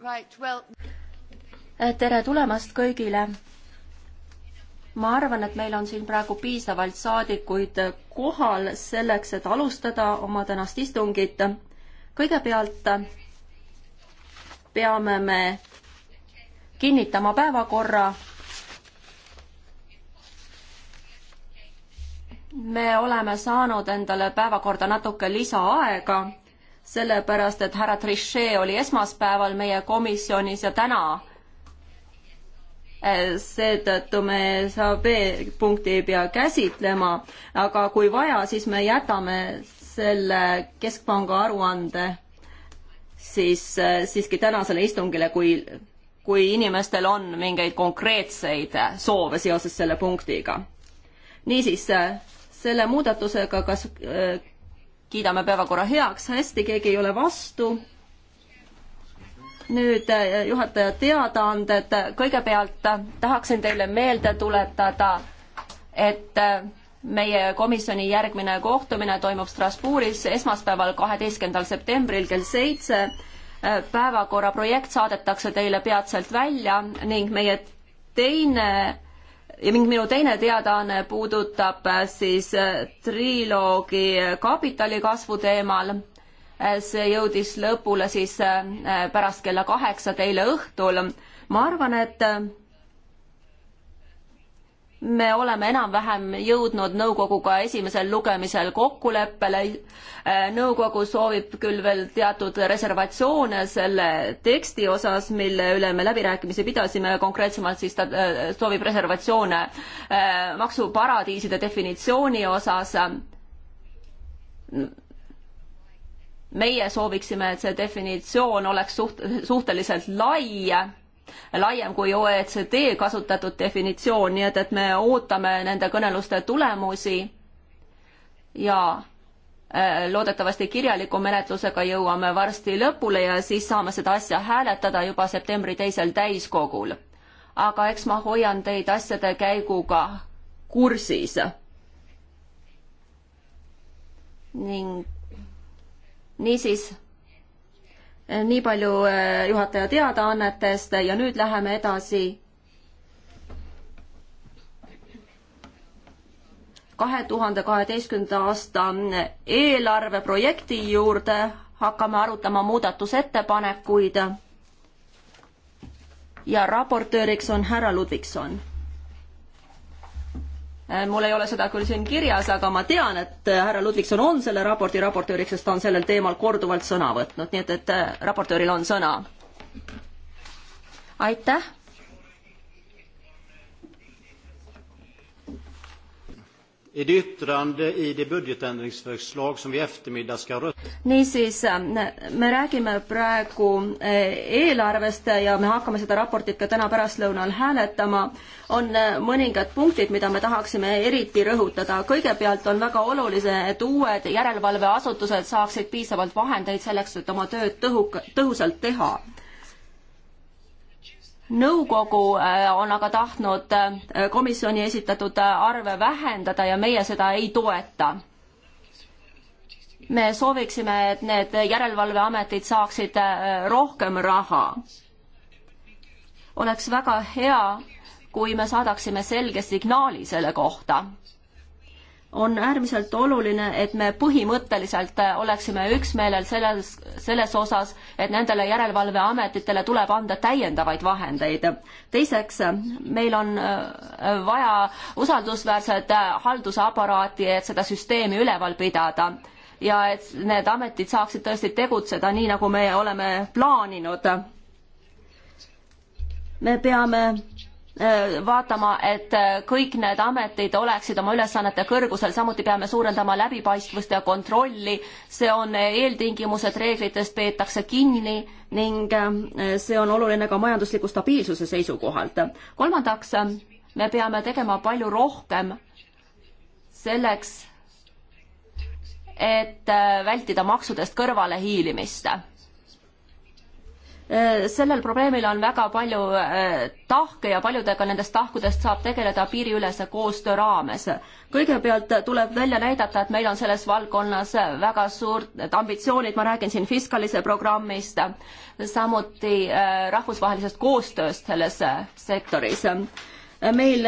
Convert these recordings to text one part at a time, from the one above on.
Right, well... Eh, tere tulemast kõigile! ma arvan, et meil on siin praegu piisavalt saadikuid kohal selleks, et alustada oma tänast istungit. kõigepealt peame me kinnitama päevakorra. me oleme saanud endale päevakorda natuke lisaaega sellepärast et härra Trichet oli esmaspäeval meie komisjonis ja täna eh, seetõttu me SAB punkti ei pea käsitlema, aga kui vaja, siis me jätame selle Keskpanga aruande siis eh, siiski tänasele istungile, kui, kui inimestel on mingeid konkreetseid soove seoses selle punktiga. niisiis, eh, selle muudatusega kas kiidame päevakorra heaks, hästi, keegi ei ole vastu. nüüd äh, juhataja teadaanded, kõigepealt äh, tahaksin teile meelde tuletada, et äh, meie komisjoni järgmine kohtumine toimub Strasbourgis esmaspäeval, kaheteistkümnendal septembril kell seitse. päevakorra projekt saadetakse teile peatselt välja ning meie teine ja ning minu teine teadaanne puudutab äh, siis äh, triloogi kapitali kasvu teemal. Äh, see jõudis lõpule siis pärast kella kaheksa teile õhtul. ma arvan, et me oleme enam-vähem jõudnud nõukoguga esimesel lugemisel kokkuleppele. Äh, nõukogu soovib küll veel teatud reservatsioone selle teksti osas, mille üle me läbirääkimisi pidasime, konkreetsemalt siis ta äh, soovib reservatsioone äh, maksuparadiiside definitsiooni osas. meie sooviksime, et see definitsioon oleks suht-, suhteliselt lai laiem kui OECD kasutatud definitsioon, nii et, et me ootame nende kõneluste tulemusi ja äh, loodetavasti kirjaliku menetlusega jõuame varsti lõpule ja siis saame seda asja hääletada juba septembri teisel täiskogul. aga eks ma hoian teid asjade käiguga kursis. ning niisiis nii palju äh, juhataja teadaannetest ja nüüd läheme edasi kahe tuhande kaheteistkümnenda aasta äh, eelarveprojekti juurde, hakkame arutama muudatusettepanekuid ja raportööriks on härra Ludvikson Äh, mul ei ole seda küll siin kirjas, aga ma tean, et äh, härra Ludvigson on selle raporti raportööriks, sest ta on sellel teemal korduvalt sõna võtnud, nii et, et äh, raportööril on sõna. aitäh I det yttrande i det budgetändringsförslag som vi eftermiddag ska rösta niisiis, ähm, me räägime praegu äh, eelarvest ja me hakkame seda raportit ka täna pärastlõunal hääletama, on äh, mõningad punktid, mida me tahaksime eriti rõhutada. kõigepealt on väga olulise, et uued järelevalveasutused saaksid piisavalt vahendeid selleks, et oma tööd tõhu-, tõhusalt teha nõukogu äh, on aga tahtnud äh, komisjoni esitatud äh, arve vähendada ja meie seda ei toeta. me sooviksime, et need järelevalveametid saaksid rohkem raha. oleks väga hea, kui me saadaksime selge signaali selle kohta on äärmiselt oluline, et me põhimõtteliselt oleksime üksmeelel selles, selles osas, et nendele järelevalveametitele tuleb anda täiendavaid vahendeid. teiseks, meil on äh, vaja usaldusväärset haldusaparaati, et seda süsteemi üleval pidada ja et need ametid saaksid tõesti tegutseda nii, nagu me oleme plaaninud. me peame Äh, vaatama, et äh, kõik need ametid oleksid oma ülesannete kõrgusel, samuti peame suurendama läbipaistvust ja kontrolli. see on eeltingimus, et reeglitest peetakse kinni ning äh, see on oluline ka majandusliku stabiilsuse seisukohalt. kolmandaks, me peame tegema palju rohkem selleks, et vältida maksudest kõrvalehiilimist Äh, sellel probleemil on väga palju äh, tahke ja paljudega nendest tahkudest saab tegeleda piiriülese koostöö raames. kõigepealt tuleb välja näidata, et meil on selles valdkonnas väga suured ambitsioonid, ma räägin siin fiskalise programmist, samuti äh, rahvusvahelisest koostööst selles sektoris. meil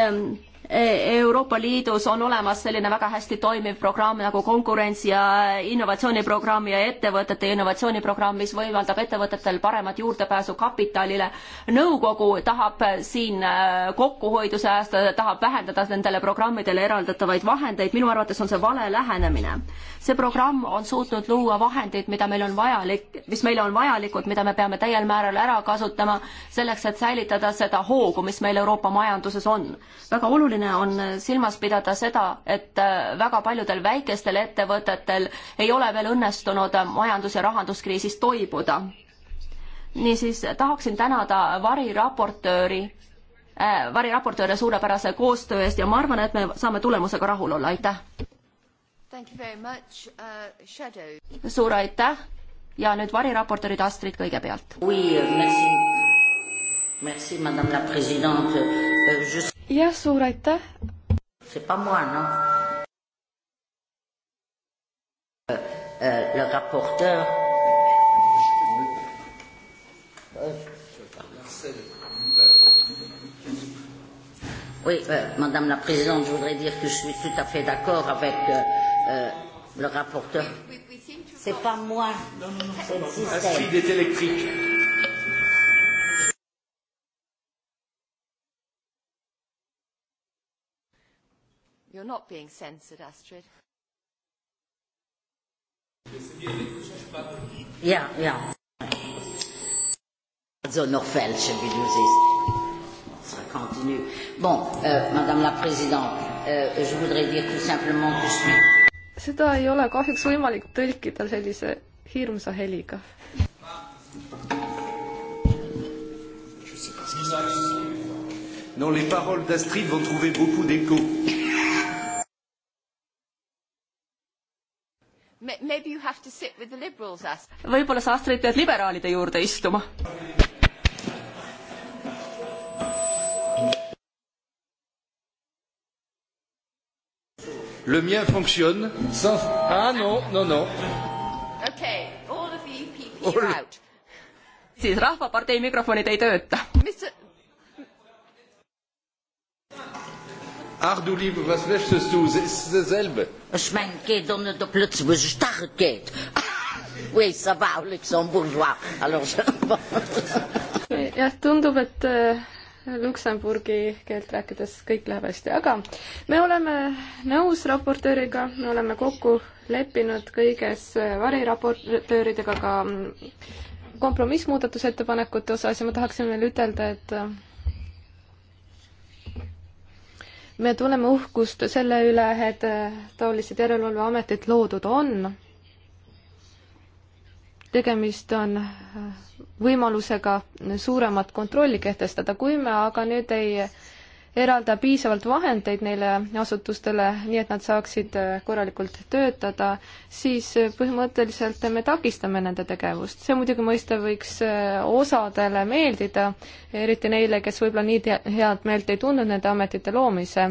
E, Euroopa Liidus on olemas selline väga hästi toimiv programm nagu konkurentsi ja innovatsiooniprogramm ja ettevõtete innovatsiooniprogramm, mis võimaldab ettevõtetel paremat juurdepääsu kapitalile. nõukogu tahab siin äh, kokkuhoidu säästa, tahab vähendada nendele programmidele eraldatavaid vahendeid, minu arvates on see vale lähenemine. see programm on suutnud luua vahendeid, mida meil on vajalik, mis meile on vajalikud, mida me peame täiel määral ära kasutama selleks, et säilitada seda hoogu, mis meil Euroopa majanduses on. väga oluline oluline on silmas pidada seda, et äh, väga paljudel väikestel ettevõtetel ei ole veel õnnestunud majandus- ja rahanduskriisist toibuda. niisiis tahaksin tänada variraportööri äh,, variraportööre suurepärase koostöö eest ja ma arvan, et me saame tulemusega rahul olla, aitäh! Uh, suur aitäh ja nüüd variraportöörid Astrid kõigepealt jah, suur aitäh. see pas moi, noh. Euh, le rapporteur. Oui, euh, Madame la Présidente, je voudrais dire que je suis tout à fait d'accord avec euh, euh, le rapporteur. C'est pas moi, c'est le système. Astrid est électrique. You're not being censored, Astrid. Ja, ja. Also noch welche, wie du siehst. Ça continue. Bon, euh, Madame la Présidente, euh, je voudrais dire tout simplement que je suis... seda ei ole kahjuks võimalik tõlkida sellise hirmsa heliga. Non, les paroles d'Astrid vont trouver beaucoup d'écho. võib-olla sa, Astrid, pead liberaalide juurde istuma. Le mien fonctionne sans... Ah non, non, non. Okay, all of you people all... out. siis Rahvapartei mikrofonid ei tööta. Mr Ach du Liebe, was möchtest du? Es ist dasselbe. Ich meine, geht ohne der plötzliche Starre geht. Oui, ça va, luxembourgeois. Alors, je... jah, tundub, et äh, Luksemburgi keelt rääkides kõik läheb hästi, aga me oleme nõus raportööriga, me oleme kokku leppinud kõiges äh, variraportööridega ka mm, kompromissmuudatusettepanekute osas ja ma tahaksin veel ütelda, et äh, me tunneme uhkust selle üle, et taolised järelevalveametid loodud on. tegemist on võimalusega suuremat kontrolli kehtestada, kui me aga nüüd ei eralda piisavalt vahendeid neile asutustele, nii et nad saaksid äh, korralikult töötada, siis äh, põhimõtteliselt me takistame nende tegevust. see muidugi mõiste võiks äh, osadele meeldida, eriti neile, kes võib-olla nii head meelt ei tundnud nende ametite loomise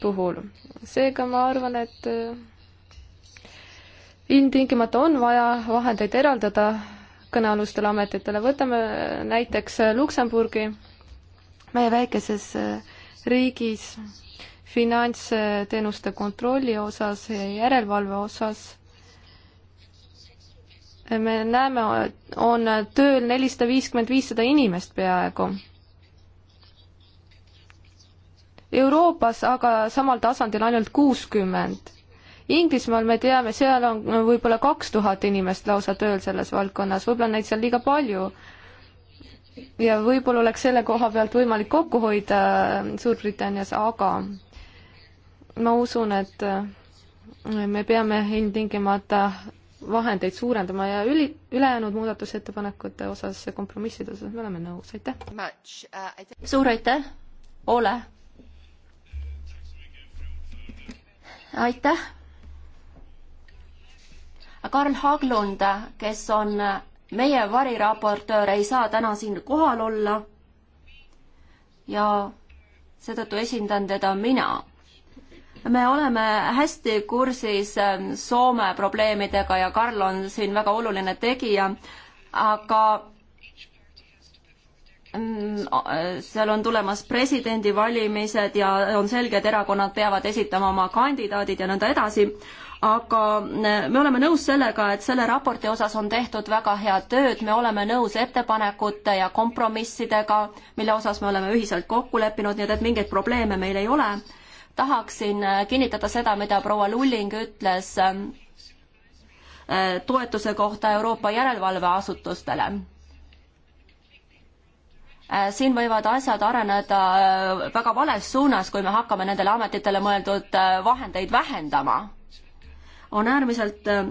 puhul. seega ma arvan, et ilmtingimata on vaja vahendeid eraldada kõnealustele ametitele, võtame näiteks Luksemburgi, meie väikeses äh, riigis finantsteenuste kontrolli osas ja järelevalve osas me näeme, on tööl nelisada viiskümmend viissada inimest peaaegu. Euroopas aga samal tasandil ainult kuuskümmend. Inglismaal me teame, seal on võib-olla kaks tuhat inimest lausa tööl selles valdkonnas, võib-olla neid seal liiga palju ja võib-olla oleks selle koha pealt võimalik kokku hoida äh, Suurbritannias, aga ma usun, et äh, me peame ilmtingimata vahendeid suurendama ja üli, ülejäänud muudatusettepanekute osas, kompromisside osas me oleme nõus, aitäh! Uh, suur aitäh, Ole! aitäh! Karl Haglund, kes on äh, meie variraportöör ei saa täna siin kohal olla ja seetõttu esindan teda mina. me oleme hästi kursis ähm, Soome probleemidega ja Karl on siin väga oluline tegija, aga mm, seal on tulemas presidendivalimised ja on selge, et erakonnad peavad esitama oma kandidaadid ja nõnda edasi aga äh, me oleme nõus sellega, et selle raporti osas on tehtud väga head tööd, me oleme nõus ettepanekute ja kompromissidega, mille osas me oleme ühiselt kokku leppinud, nii et, et mingeid probleeme meil ei ole. tahaksin äh, kinnitada seda, mida proua Lulling ütles ähm, äh, toetuse kohta Euroopa järelevalveasutustele siin võivad asjad areneda väga vales suunas, kui me hakkame nendele ametitele mõeldud vahendeid vähendama on äärmiselt äh,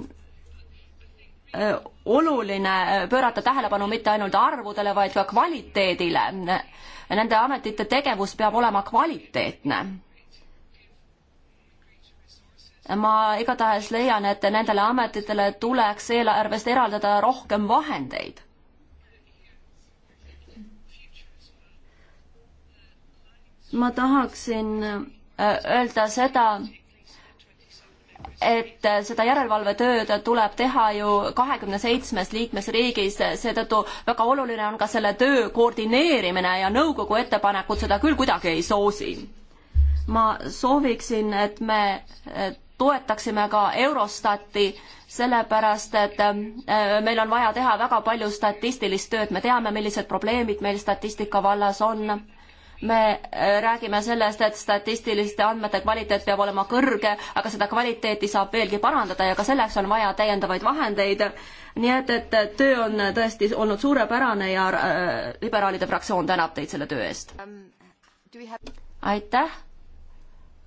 oluline äh, pöörata tähelepanu mitte ainult arvudele, vaid ka kvaliteedile. Nende ametite tegevus peab olema kvaliteetne. ma igatahes leian, et nendele ametitele tuleks eelarvest eraldada rohkem vahendeid. ma tahaksin äh, öelda seda, et seda järelevalvetööd tuleb teha ju kahekümne seitsmes liikmesriigis, seetõttu väga oluline on ka selle töö koordineerimine ja nõukogu ettepanekud seda küll kuidagi ei soosi. ma sooviksin, et me toetaksime ka Eurostati, sellepärast et äh, meil on vaja teha väga palju statistilist tööd, me teame, millised probleemid meil statistika vallas on me äh, räägime sellest, et statistiliste andmete kvaliteet peab olema kõrge, aga seda kvaliteeti saab veelgi parandada ja ka selleks on vaja täiendavaid vahendeid. nii et, et töö on tõesti olnud suurepärane ja äh, liberaalide fraktsioon tänab teid selle töö eest. Um, aitäh.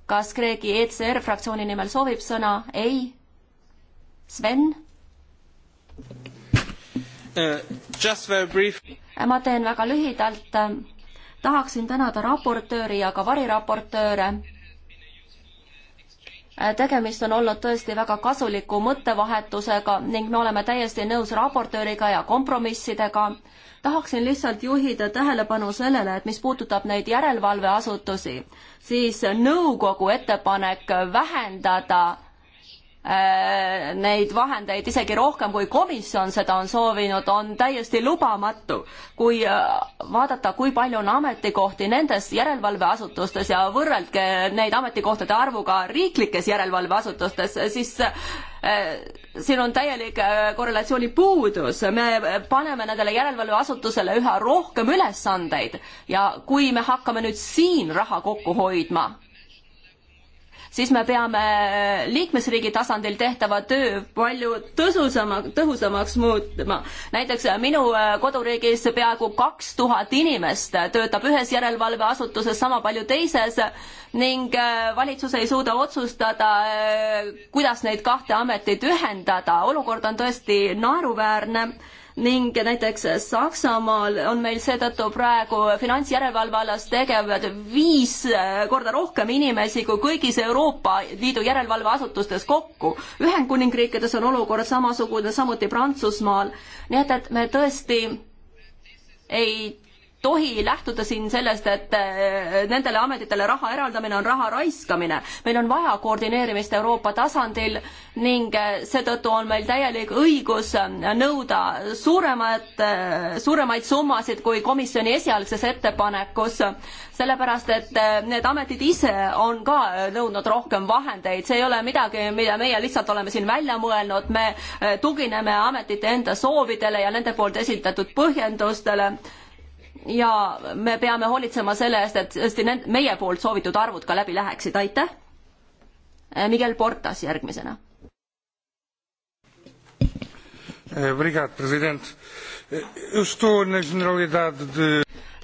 kas keegi ECR fraktsiooni nimel soovib sõna? ei. Sven? Uh, ma teen väga lühidalt tahaksin tänada raportööri ja ka variraportööre. tegemist on olnud tõesti väga kasuliku mõttevahetusega ning me oleme täiesti nõus raportööriga ja kompromissidega. tahaksin lihtsalt juhida tähelepanu sellele, et mis puudutab neid järelevalveasutusi, siis nõukogu ettepanek vähendada Äh, neid vahendeid isegi rohkem, kui komisjon seda on soovinud, on täiesti lubamatu. kui äh, vaadata, kui palju on ametikohti nendes järelevalveasutustes ja võrreldke neid ametikohtade arvuga riiklikes järelevalveasutustes, siis äh, siin on täielik korrelatsiooni puudus, me paneme nendele järelevalveasutusele üha rohkem ülesandeid ja kui me hakkame nüüd siin raha kokku hoidma, siis me peame äh, liikmesriigi tasandil tehtava töö palju tõsusama, tõhusamaks muutma. näiteks äh, minu äh, koduriigis peaaegu kaks tuhat inimest töötab ühes järelevalveasutuses, sama palju teises ning valitsus ei suuda otsustada, kuidas neid kahte ametit ühendada. olukord on tõesti naeruväärne ning näiteks Saksamaal on meil seetõttu praegu finantsjärelevalve alas tegevad viis äh, korda rohkem inimesi kui kõigis Euroopa Liidu järelevalveasutustes kokku. Ühendkuningriikides on olukord samasugune, samuti Prantsusmaal. nii et, et me tõesti ei tohi lähtuda siin sellest, et eh, nendele ametitele raha eraldamine on raha raiskamine. meil on vaja koordineerimist Euroopa tasandil ning eh, seetõttu on meil täielik õigus nõuda suuremat, eh, suuremaid summasid kui komisjoni esialgses ettepanekus, sellepärast et need ametid ise on ka nõudnud rohkem vahendeid, see ei ole midagi, mida meie lihtsalt oleme siin välja mõelnud, me tugineme ametite enda soovidele ja nende poolt esitatud põhjendustele ja me peame hoolitsema selle eest, et tõesti need meie poolt soovitud arvud ka läbi läheksid, aitäh. Eh, Miguel Portas järgmisena. Eh,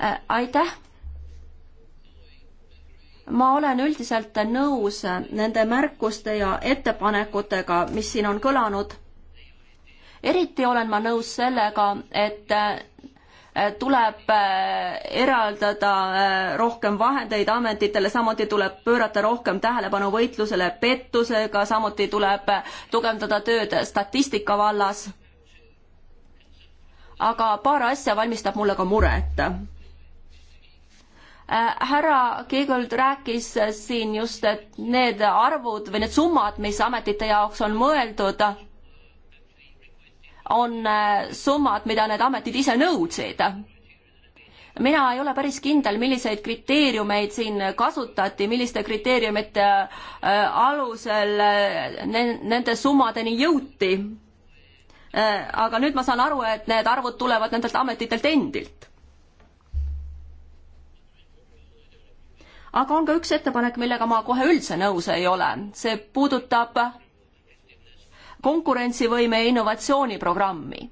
eh, aitäh. ma olen üldiselt nõus nende märkuste ja ettepanekutega, mis siin on kõlanud. eriti olen ma nõus sellega, et Äh, tuleb äh, eraldada äh, rohkem vahendeid ametitele, samuti tuleb pöörata rohkem tähelepanu võitlusele pettusega, samuti tuleb tugevdada tööd statistika vallas. aga paar asja valmistab mulle ka muret härra Kiigold rääkis siin just, et need arvud või need summad, mis ametite jaoks on mõeldud, on äh, summad, mida need ametid ise nõudsid mina ei ole päris kindel, milliseid kriteeriumeid siin kasutati, milliste kriteeriumite äh, alusel äh, nende summadeni jõuti. aga nüüd ma saan aru, et need arvud tulevad nendelt ametitelt endilt. aga on ka üks ettepanek, millega ma kohe üldse nõus ei ole, see puudutab konkurentsivõime ja innovatsiooniprogrammi.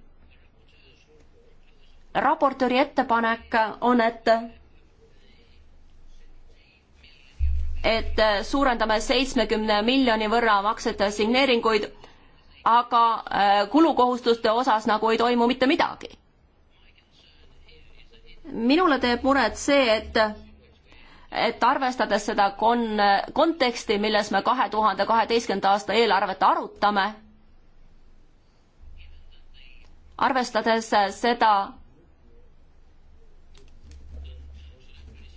raportööri ettepanek on, et et suurendame seitsmekümne miljoni võrra maksete signeeringuid, aga äh, kulukohustuste osas nagu ei toimu mitte midagi. minule teeb muret see, et et arvestades seda kon-, konteksti, milles me kahe tuhande kaheteistkümnenda aasta eelarvet arutame, arvestades seda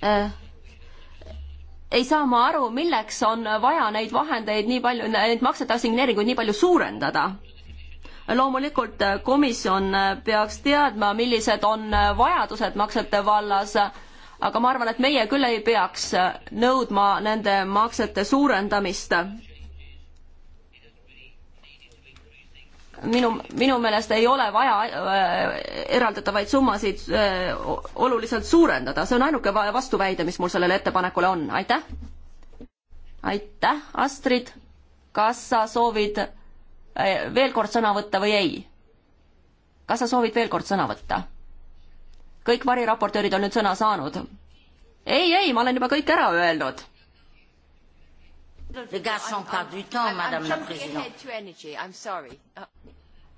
äh, ei saa ma aru, milleks on vaja neid vahendeid nii palju, neid maksete assigneeringuid nii palju suurendada. loomulikult komisjon peaks teadma, millised on vajadused maksete vallas, aga ma arvan, et meie küll ei peaks nõudma nende maksete suurendamist minu, minu meelest ei ole vaja äh, eraldatavaid summasid äh, oluliselt suurendada, see on ainuke vastuväide, mis mul sellele ettepanekule on, aitäh. aitäh, Astrid, kas sa soovid äh, veel kord sõna võtta või ei? kas sa soovid veel kord sõna võtta? kõik variraportöörid on nüüd sõna saanud. ei, ei, ma olen juba kõik ära öelnud Les gars sont perdus du temps, Madame la Présidente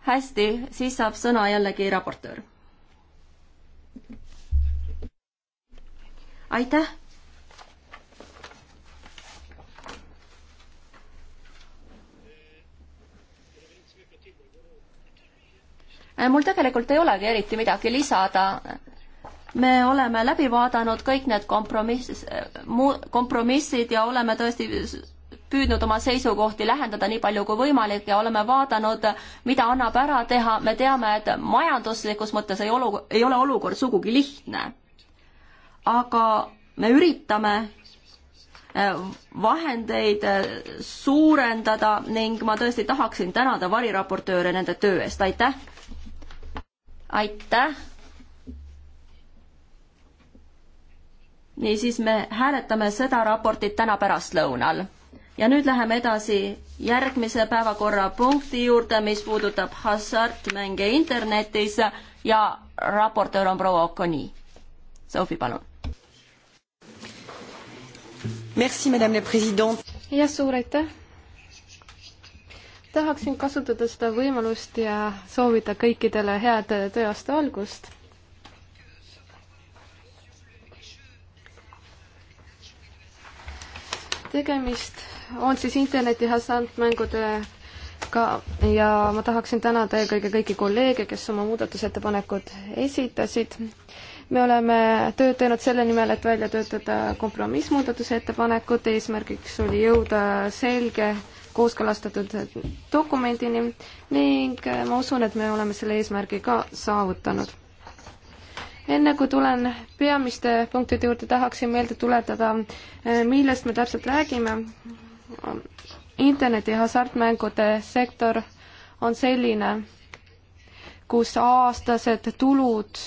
hästi, siis saab sõna jällegi raportöör. aitäh äh, mul tegelikult ei olegi eriti midagi lisada. me oleme läbi vaadanud kõik need kompromiss, äh, kompromissid ja oleme tõesti püüdnud oma seisukohti lähendada nii palju kui võimalik ja oleme vaadanud, mida annab ära teha, me teame, et majanduslikus mõttes ei olu-, ei ole olukord sugugi lihtne. aga me üritame eh, vahendeid eh, suurendada ning ma tõesti tahaksin tänada variraportööre nende töö eest, aitäh! aitäh! niisiis, me hääletame seda raportit täna pärastlõunal ja nüüd läheme edasi järgmise päevakorrapunkti juurde, mis puudutab hasartmänge internetis ja raportöör on proua Okoni. Sophie, palun. jah, suur aitäh. tahaksin kasutada seda võimalust ja soovida kõikidele head tööaasta algust tegemist on siis interneti hasartmängudega ja ma tahaksin tänada eelkõige kõiki kolleege, kes oma muudatusettepanekud esitasid. me oleme tööd teinud selle nimel, et välja töötada kompromissmuudatusettepanekud, eesmärgiks oli jõuda selge kooskõlastatud dokumendini ning ma usun, et me oleme selle eesmärgi ka saavutanud. enne kui tulen peamiste punktide juurde, tahaksin meelde tuletada, millest me täpselt räägime interneti hasartmängude sektor on selline, kus aastased tulud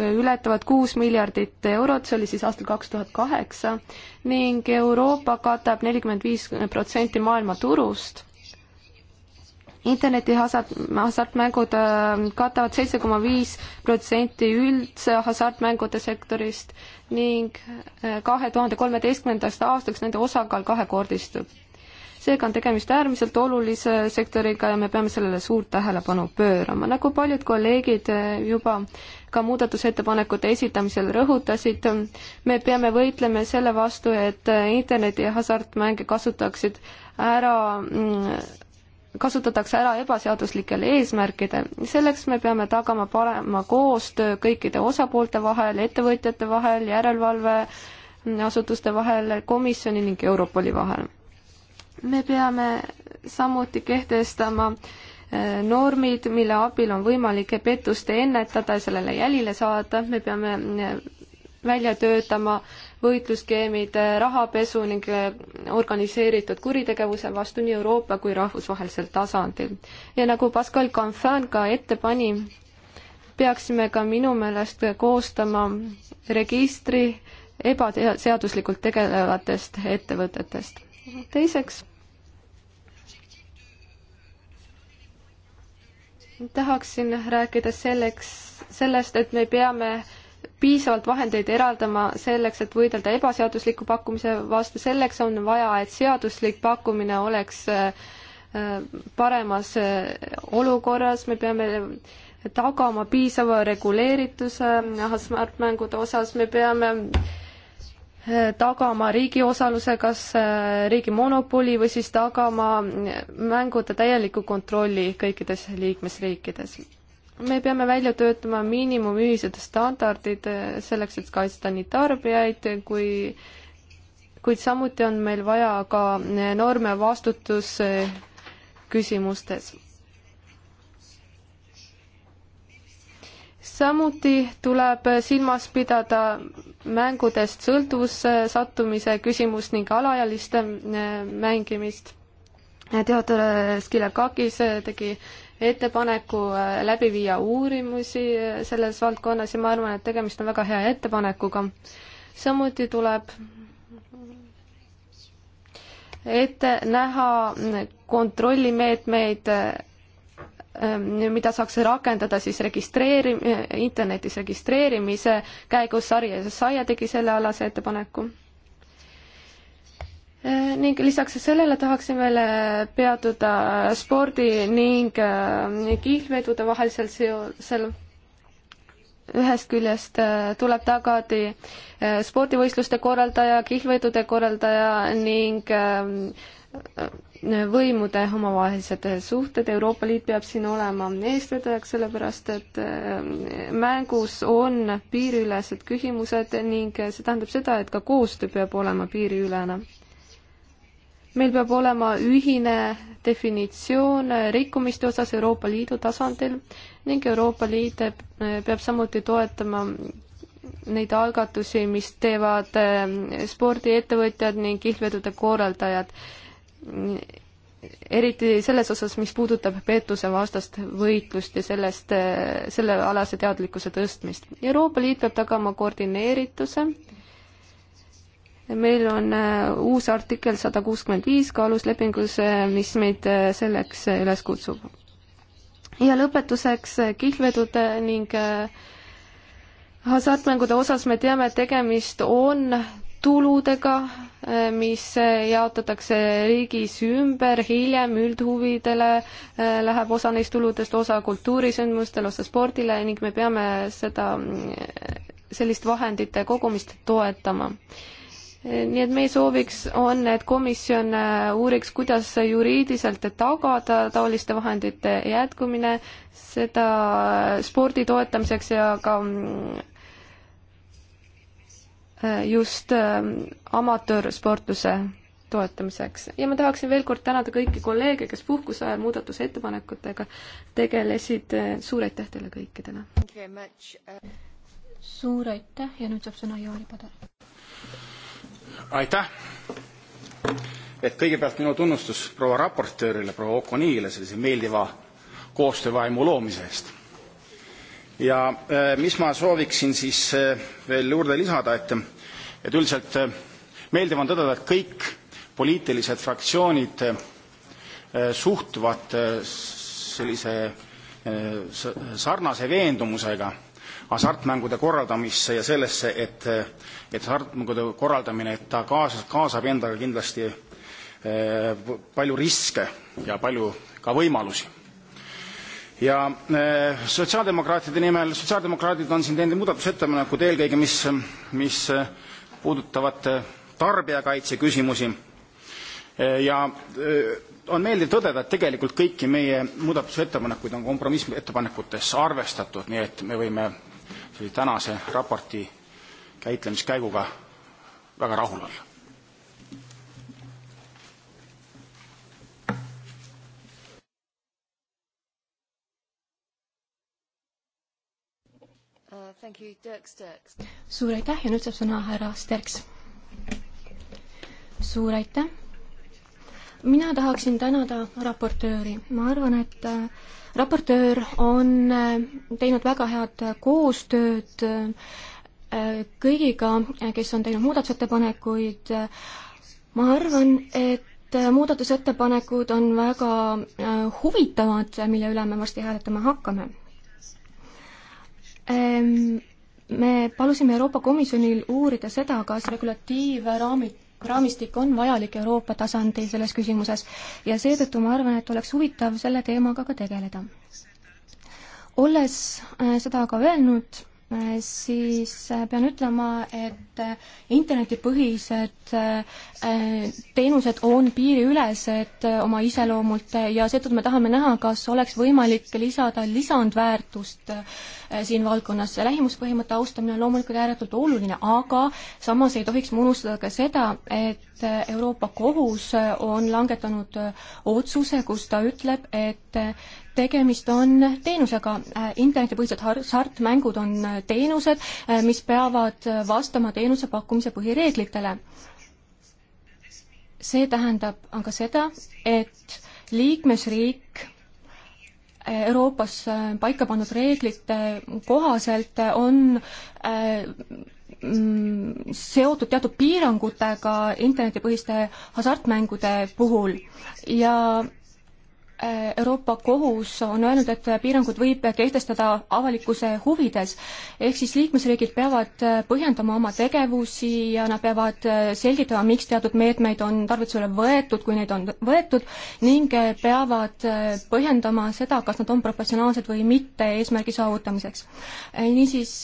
ületavad kuus miljardit eurot, see oli siis aastal kaks tuhat kaheksa, ning Euroopa katab nelikümmend viis protsenti maailma turust interneti hasart, hasartmängud äh, katavad seitse koma viis protsenti üldse hasartmängude sektorist ning äh, kahe tuhande kolmeteistkümnendast aastaks nende osakaal kahekordistub. seega on tegemist äärmiselt olulise sektoriga ja me peame sellele suurt tähelepanu pöörama, nagu paljud kolleegid äh, juba ka muudatusettepanekute esitamisel rõhutasid, me peame võitlema selle vastu, et interneti hasartmänge kasutaksid ära mm, kasutatakse ära ebaseaduslikel eesmärkidel. selleks me peame tagama parema koostöö kõikide osapoolte vahel, ettevõtjate vahel, järelevalveasutuste vahel, komisjoni ning Europoli vahel. me peame samuti kehtestama eh, normid, mille abil on võimalik pettust ennetada ja sellele jälile saada, me peame eh, välja töötama võitlusskeemid äh, rahapesu ning äh, organiseeritud kuritegevuse vastu nii Euroopa kui rahvusvahelisel tasandil. ja nagu Pascal Canfin ka ette pani, peaksime ka minu meelest koostama registri ebaseaduslikult tegelevatest ettevõtetest. teiseks tahaksin rääkida selleks, sellest, et me peame piisavalt vahendeid eraldama selleks, et võidelda ebaseadusliku pakkumise vastu, selleks on vaja, et seaduslik pakkumine oleks äh, äh, paremas äh, olukorras, me peame tagama piisava reguleerituse hasartmängude osas, me peame tagama riigi osaluse, kas riigi monopoli või siis tagama mängude täieliku kontrolli kõikides liikmesriikides me peame välja töötama miinimumühised standardid eh, selleks, et kaitsta nii tarbijaid kui, kuid samuti on meil vaja ka eh, norme vastutuse küsimustes. samuti tuleb silmas pidada mängudest sõltuvusse sattumise küsimust ning alaealiste eh, mängimist. Theodor Skilakakis tegi ettepaneku äh, läbi viia uurimusi äh, selles valdkonnas ja ma arvan, et tegemist on väga hea ettepanekuga. samuti tuleb ette näha kontrollimeetmeid, äh, mida saaks rakendada siis registreeri-, internetis registreerimise käigus, Sari ja Saia tegi sellealase ettepaneku Eh, ning lisaks sellele tahaksime eh, peatuda eh, spordi ning kihlvedude vahelisel seosel. ühest küljest tuleb tagada spordivõistluste korraldaja, kihlvedude korraldaja ning võimude omavahelised suhted, Euroopa Liit peab siin olema eestvedajaks, sellepärast et mängus on piiriülesed küsimused ning see tähendab seda, et ka koostöö peab olema piiriülene meil peab olema ühine definitsioon rikkumiste osas Euroopa Liidu tasandil ning Euroopa Liit eh, peab samuti toetama neid algatusi, mis teevad eh, spordiettevõtjad ning kihlvedude korraldajad. eriti selles osas, mis puudutab pettusevastast võitlust ja sellest, eh, sellealase teadlikkuse tõstmist. Euroopa Liit peab tagama koordineerituse mm meil on äh, uus artikkel sada kuuskümmend viis ka aluslepingus, äh, mis meid äh, selleks üles kutsub. ja lõpetuseks kihlvedude ning hasartmängude osas me teame, et tegemist on tuludega, mis jaotatakse riigis ümber, hiljem üldhuvidele läheb osa neist tuludest, osa kultuurisündmustele, osa spordile ning me peame seda, sellist vahendite kogumist toetama nii et meie sooviks on, et komisjon äh, uuriks, kuidas juriidiliselt tagada taoliste vahendite jätkumine, seda äh, spordi toetamiseks ja ka mm, äh, just amatöörsportluse toetamiseks ja ma tahaksin veel kord tänada kõiki kolleege, kes puhkuse ajal muudatusettepanekutega tegelesid, suur aitäh teile kõikidele! suur aitäh ja nüüd saab sõna Jaani Padar aitäh! et kõigepealt minu tunnustus proua raportöörile, proua Okonile sellise meeldiva koostöövaimu loomise eest. ja e, mis ma sooviksin siis e, veel juurde lisada, et, et üldiselt e, meeldiv on tõdeda, et kõik poliitilised fraktsioonid suhtuvad sellise sarnase veendumusega hasartmängude korraldamisse ja sellesse, et, et hasartmängude korraldamine, et ta kaasas, kaasab endaga kindlasti eh, palju riske ja palju ka võimalusi. ja eh, sotsiaaldemokraatide nimel, sotsiaaldemokraadid on siin teinud muudatusettepanekud eelkõige, mis, mis puudutavad tarbijakaitse küsimusi eh, ja on meeldiv tõdeda, et tegelikult kõiki meie muudatusettepanekuid on kompromissettepanekutes arvestatud, nii et me võime tuli tänase raporti käitlemiskäiguga väga rahul olla. suur aitäh ja nüüd saab sõna härra Sterks. suur aitäh mina tahaksin tänada raportööri, ma arvan, et äh, raportöör on äh, teinud väga head koostööd äh, kõigiga, kes on teinud muudatusettepanekuid. ma arvan, et muudatusettepanekud on väga huvitavad, mille üle me varsti hääletama hakkame. Ehm, me palusime Euroopa Komisjonil uurida seda, kas regulatiivraamid raamistik on vajalik Euroopa tasandil selles küsimuses ja seetõttu ma arvan, et oleks huvitav selle teemaga ka tegeleda. olles äh, seda ka öelnud, äh, siis äh, pean ütlema, et internetipõhised teenused on piiriülesed oma iseloomult ja seetõttu me tahame näha, kas oleks võimalik lisada lisandväärtust Äh, siin valdkonnas. lähimuspõhimõtte austamine on loomulikult ääretult oluline, aga samas ei tohiks me unustada ka seda, et äh, Euroopa Kohus äh, on langetanud otsuse, kus ta ütleb, et tegemist on teenusega, internetipõhised hasartmängud on teenused, mis peavad vastama teenuse pakkumise põhireeglitele. see tähendab aga seda, et liikmesriik Euroopas äh, paika pandud reeglite kohaselt on äh, mm, seotud teatud piirangutega internetipõhiste hasartmängude puhul ja Euroopa Kohus on öelnud, et piirangud võib kehtestada avalikkuse huvides, ehk siis liikmesriigid peavad põhjendama oma tegevusi ja nad peavad selgitama, miks teatud meetmeid on tarvitusele võetud, kui neid on võetud, ning peavad põhjendama seda, kas nad on proportsionaalsed või mitte eesmärgi saavutamiseks. niisiis,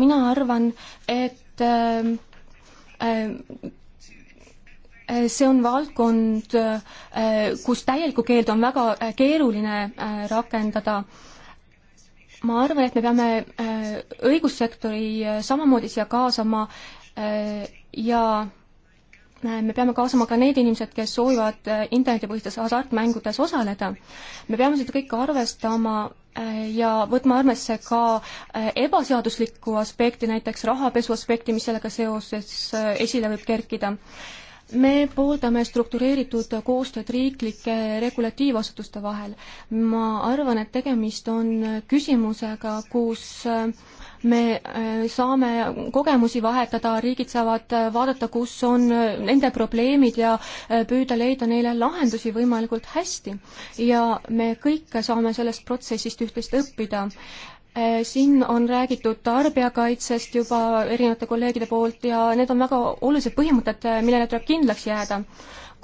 mina arvan, et äh, Eh, see on valdkond, eh, kus täielikku keeldu on väga eh, keeruline rakendada. ma arvan, et me peame õigussektori samamoodi siia kaasama ja me peame kaasama ka need inimesed, kes soovivad internetipõhistes hasartmängudes osaleda. me peame seda kõike arvestama ja võtma arvesse ka ebaseaduslikku aspekti, näiteks rahapesu aspekti, mis sellega seoses esile võib kerkida me pooldame struktureeritud koostööd riiklike regulatiivasutuste vahel. ma arvan, et tegemist on küsimusega, kus äh, me äh, saame kogemusi vahetada, riigid saavad äh, vaadata, kus on nende probleemid ja püüda leida neile lahendusi võimalikult hästi. ja me kõik saame sellest protsessist üht-teist õppida. Äh, siin on räägitud tarbijakaitsest juba erinevate kolleegide poolt ja need on väga olulised põhimõtted, äh, millele tuleb kindlaks jääda.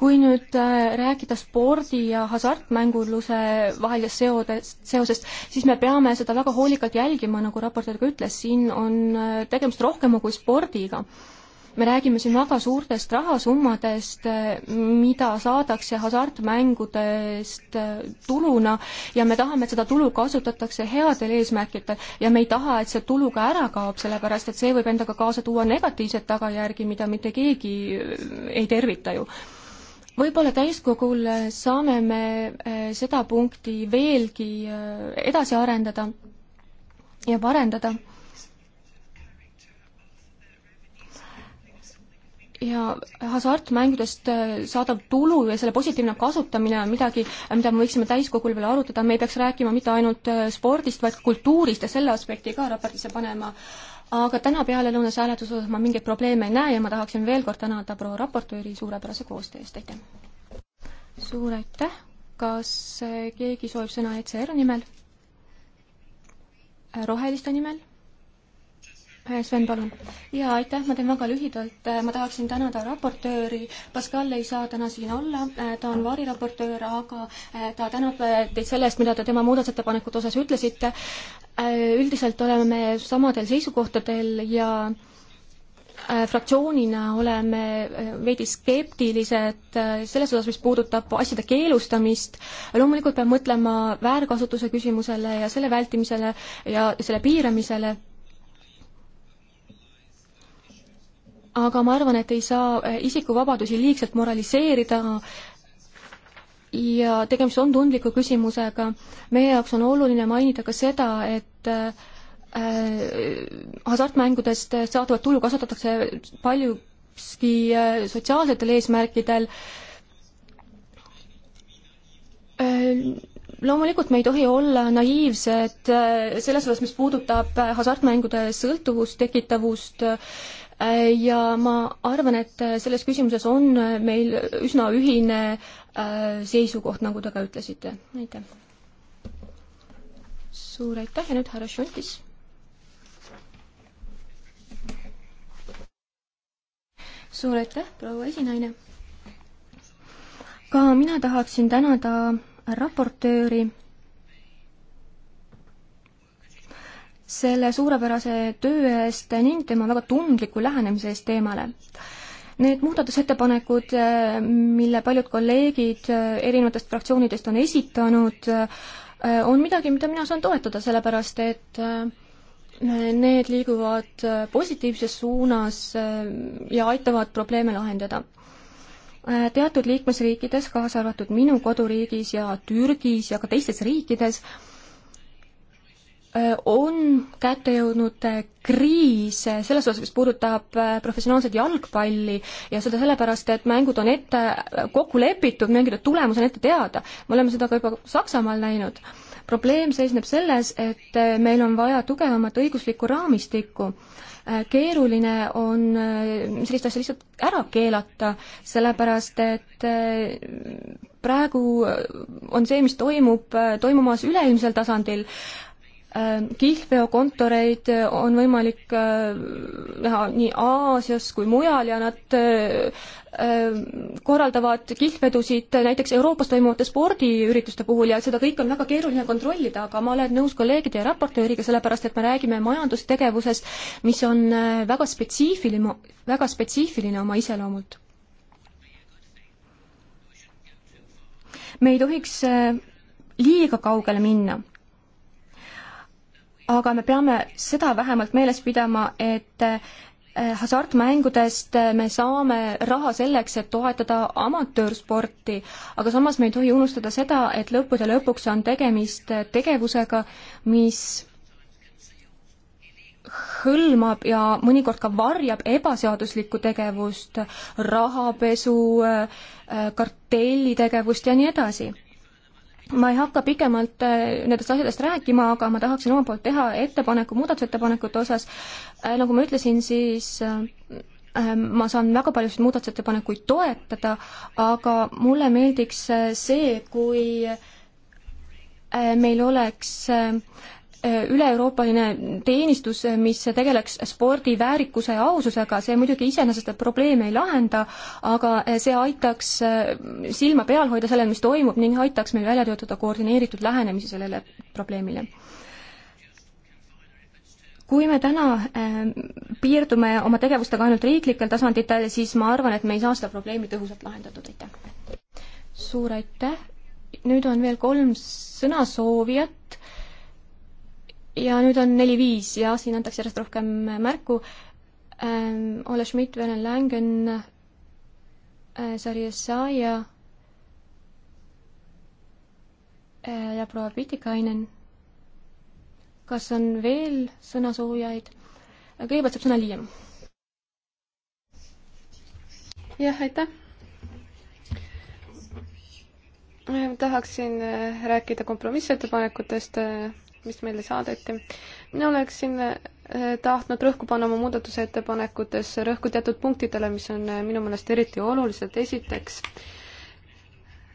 kui nüüd äh, rääkida spordi ja hasartmänguluse vahelisest seodest, seosest, siis me peame seda väga hoolikalt jälgima, nagu raportöör ka ütles, siin on tegemist rohkema kui spordiga me räägime siin väga suurtest rahasummadest, mida saadakse hasartmängudest tuluna ja me tahame, et seda tulu kasutatakse headel eesmärkidel ja me ei taha, et see tulu ka ära kaob, sellepärast et see võib endaga kaasa tuua negatiivseid tagajärgi, mida mitte keegi äh, ei tervita ju võib-olla täiskogul äh, saame me äh, seda punkti veelgi edasi arendada ja parendada ja hasartmängudest äh, saadav tulu ja selle positiivne kasutamine on midagi, mida me võiksime täiskogul veel arutada, me ei peaks rääkima mitte ainult äh, spordist, vaid ka kultuurist ja selle aspekti ka raportisse panema. aga täna pealelõunas hääletuse osas ma mingeid probleeme ei näe ja ma tahaksin veel kord tänada proua raportööri suurepärase koostöö eest, aitäh! suur aitäh, kas äh, keegi soovib sõna ECR nimel? roheliste nimel? Äh, Sven, palun. jaa, aitäh, ma teen väga lühidalt, äh, ma tahaksin tänada raportööri, Pascal ei saa täna siin olla, äh, ta on variraportöör, aga ta tänab teid selle eest, mida te tema muudatusettepanekute osas ütlesite. üldiselt oleme samadel seisukohtadel ja fraktsioonina oleme veidi skeptilised selles osas, mis puudutab asjade keelustamist. loomulikult peab mõtlema väärkasutuse küsimusele ja selle vältimisele ja selle piiramisele aga ma arvan, et ei saa eh, isikuvabadusi liigselt moraliseerida ja tegemist on tundliku küsimusega. meie jaoks on oluline mainida ka seda, et eh, eh, hasartmängudest saadavat tulu kasutatakse paljuski sotsiaalsetel eesmärkidel. loomulikult me ei tohi olla naiivsed selles osas, mis puudutab hasartmängude sõltuvust, tekitavust ja ma arvan, et selles küsimuses on meil üsna ühine äh, seisukoht, nagu te ka ütlesite. aitäh! suur aitäh ja nüüd härra Šontis. suur aitäh, proua esinaine! ka mina tahaksin tänada raportööri selle suurepärase töö eest ning tema väga tundliku lähenemise eest teemale. Need muudatusettepanekud, mille paljud kolleegid erinevatest fraktsioonidest on esitanud, on midagi, mida mina saan toetada, sellepärast et need liiguvad positiivses suunas ja aitavad probleeme lahendada. teatud liikmesriikides, kaasa arvatud minu koduriigis ja Türgis ja ka teistes riikides, on kätte jõudnud äh, kriis äh, selles osas, mis puudutab äh, professionaalset jalgpalli ja seda sellepärast, et mängud on ette kokku lepitud, mängide tulemus on ette teada. me oleme seda ka juba Saksamaal näinud. probleem seisneb selles, et meil on vaja tugevamat õiguslikku raamistikku. keeruline on sellist asja lihtsalt ära keelata, sellepärast et praegu on see, mis toimub, toimumas üleilmsel tasandil Äh, kihlveokontoreid äh, on võimalik äh, näha nii Aasias kui mujal ja nad korraldavad kihlvedusid näiteks Euroopas toimuvate spordiürituste puhul ja seda kõike on väga keeruline kontrollida, aga ma olen nõus kolleegide ja raportööriga, sellepärast et me räägime majandustegevusest, mis on väga spetsiifiline, väga spetsiifiline oma iseloomult. me ei tohiks liiga kaugele minna aga me peame seda vähemalt meeles pidama, et eh, hasartmängudest eh, me saame raha selleks, et toetada amatöörsporti, aga samas me ei tohi unustada seda, et lõppude lõpuks on tegemist eh, tegevusega, mis hõlmab ja mõnikord ka varjab ebaseaduslikku tegevust, rahapesu, kartellitegevust ja nii edasi ma ei hakka pikemalt äh, nendest asjadest rääkima, aga ma tahaksin omalt poolt teha ettepaneku muudatusettepanekute osas. Äh, nagu ma ütlesin, siis äh, ma saan väga paljusid muudatusettepanekuid toetada, aga mulle meeldiks see, kui meil oleks äh, üle-euroopaline teenistus, mis tegeleks spordi väärikuse ja aususega, see muidugi iseenesest probleemi ei lahenda, aga see aitaks äh, silma peal hoida sellel, mis toimub ning aitaks meil välja töötada koordineeritud lähenemisi sellele probleemile kui me täna äh, piirdume oma tegevustega ainult riiklikel tasanditel, siis ma arvan, et me ei saa seda probleemi tõhusalt lahendatud, aitäh. suur aitäh, nüüd on veel kolm sõnasoovijat ja nüüd on neli-viis ja siin antakse järjest rohkem märku ähm,. Ole Schmidt, Vene Längen äh,, Sari Essaia äh, ja proua Pitikainen. kas on veel sõnasoovijaid? kõigepealt saab sõna Liiam. jah, aitäh äh, tahaksin äh, rääkida kompromissettepanekutest. Äh, mis meile saadeti. mina oleksin äh, tahtnud rõhku panna oma muudatusettepanekutes rõhku teatud punktidele, mis on äh, minu meelest eriti olulised. esiteks,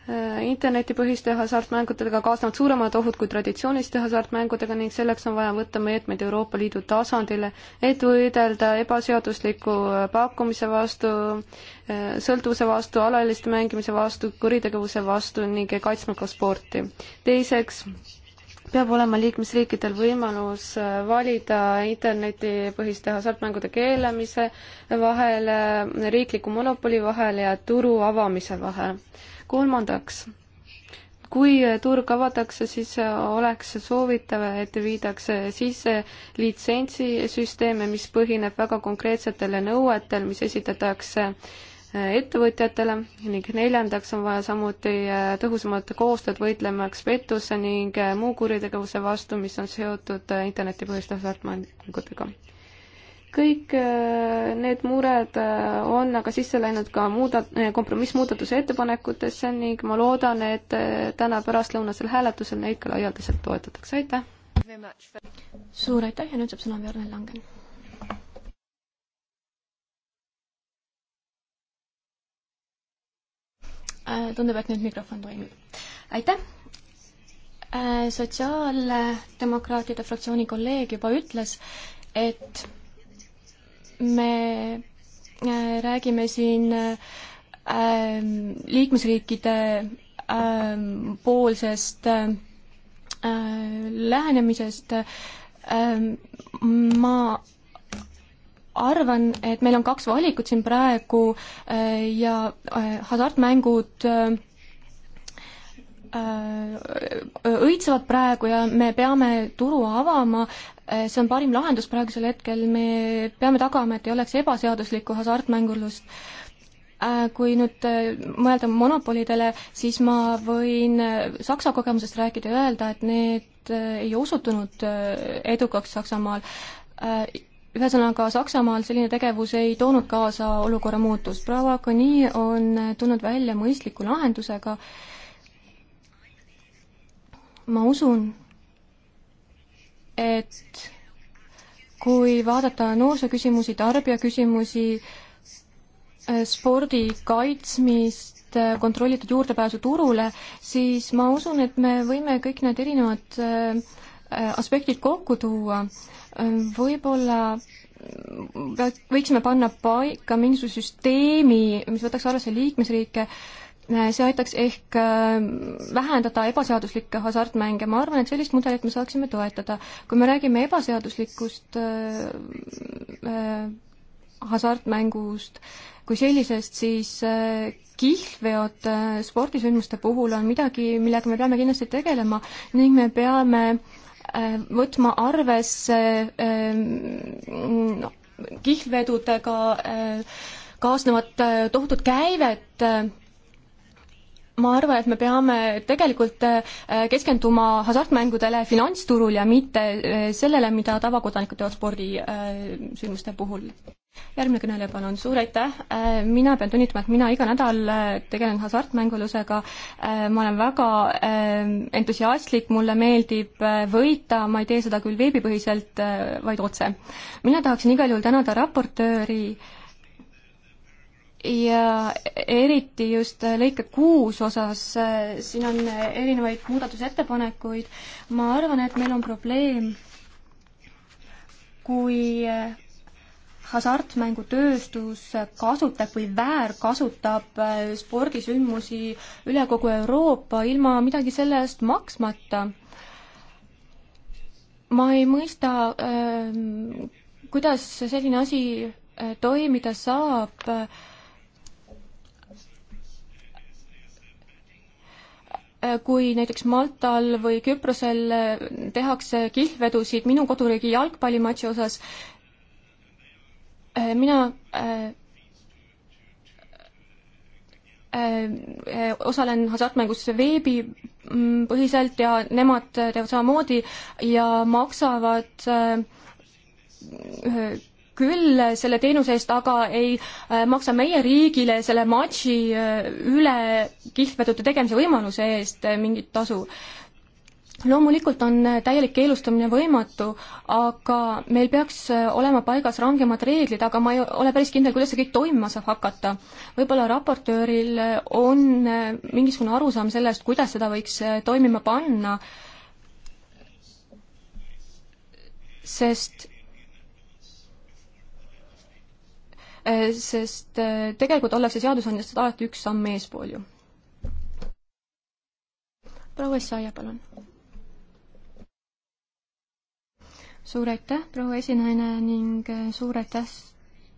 äh, internetipõhiste hasartmängudega kaasnevad suuremad ohud kui traditsiooniliste hasartmängudega ning selleks on vaja võtta meetmeid Euroopa Liidu tasandile, et võidelda ebaseadusliku pakkumise vastu, sõltuvuse vastu, alaealiste mängimise vastu, kuritegevuse vastu ning kaitsma ka sporti. teiseks, peab olema liikmesriikidel võimalus äh, valida internetipõhiste hasartmängude keelamise vahel, äh, riikliku monopoli vahel ja turu avamise vahel. kolmandaks, kui äh, turg avatakse, siis oleks soovitav, et viidakse sisse litsentsisüsteeme, mis põhineb väga konkreetsetel nõuetel, mis esitatakse äh, ettevõtjatele ning neljandaks on vaja samuti äh, tõhusamat koostööd võitlemaks pettuse ning äh, muu kuritegevuse vastu, mis on seotud äh, internetipõhiste hasartmängudega. kõik need mured on aga sisse läinud ka muuda-, kompromissmuudatuse ettepanekutesse ning ma loodan, et täna pärastlõunasel hääletusel neid ka laialdaselt toetatakse, aitäh! suur aitäh ja nüüd saab sõna Björn Langen Äh, tundub, et nüüd mikrofon toimib. aitäh! Äh, sotsiaaldemokraatide fraktsiooni kolleeg juba ütles, et me äh, räägime siin ähm, liikmesriikide ähm, poolsest lähenemisest ähm, ma arvan, et meil on kaks valikut siin praegu äh, ja äh, hasartmängud äh, õitsevad praegu ja me peame turu avama, see on parim lahendus praegusel hetkel, me peame tagama, et ei oleks ebaseaduslikku hasartmängurlust. Kui nüüd mõelda monopolidele, siis ma võin Saksa kogemusest rääkida ja öelda, et need ei osutunud edukaks Saksamaal ühesõnaga, Saksamaal selline tegevus ei toonud kaasa olukorra muutust. proua Koni on tulnud välja mõistliku lahendusega. ma usun, et kui vaadata noorsooküsimusi, tarbijaküsimusi, eh, spordi kaitsmist, eh, kontrollitud juurdepääsu turule, siis ma usun, et me võime kõik need erinevad eh, aspektid kokku tuua võib-olla võiksime panna paika mingisuguse süsteemi, mis võtaks arvesse liikmesriike, äh, see aitaks ehk äh, vähendada ebaseaduslikke hasartmänge, ma arvan, et sellist mudelit me saaksime toetada. kui me räägime ebaseaduslikust äh, hasartmängust kui sellisest, siis kihlveod spordisündmuste puhul on midagi, millega me peame kindlasti tegelema ning me peame äh, Äh, võtma arvesse noh, kihlvedudega äh, kaasnevat äh, tohutut käivet. ma arvan, et me peame tegelikult keskenduma hasartmängudele finantsturul ja mitte sellele, mida tavakodanikud teevad spordisündmuste puhul järgmine kõneleja, palun, suur aitäh, äh, mina pean tunnitama, et mina iga nädal äh, tegelen hasartmängulusega, äh, ma olen väga entusiastlik, mulle meeldib võita, ma ei tee seda küll veebipõhiselt, vaid otse. mina tahaksin igal juhul tänada raportööri ja eriti just lõike kuus osas, siin on erinevaid muudatusettepanekuid, ma arvan, et meil on probleem, kui hasartmängutööstus kasutab või väärkasutab äh, spordisündmusi üle kogu Euroopa ilma midagi selle eest maksmata. ma ei mõista, äh, kuidas selline asi äh, toimida saab kui näiteks Maltal või Küprosel tehakse kihlvedusid minu koduriigi jalgpallimatši osas, Äh, mina äh, äh, osalen hasartmängus veebipõhiselt mm, ja nemad teevad samamoodi ja maksavad küll selle teenuse eest, aga ei maksa meie riigile selle matši üle kihlvedude tegemise võimaluse eest mingit tasu loomulikult on äh, täielik keelustamine võimatu, aga meil peaks äh, olema paigas rangemad reeglid, aga ma ei ole päris kindel, kuidas see kõik toimima saab hakata. võib-olla raportööril äh, on mingisugune arusaam sellest, kuidas seda võiks toimima panna, sest sest tegelikult ollakse seadusandjast alati üks samm eespool ju. proua Essaia, palun suur aitäh, proua esinaine ning äh, suur aitäh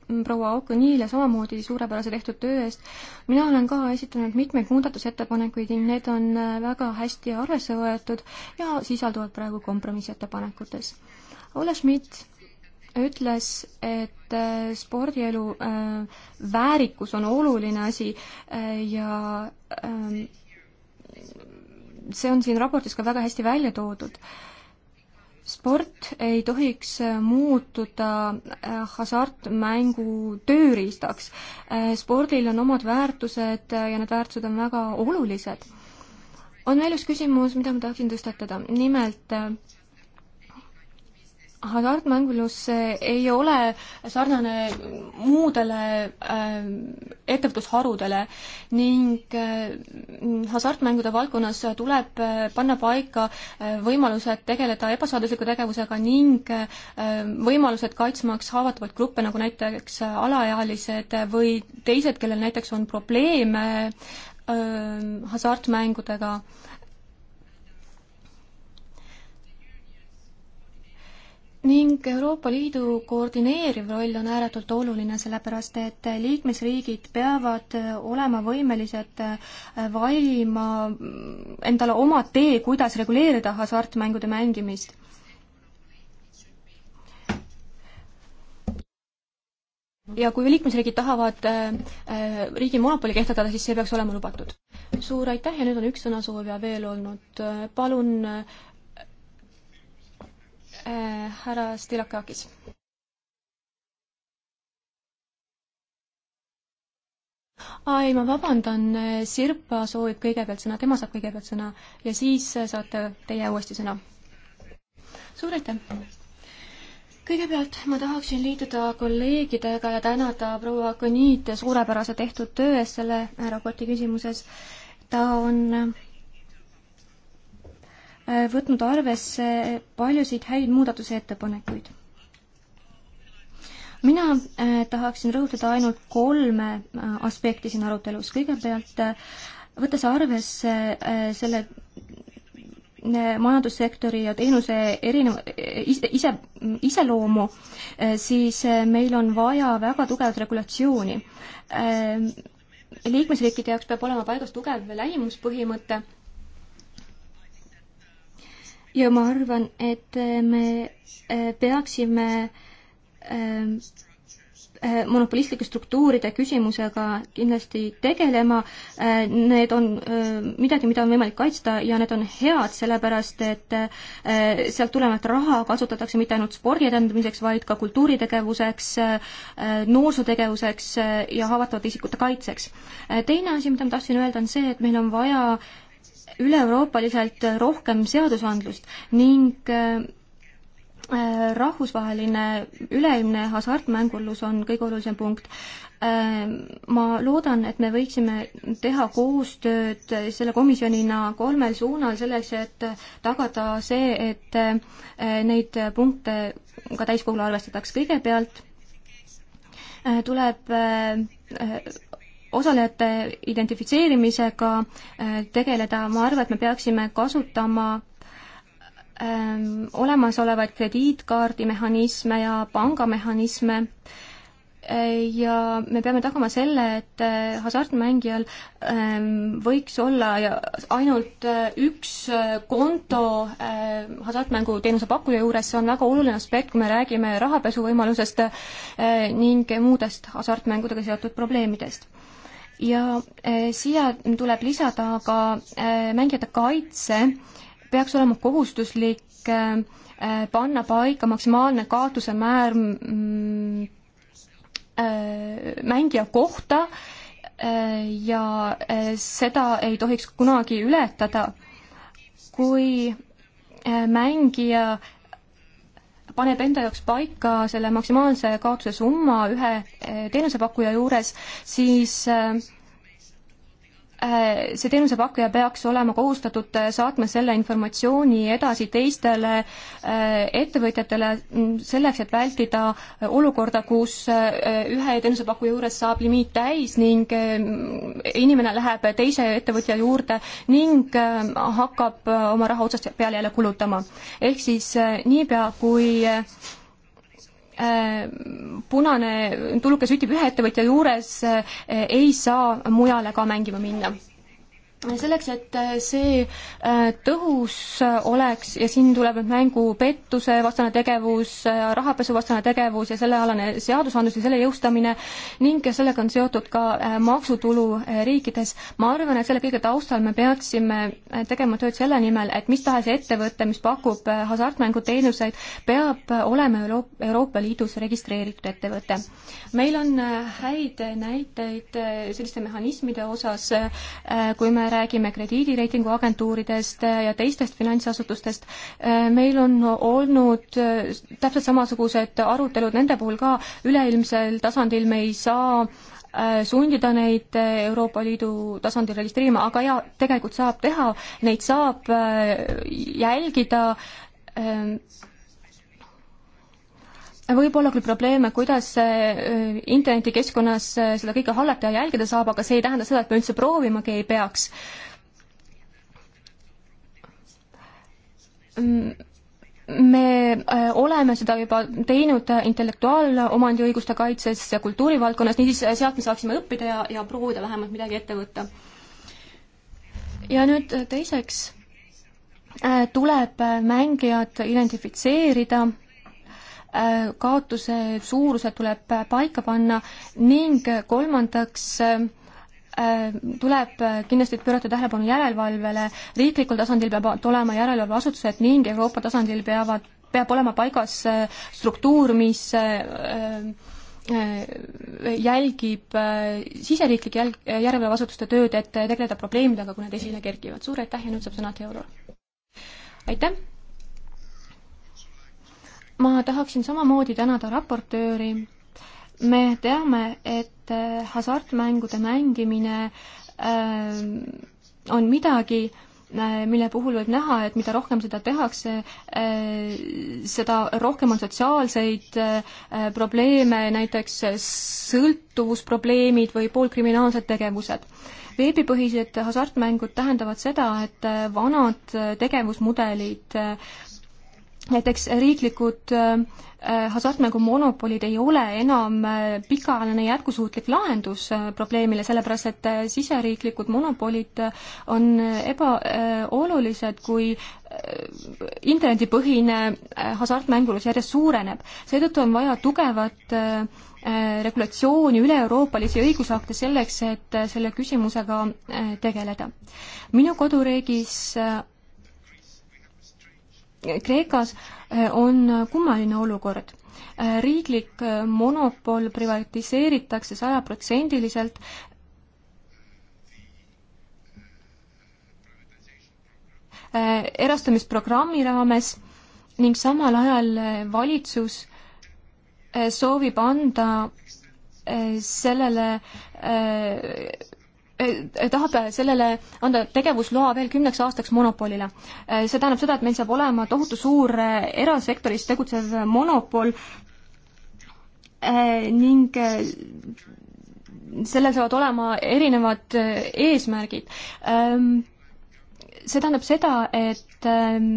mm, proua Okunile samamoodi suurepärase tehtud töö eest. mina olen ka esitanud mitmeid muudatusettepanekuid ning need on äh, väga hästi arvesse võetud ja sisalduvad praegu kompromissettepanekutes. Olle Schmidt ütles, et äh, spordielu äh, väärikus on oluline asi äh, ja äh, see on siin raportis ka väga hästi välja toodud äh, sport ei tohiks äh, muutuda äh, hasartmängu tööriistaks. Äh, spordil on omad väärtused ja need väärtused on väga olulised. on veel üks küsimus, mida ma tahaksin tõstatada, nimelt hasartmängulus ei ole sarnane muudele äh, ettevõtlusharudele ning äh, hasartmängude valdkonnas tuleb äh, panna paika äh, võimalused tegeleda ebaseadusliku tegevusega ning äh, võimalused kaitsmaks haavatavaid gruppe, nagu näiteks äh, alaealised või teised, kellel näiteks on probleeme äh, hasartmängudega äh, ning Euroopa Liidu koordineeriv roll on ääretult oluline, sellepärast et liikmesriigid peavad olema võimelised valima endale oma tee, kuidas reguleerida hasartmängude mängimist. ja kui liikmesriigid tahavad äh, riigi monopoli kehtestada, siis see peaks olema lubatud. suur aitäh ja nüüd on üks sõnasoovija veel olnud, palun äh, Eh, härra Stilakakis. aa ei, ma vabandan, Sirpa soovib kõigepealt sõna, tema saab kõigepealt sõna ja siis saate teie uuesti sõna. suur aitäh! kõigepealt ma tahaksin liituda kolleegidega ja tänada proua Koniit suurepärase tehtud töö eest selle raporti küsimuses. ta on Äh, võtnud arvesse paljusid häid muudatusettepanekuid. mina äh, tahaksin rõhutada ainult kolme äh, aspekti siin arutelus. kõigepealt võttes arvesse selle majandussektori ja teenuse erineva, ise, ise, iseloomu, siis meil on vaja väga tugevat regulatsiooni. liikmesriikide jaoks peab olema paigas tugev lähimuspõhimõte ja ma arvan, et äh, me äh, peaksime ähm, äh, monopolistlike struktuuride küsimusega kindlasti tegelema, need on midagi, mida on võimalik kaitsta ja need on head, sellepärast et sealt tulevat raha kasutatakse mitte ainult spordi edendamiseks, vaid ka kultuuritegevuseks, noorsootegevuseks ja haavatavate isikute kaitseks. teine asi, mida ma tahtsin öelda, on see, et meil on vaja üle-euroopaliselt rohkem seadusandlust ning äh, äh, rahvusvaheline üleilmne hasartmängulus on kõige olulisem punkt. Ähm, ma loodan, et me võiksime teha koostööd selle komisjonina kolmel suunal selleks, et tagada see, et äh, neid punkte ka täiskogul arvestataks. kõigepealt tuleb osalejate identifitseerimisega äh, tegeleda, ma arvan, et me peaksime kasutama ähm, olemasolevaid krediitkaardimehhanisme ja pangamehhanisme äh, ja me peame tagama selle, et äh, hasartmängijal ähm, võiks olla ainult üks konto hasartmänguteenuse pakkuja juures, see on väga oluline aspekt, kui me räägime rahapesuvõimalusest ning muudest hasartmängudega seotud probleemidest ja äh, siia tuleb lisada ka äh, mängijate kaitse, peaks olema kohustuslik äh, panna paika maksimaalne kaotuse määr mm, mängija kohta ja seda ei tohiks kunagi ületada. kui mängija paneb enda jaoks paika selle maksimaalse kaotuse summa ühe eh, teenusepakkuja juures, siis eh, Äh, see teenusepakkuja peaks olema kohustatud äh, saatma selle informatsiooni edasi teistele äh, ettevõtjatele mm, selleks, et vältida olukorda, kus ühe teenusepakkuja juures saab limiit täis ning inimene läheb teise ettevõtja juurde ning hakkab oma raha otsast peale jälle kulutama. ehk siis niipea, kui Äh, punane tuluke sütib ühe ettevõtja juures, äh, ei saa mujale ka mängima minna selleks, et äh, see äh, tõhus äh, oleks ja siin tuleb nüüd mängu pettuse vastane tegevus, rahapesu vastane tegevus ja sellealane seadusandlus ja selle jõustamine ning sellega on seotud ka maksutulu riikides. ma arvan, et selle kõige taustal me peaksime tegema tööd selle nimel, et mis tahes ettevõte, mis pakub hasartmänguteenuseid, peab olema Euro Euroopa Liidus registreeritud ettevõte. meil on häid näiteid selliste mehhanismide osas, kui me räägime krediidireitingu agentuuridest äh, ja teistest finantsasutustest, äh, meil on olnud äh, täpselt samasugused arutelud nende puhul ka, üleilmsel tasandil me ei saa sundida neid Euroopa Liidu tasandil registreerima, aga jaa, tegelikult saab teha, neid saab jälgida ähm, võib olla küll probleeme, kuidas äh, internetikeskkonnas äh, seda kõike hallata ja jälgida saab, aga see ei tähenda seda, et me üldse proovimagi ei peaks. Mm, me äh, oleme seda juba teinud intellektuaalomandi õiguste kaitses ja kultuurivaldkonnas, niisiis sealt me saaksime õppida ja, ja proovida vähemalt midagi ette võtta. ja nüüd teiseks tuleb mängijad identifitseerida kaotuse suurused tuleb paika panna ning kolmandaks äh, tuleb kindlasti pöörata tähelepanu järelevalvele, riiklikul tasandil peavad olema järelevalveasutused ning Euroopa tasandil peavad, peab olema paigas äh, struktuur, mis äh, jälgib siseriiklike jälg-, järelevalveasutuste tööd, et tegeleda probleemidega, kui need esile kerkivad. suur aitäh ja nüüd saab sõna Theodor. aitäh! ma tahaksin samamoodi tänada raportööri. me teame, et äh, hasartmängude mängimine äh, on midagi, äh, mille puhul võib näha, et mida rohkem seda tehakse, seda rohkem on sotsiaalseid probleeme, näiteks sõltuvusprobleemid või poolkriminaalsed tegevused. veebipõhised hasartmängud tähendavad seda, et vanad tegevusmudelid näiteks riiklikud äh, äh, hasartmängumonopolid ei ole enam äh, pikaajaline jätkusuutlik lahendus probleemile, sellepärast et siseriiklikud monopolid on ebaolulised, kui internetipõhine hasartmängulus järjest suureneb. seetõttu on vaja tugevat regulatsiooni, üle-euroopalisi õigusakte selleks, et selle küsimusega tegeleda. minu koduriigis Kreekas eh, on kummaline olukord. Eh, riiklik eh, monopol privatiseeritakse sajaprotsendiliselt. erastamisprogrammi raames ning samal ajal valitsus soovib anda sellele Äh, äh, tahab sellele anda tegevusloa veel kümneks aastaks monopolile. Äh, see tähendab seda, et meil saab olema tohutu suur erasektoris tegutsev monopol ning sellel saavad olema erinevad eesmärgid ähm, see tähendab seda, et ähm,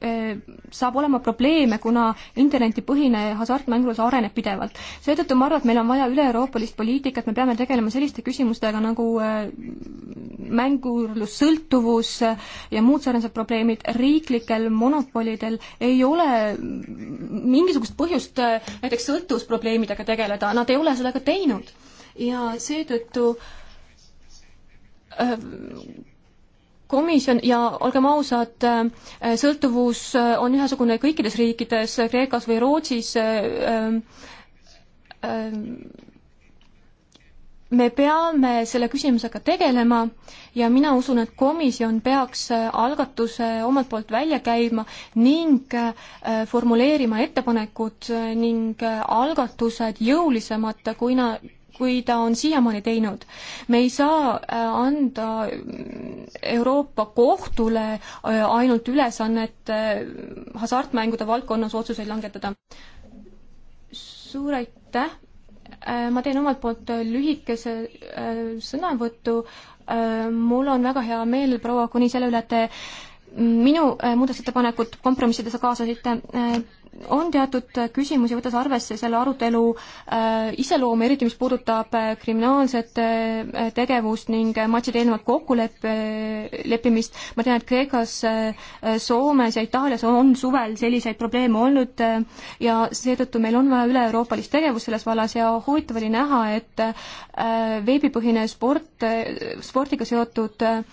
Äh, saab olema probleeme, kuna internetipõhine hasartmängulus areneb pidevalt. seetõttu ma arvan, et meil on vaja üle-euroopalist poliitikat, me peame tegelema selliste küsimustega nagu äh, mängurlussõltuvus äh, ja muud sarnased probleemid, riiklikel monopolidel ei ole mingisugust põhjust näiteks sõltuvusprobleemidega tegeleda, nad ei ole seda ka teinud. ja seetõttu komisjon ja olgem ausad, äh, sõltuvus äh, on ühesugune kõikides riikides, Kreekas või Rootsis. Äh, me peame selle küsimusega tegelema ja mina usun, et komisjon peaks algatuse omalt poolt välja käima ning formuleerima ettepanekud ning algatused jõulisemad, kui nad kui ta on siiamaani teinud. me ei saa äh, anda mm, Euroopa Kohtule äh, ainult ülesannet äh, hasartmängude valdkonnas otsuseid langetada. suur aitäh, ma teen omalt poolt lühikese sõnavõtu, mul on väga hea meel, proua Kuni, selle üle, et te mm, minu muudatusettepanekut kompromissidesse kaasasite on teatud küsimusi, võttes arvesse selle arutelu äh, iseloomu, eriti mis puudutab äh, kriminaalset äh, tegevust ning äh, matšide eelnevat kokkuleppe äh,, leppimist, ma tean, et Kreekas äh,, Soomes ja Itaalias on suvel selliseid probleeme olnud äh, ja seetõttu meil on vaja üle-euroopalist tegevust selles vallas ja huvitav oli näha, et äh, veebipõhine sport äh,, spordiga seotud äh,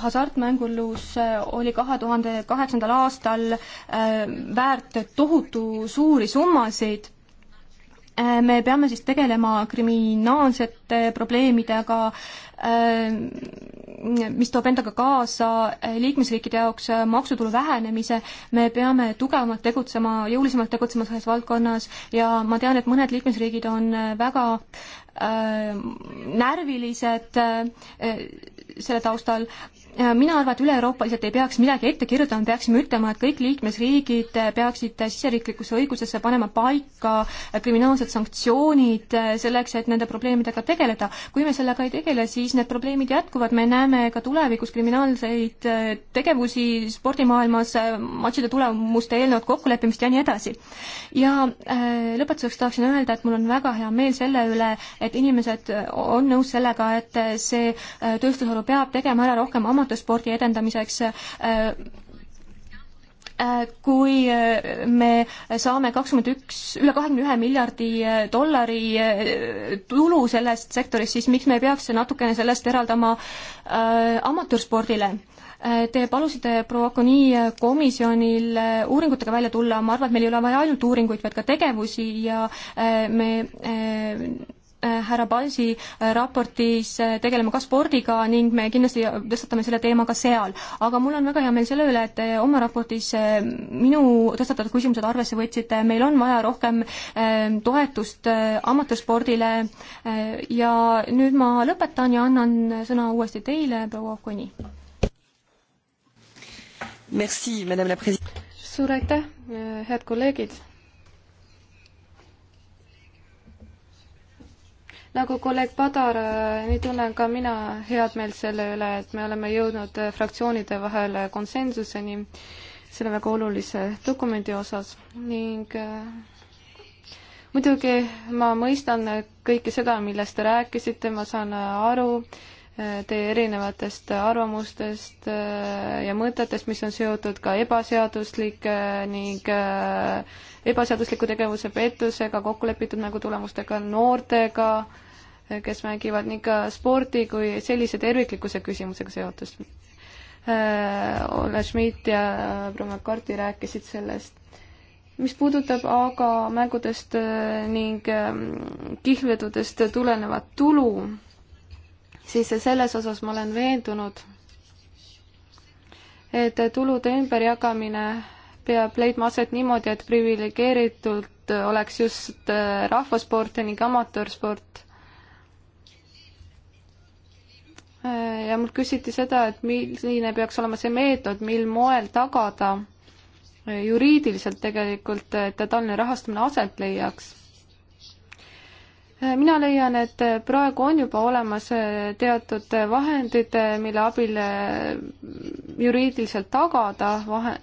hasartmängulus äh, oli kahe tuhande kaheksandal aastal äh, väärt tohutu suuri summasid äh, me peame siis tegelema kriminaalsete probleemidega, mis toob endaga kaasa liikmesriikide jaoks maksutulu vähenemise, me peame tugevamalt tegutsema, jõulisemalt tegutsema selles valdkonnas ja ma tean, et mõned liikmesriigid on väga närvilised selle taustal, Äh, mina arvan, et üle-euroopaliselt ei peaks midagi ette kirjutama, peaksime ütlema, et kõik liikmesriigid äh, peaksid äh, siseriiklikusse õigusesse panema paika kriminaalsed sanktsioonid selleks, et nende probleemidega tegeleda. kui me sellega ei tegele, siis need probleemid jätkuvad, me näeme ka tulevikus kriminaalseid tegevusi spordimaailmas, matšide tulemuste eelnevat kokkuleppimist ja nii edasi. ja lõpetuseks tahaksin öelda, et mul on väga hea meel selle üle, et inimesed on nõus sellega, et see tööstusharu peab tegema ära rohkem oma kannatusspordi edendamiseks kui me saame kakskümmend üks, üle kahekümne ühe miljardi dollari tulu sellest sektorist, siis miks me ei peaks natukene sellest eraldama äh, amatöörspordile? Äh, te palusite proua Koni komisjonil äh, uuringutega välja tulla, ma arvan, et meil ei ole vaja ainult uuringuid, vaid ka tegevusi ja äh, me Äh, härra Balsi äh, raportis äh, tegeleme ka spordiga ning me kindlasti tõstatame selle teema ka seal. aga mul on väga hea meel selle üle, et te oma raportis minu tõstatatud küsimused arvesse võtsite, meil on vaja rohkem toetust amatöörspordile ja nüüd ma lõpetan ja annan sõna uuesti teile, proua Okuni. suur aitäh, head kolleegid nagu kolleeg Padar, äh, nii tunnen ka mina head meelt selle üle, et me oleme jõudnud äh, fraktsioonide vahel konsensuseni selle väga olulise dokumendi osas ning äh, muidugi ma mõistan kõike seda, millest te rääkisite, ma saan aru teie erinevatest arvamustest ja mõtetest, mis on seotud ka ebaseaduslike ning ebaseadusliku tegevuse pettusega, kokkulepitud mängutulemustega, noortega kes mängivad ning ka spordi kui sellise terviklikkuse küsimusega seotust. Äh, Olle Schmidt ja Bruno McCarthy rääkisid sellest mis puudutab aga mängudest äh, ning ähm, kihlvedudest tulenevat tulu, siis selles osas ma olen veendunud, et tulude ümberjagamine peab leidma aset niimoodi, et priviligeeritult oleks just äh, rahvasport ning amatöörsport Äh, ja mult küsiti seda, et milline peaks olema see meetod, mil moel tagada äh, juriidiliselt tegelikult, et taoline rahastamine aset leiaks. Äh, mina leian, et praegu on juba olemas teatud vahendid, mille abil juriidiliselt tagada vahe,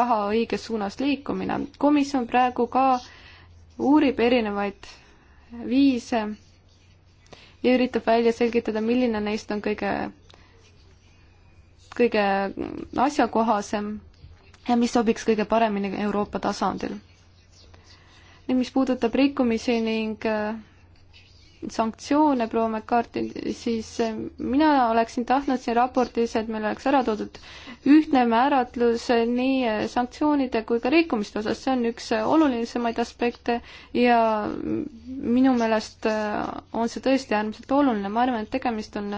raha õiges suunas liikumine. komisjon praegu ka uurib erinevaid viise ja üritab välja selgitada, milline neist on kõige, kõige asjakohasem ja mis sobiks kõige paremini Euroopa tasandil. nüüd, mis puudutab rikkumisi ning äh, sanktsioone, proua McCarthy, siis eh, mina oleksin tahtnud siin raportis, et meil oleks ära toodud ühtne määratlus eh, nii eh, sanktsioonide kui ka rikkumiste osas, see on üks olulisemaid aspekte ja minu meelest on see tõesti äärmiselt oluline, ma arvan, et tegemist on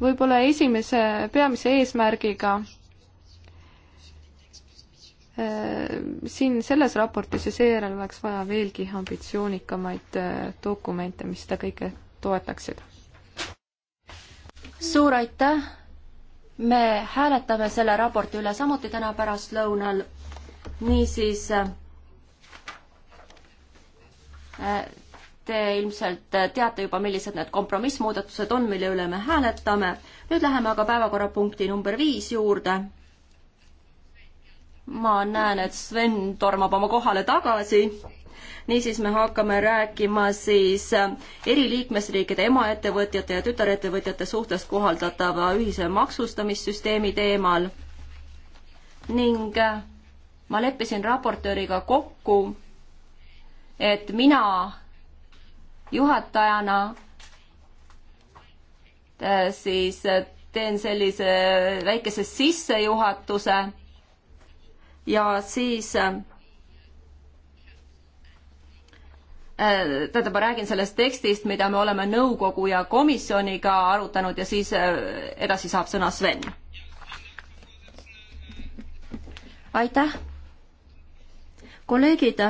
võib-olla esimese peamise eesmärgiga siin selles raportis ja seejärel oleks vaja veelgi ambitsioonikamaid äh, dokumente, mis seda kõike toetaksid. suur aitäh! me hääletame selle raporti üle samuti täna pärastlõunal. niisiis äh, te ilmselt teate juba, millised need kompromissmuudatused on, mille üle me hääletame. nüüd läheme aga päevakorrapunkti number viis juurde ma näen, et Sven tormab oma kohale tagasi. niisiis, me hakkame rääkima siis äh, eri liikmesriikide emaettevõtjate ja tütarettevõtjate suhtes kohaldatava ühise maksustamissüsteemi teemal. ning äh, ma leppisin raportööriga kokku, et mina juhatajana äh, siis teen sellise väikese sissejuhatuse ja siis äh, tähendab, ma räägin sellest tekstist, mida me oleme nõukogu ja komisjoniga arutanud ja siis äh, edasi saab sõna Sven. aitäh. kolleegid.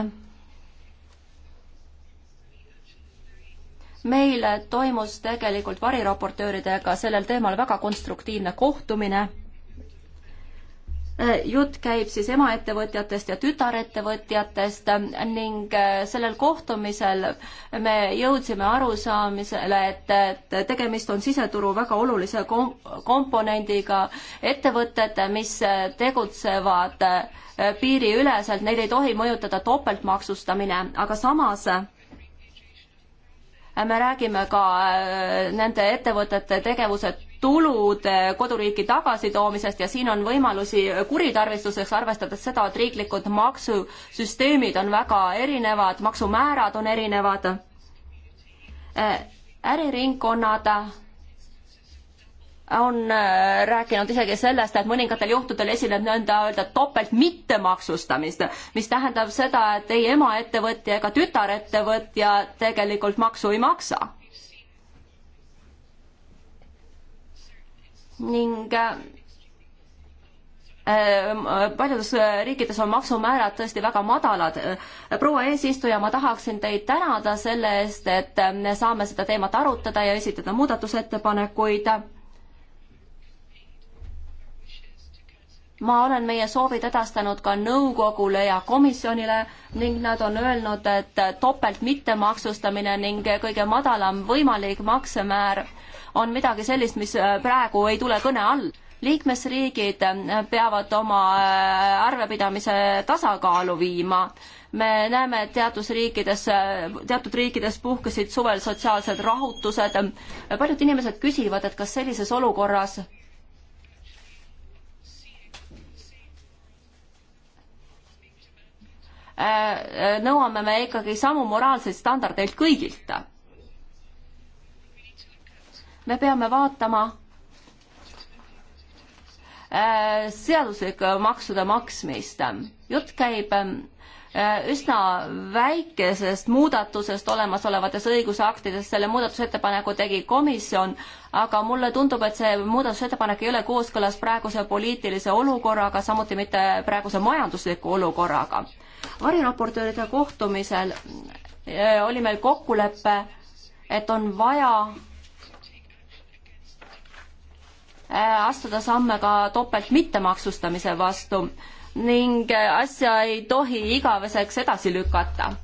meil toimus tegelikult variraportööridega sellel teemal väga konstruktiivne kohtumine Äh, jutt käib siis emaettevõtjatest ja tütarettevõtjatest ning äh, sellel kohtumisel me jõudsime arusaamisele, et, et tegemist on siseturu väga olulise kom-, komponendiga. ettevõtted, mis tegutsevad äh, piiriüleselt, neid ei tohi mõjutada topeltmaksustamine, aga samas me räägime ka nende ettevõtete tegevuse tulud eh, koduriiki tagasitoomisest ja siin on võimalusi kuritarvistuseks, arvestades seda, et riiklikud maksusüsteemid on väga erinevad, maksumäärad on erinevad. Eh, äriringkonnad on eh, rääkinud isegi sellest, et mõningatel juhtudel esineb nõnda öelda topelt mittemaksustamist, mis tähendab seda, et ei emaettevõtja ega tütarettevõtja tegelikult maksu ei maksa ning äh, äh, paljudes riikides on maksumäärad tõesti väga madalad. proua eesistuja, ma tahaksin teid tänada selle eest, et me saame seda teemat arutada ja esitada muudatusettepanekuid. ma olen meie soovid edastanud ka nõukogule ja komisjonile ning nad on öelnud, et topelt mittemaksustamine ning kõige madalam võimalik maksemäär on midagi sellist, mis äh, praegu ei tule kõne all. liikmesriigid äh, peavad oma äh, arvepidamise tasakaalu viima me näeme, et teatud riikides, teatud riikides puhkesid suvel sotsiaalsed rahutused. paljud inimesed küsivad, et kas sellises olukorras nõuame me ikkagi samu moraalseid standardeid kõigilt me peame vaatama äh, seaduslikku maksude maksmist. jutt käib äh, üsna väikesest muudatusest olemasolevates õigusaktides, selle muudatusettepaneku tegi komisjon, aga mulle tundub, et see muudatusettepanek ei ole kooskõlas praeguse poliitilise olukorraga, samuti mitte praeguse majandusliku olukorraga. variraportööride kohtumisel äh, oli meil kokkulepe, et on vaja Äh, astuda samme ka topelt mittemaksustamise vastu ning äh, asja ei tohi igaveseks edasi lükata.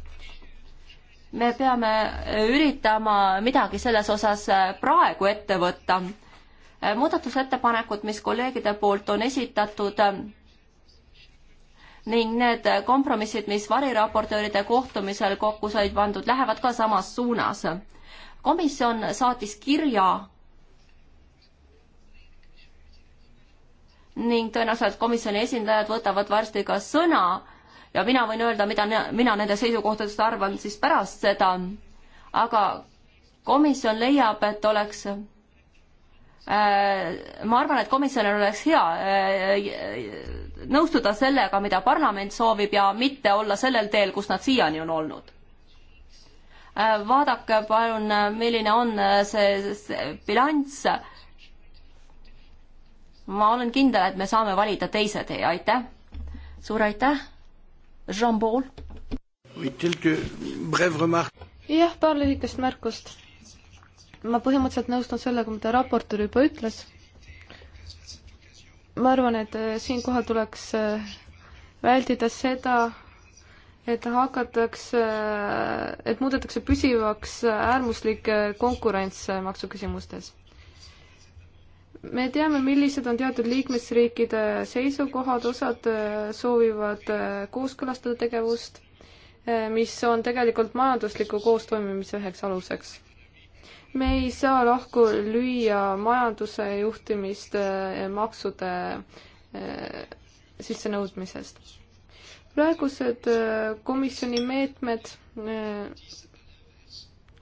me peame äh, üritama midagi selles osas praegu ette võtta. muudatusettepanekud, mis kolleegide poolt on esitatud, ning need kompromissid, mis variraportööride kohtumisel kokku said pandud, lähevad ka samas suunas. komisjon saatis kirja ning tõenäoliselt komisjoni esindajad võtavad varsti ka sõna ja mina võin öelda, mida ne, mina nende seisukohtadest arvan siis pärast seda. aga komisjon leiab, et oleks äh, ma arvan, et komisjonil oleks hea äh, nõustuda sellega, mida parlament soovib ja mitte olla sellel teel, kus nad siiani on olnud äh, vaadake palun, milline on äh, see, see bilanss ma olen kindel, et me saame valida teise tee, aitäh. suur aitäh, Jean-Paul. jah, paar lühikest märkust. ma põhimõtteliselt nõustun sellega, mida raportöör juba ütles. ma arvan, et äh, siinkohal tuleks äh, vältida seda, et hakatakse, äh, et muudetakse püsivaks äärmuslik konkurents maksuküsimustes me teame, millised on teatud liikmesriikide seisukohad, osad äh, soovivad äh, kooskõlastada tegevust, äh, mis on tegelikult majandusliku koostoimimise üheks aluseks. me ei saa lahku lüüa majanduse juhtimist maksude sissenõudmisest. praegused komisjoni meetmed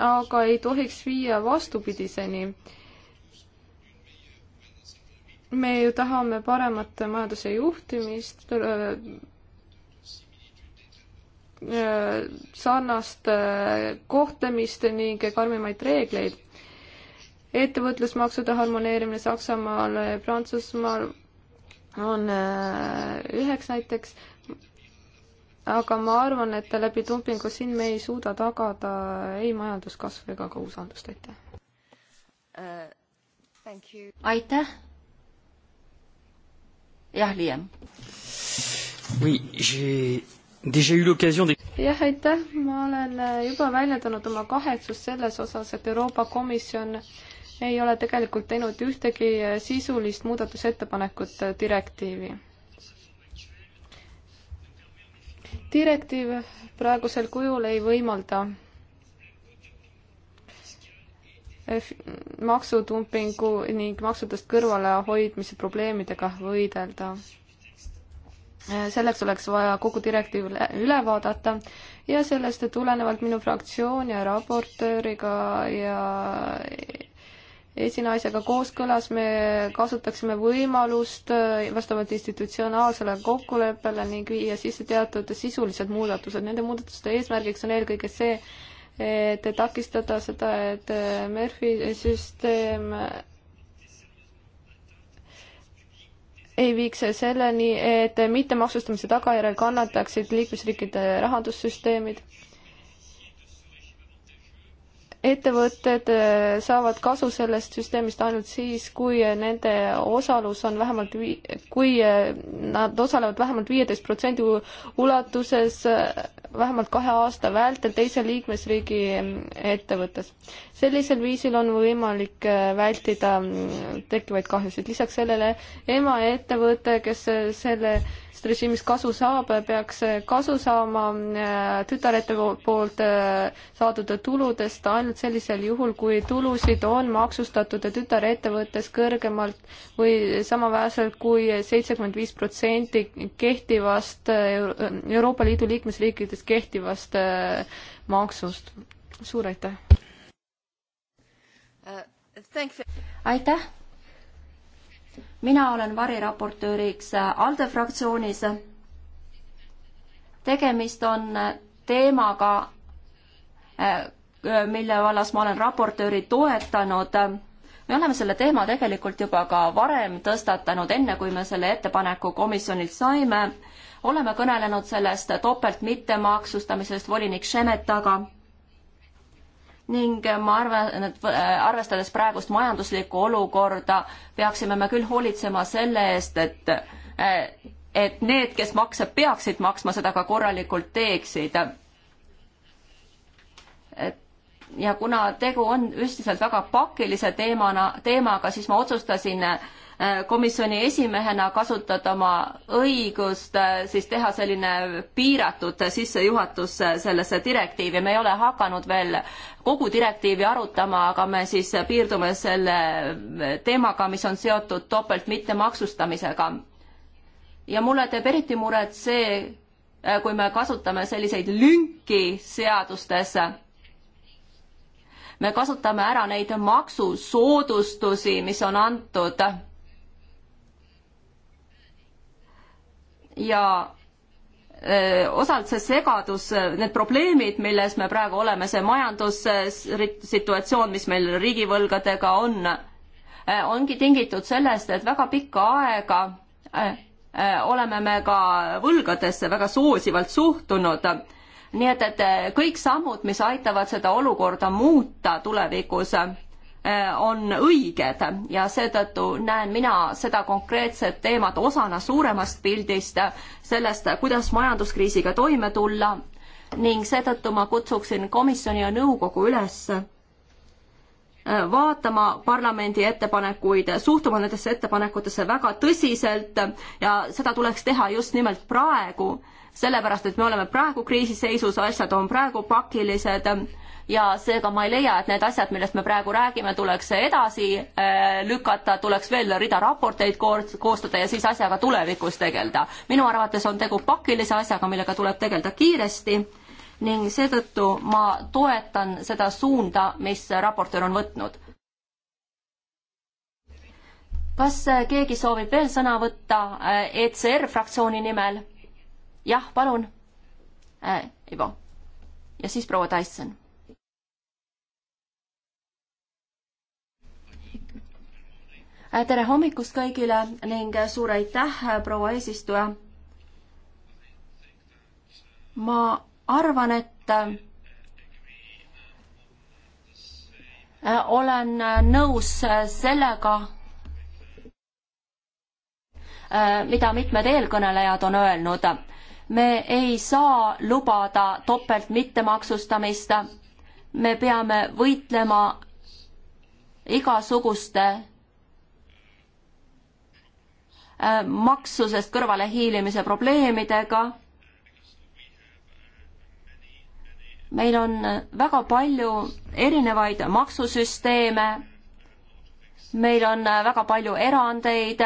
aga ei tohiks viia vastupidiseni äh, me ju tahame paremat majanduse juhtimist, äh, äh, sarnast äh, kohtlemist ning karmimaid reegleid. ettevõtlusmaksude harmoneerimine Saksamaal, Prantsusmaal on üheks näiteks, aga ma arvan, et läbi dumpingu siin me ei suuda tagada ei majanduskasvu ega ka usaldust, aitäh uh,. aitäh jah, Liam. jah, aitäh, ma olen äh, juba väljendanud oma kahetsust selles osas, et Euroopa Komisjon ei ole tegelikult teinud ühtegi äh, sisulist muudatusettepanekut äh, direktiivi. direktiiv praegusel kujul ei võimalda maksutumpingu ning maksudest kõrvalehoidmise probleemidega võidelda. Äh, selleks oleks vaja kogu direktiiv üle vaadata ja sellest tulenevalt minu fraktsioon ja raportööriga ja esinaisega kooskõlas me kasutaksime võimalust äh, vastavalt institutsionaalsele kokkuleppele ning viia sisse teatud sisulised muudatused. Nende muudatuste eesmärgiks on eelkõige see, et takistada seda, et äh, Murphy süsteem ei viiks selleni, et mittemaksustamise tagajärjel kannataksid liikmesriikide rahandussüsteemid ettevõtted äh, saavad kasu sellest süsteemist ainult siis, kui äh, nende osalus on vähemalt vii-, kui äh, nad osalevad vähemalt viieteist protsendi ulatuses vähemalt kahe aasta vältel teise liikmesriigi mm, ettevõttes. sellisel viisil on võimalik vältida mm, tekkivaid kahjusid. lisaks sellele emaettevõte, kes selle režiimist kasu saab, peaks eh, kasu saama eh, tütarete poolt eh, saadud tuludest ainult sellisel juhul, kui tulusid on maksustatud tütarettevõttes kõrgemalt või samaväärselt kui seitsekümmend viis protsenti kehtivast Euroopa Liidu liikmesriikides kehtivast maksust. suur aitäh! Uh, aitäh! mina olen variraportööriks ALDE fraktsioonis. tegemist on teemaga, äh, mille vallas ma olen raportööri toetanud. me oleme selle teema tegelikult juba ka varem tõstatanud, enne kui me selle ettepaneku komisjonilt saime. oleme kõnelenud sellest topelt mittemaksustamisest volinik Šemetaga ning ma arvan, et äh, arvestades praegust majanduslikku olukorda, peaksime me küll hoolitsema selle eest, et äh, et need, kes makse peaksid maksma, seda ka korralikult teeksid. et ja kuna tegu on üldiselt väga pakilise teemana, teemaga, siis ma otsustasin äh, komisjoni esimehena kasutada oma õigust äh, siis teha selline piiratud sissejuhatus äh, sellesse direktiivi, me ei ole hakanud veel kogu direktiivi arutama, aga me siis piirdume selle teemaga, mis on seotud topelt mittemaksustamisega. ja mulle teeb eriti muret see, äh, kui me kasutame selliseid lünki seadustes me kasutame ära neid maksusoodustusi, mis on antud ja osalt see segadus, need probleemid, milles me praegu oleme, see majandussituatsioon, mis meil riigivõlgadega on, ongi tingitud sellest, et väga pikka aega oleme me ka võlgadesse väga soosivalt suhtunud. nii et, et kõik sammud, mis aitavad seda olukorda muuta tulevikus, Äh, on õiged ja seetõttu näen mina seda konkreetset teemat osana suuremast pildist, sellest, kuidas majanduskriisiga toime tulla ning seetõttu ma kutsuksin komisjoni ja nõukogu üles äh, vaatama parlamendi ettepanekuid, suhtuma nendesse ettepanekutesse väga tõsiselt ja seda tuleks teha just nimelt praegu, sellepärast et me oleme praegu kriisiseisus, asjad on praegu pakilised ja seega ma ei leia, et need asjad, millest me praegu räägime, tuleks edasi äh, lükata, tuleks veel rida raporteid koostada ja siis asjaga tulevikus tegeleda. minu arvates on tegu pakilise asjaga, millega tuleb tegeleda kiiresti ning seetõttu ma toetan seda suunda, mis raportöör on võtnud. kas keegi soovib veel sõna võtta äh, ECR fraktsiooni nimel? jah, palun äh,. Ivo ja siis proua Tyson Äh, tere hommikust kõigile ning suur aitäh, proua eesistuja. ma arvan, et äh, olen äh, nõus sellega, mida mitmed eelkõnelejad on öelnud. me ei saa lubada topelt mittemaksustamist. me peame võitlema igasuguste Äh, maksusest kõrvalehiilimise probleemidega. meil on väga palju erinevaid maksusüsteeme, meil on väga palju erandeid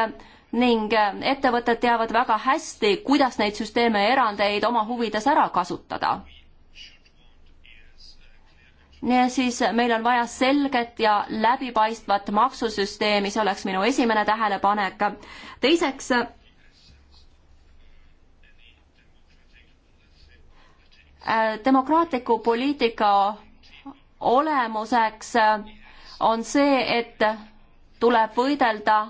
ning ettevõtted teavad väga hästi, kuidas neid süsteeme ja erandeid oma huvides ära kasutada niisiis, meil on vaja selget ja läbipaistvat maksusüsteemi, see oleks minu esimene tähelepanek. teiseks, äh, demokraatliku poliitika olemuseks on see, et tuleb võidelda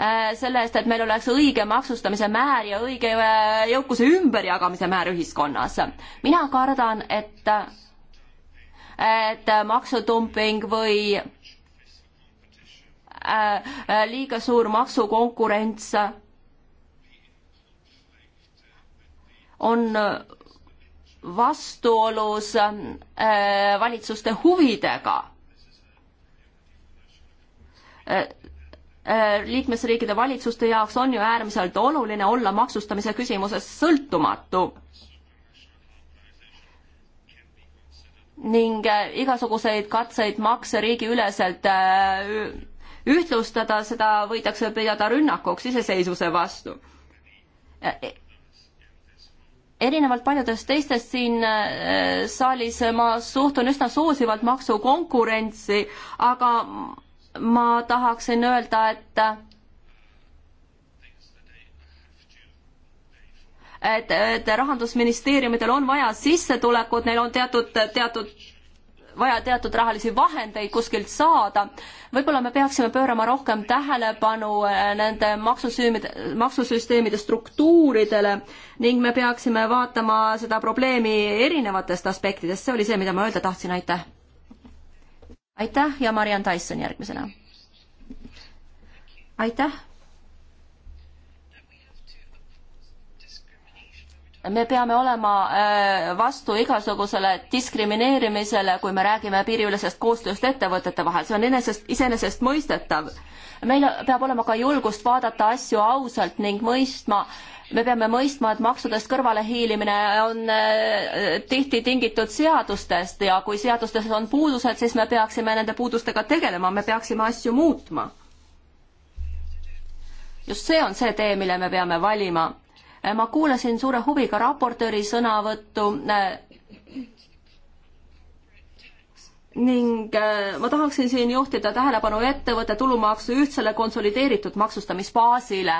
Äh, selle eest, et meil oleks õige maksustamise määr ja õige äh, jõukuse ümberjagamise määr ühiskonnas. mina kardan, et, et maksudumping või äh, liiga suur maksukonkurents on vastuolus valitsuste huvidega Äh, liikmesriikide valitsuste jaoks on ju äärmiselt oluline olla maksustamise küsimuses sõltumatu. ning äh, igasuguseid katseid makse riigiüleselt äh, ühtlustada, seda võidakse pidada rünnakuks iseseisvuse vastu e, erinevalt paljudest teistest siin saalis ma suhtun üsna soosivalt maksukonkurentsi, aga ma tahaksin öelda, et et, et rahandusministeeriumidel on vaja sissetulekut, neil on teatud, teatud vaja teatud rahalisi vahendeid kuskilt saada. võib-olla me peaksime pöörama rohkem tähelepanu eh, nende maksusüümide, maksusüsteemide struktuuridele ning me peaksime vaatama seda probleemi erinevatest aspektidest, see oli see, mida ma öelda tahtsin, aitäh aitäh ja Mariann Tyson järgmisena. aitäh. me peame olema äh, vastu igasugusele diskrimineerimisele, kui me räägime piiriülesest koostööst ettevõtete vahel, see on enesest, iseenesestmõistetav. meil peab olema ka julgust vaadata asju ausalt ning mõistma, me peame mõistma, et maksudest kõrvalehiilimine on äh, tihti tingitud seadustest ja kui seadustes on puudused, siis me peaksime nende puudustega tegelema, me peaksime asju muutma. just see on see tee, mille me peame valima. Äh, ma kuulasin suure huviga raportööri sõnavõttu äh, ning ma tahaksin siin juhtida tähelepanu ettevõtte tulumaksu ühtsele konsolideeritud maksustamisbaasile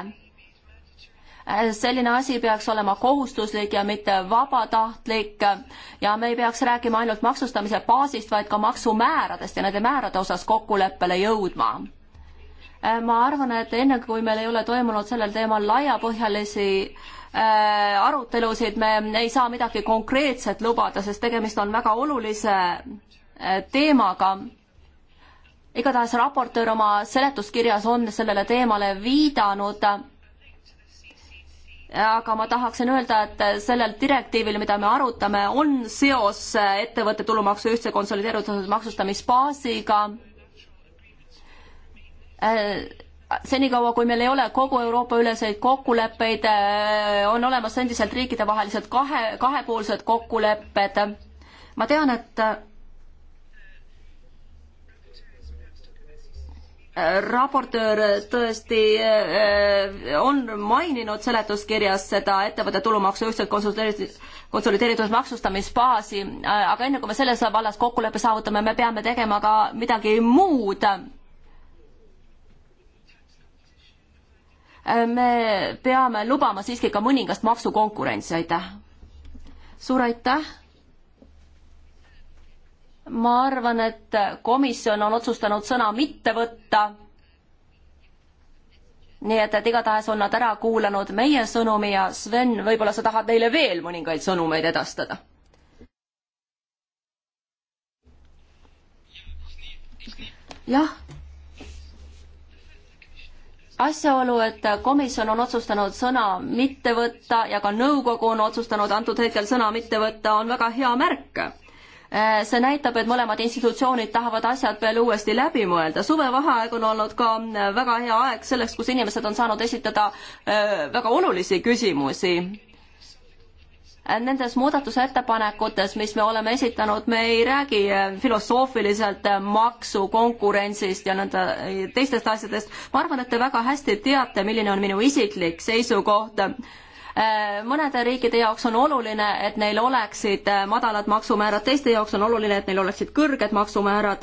Äh, selline asi peaks olema kohustuslik ja mitte vabatahtlik ja me ei peaks rääkima ainult maksustamise baasist, vaid ka maksumääradest ja nende määrade osas kokkuleppele jõudma. Äh, ma arvan, et enne kui meil ei ole toimunud sellel teemal laiapõhjalisi äh, arutelusid, me ei saa midagi konkreetset lubada, sest tegemist on väga olulise teemaga igatahes raportöör oma seletuskirjas on sellele teemale viidanud aga ma tahaksin öelda, et sellel direktiivil, mida me arutame, on seos ettevõtte tulumaksu ühtse konsolideeritud maksustamisbaasiga. Äh, senikaua, kui meil ei ole kogu Euroopa üleseid kokkuleppeid, äh, on olemas endiselt riikidevahelised kahe, kahepoolsed kokkulepped. ma tean, et raportöör tõesti eh, eh, on maininud seletuskirjas seda ettevõtte tulumaksu ühtselt konsolideeritud maksustamisbaasi, eh, aga enne kui me selles vallas kokkuleppe saavutame, me peame tegema ka midagi muud. me peame lubama siiski ka mõningast maksukonkurentsi, aitäh. suur aitäh ma arvan, et komisjon on otsustanud sõna mitte võtta. nii et, et igatahes on nad ära kuulanud meie sõnumi ja Sven, võib-olla sa tahad neile veel mõningaid sõnumeid edastada? jah asjaolu, et komisjon on otsustanud sõna mitte võtta ja ka nõukogu on otsustanud antud hetkel sõna mitte võtta, on väga hea märk. Äh, see näitab, et mõlemad institutsioonid tahavad asjad veel uuesti läbi mõelda. suvevaheaeg on olnud ka mm, väga hea aeg selleks, kus inimesed on saanud esitada äh, väga olulisi küsimusi. Äh, nendes muudatusettepanekutes, mis me oleme esitanud, me ei räägi filosoofiliselt maksukonkurentsist ja nõnda teistest asjadest. ma arvan, et te väga hästi teate, milline on minu isiklik seisukoht Äh, mõnede riikide jaoks on oluline, et neil oleksid äh, madalad maksumäärad, teiste jaoks on oluline, et neil oleksid kõrged maksumäärad.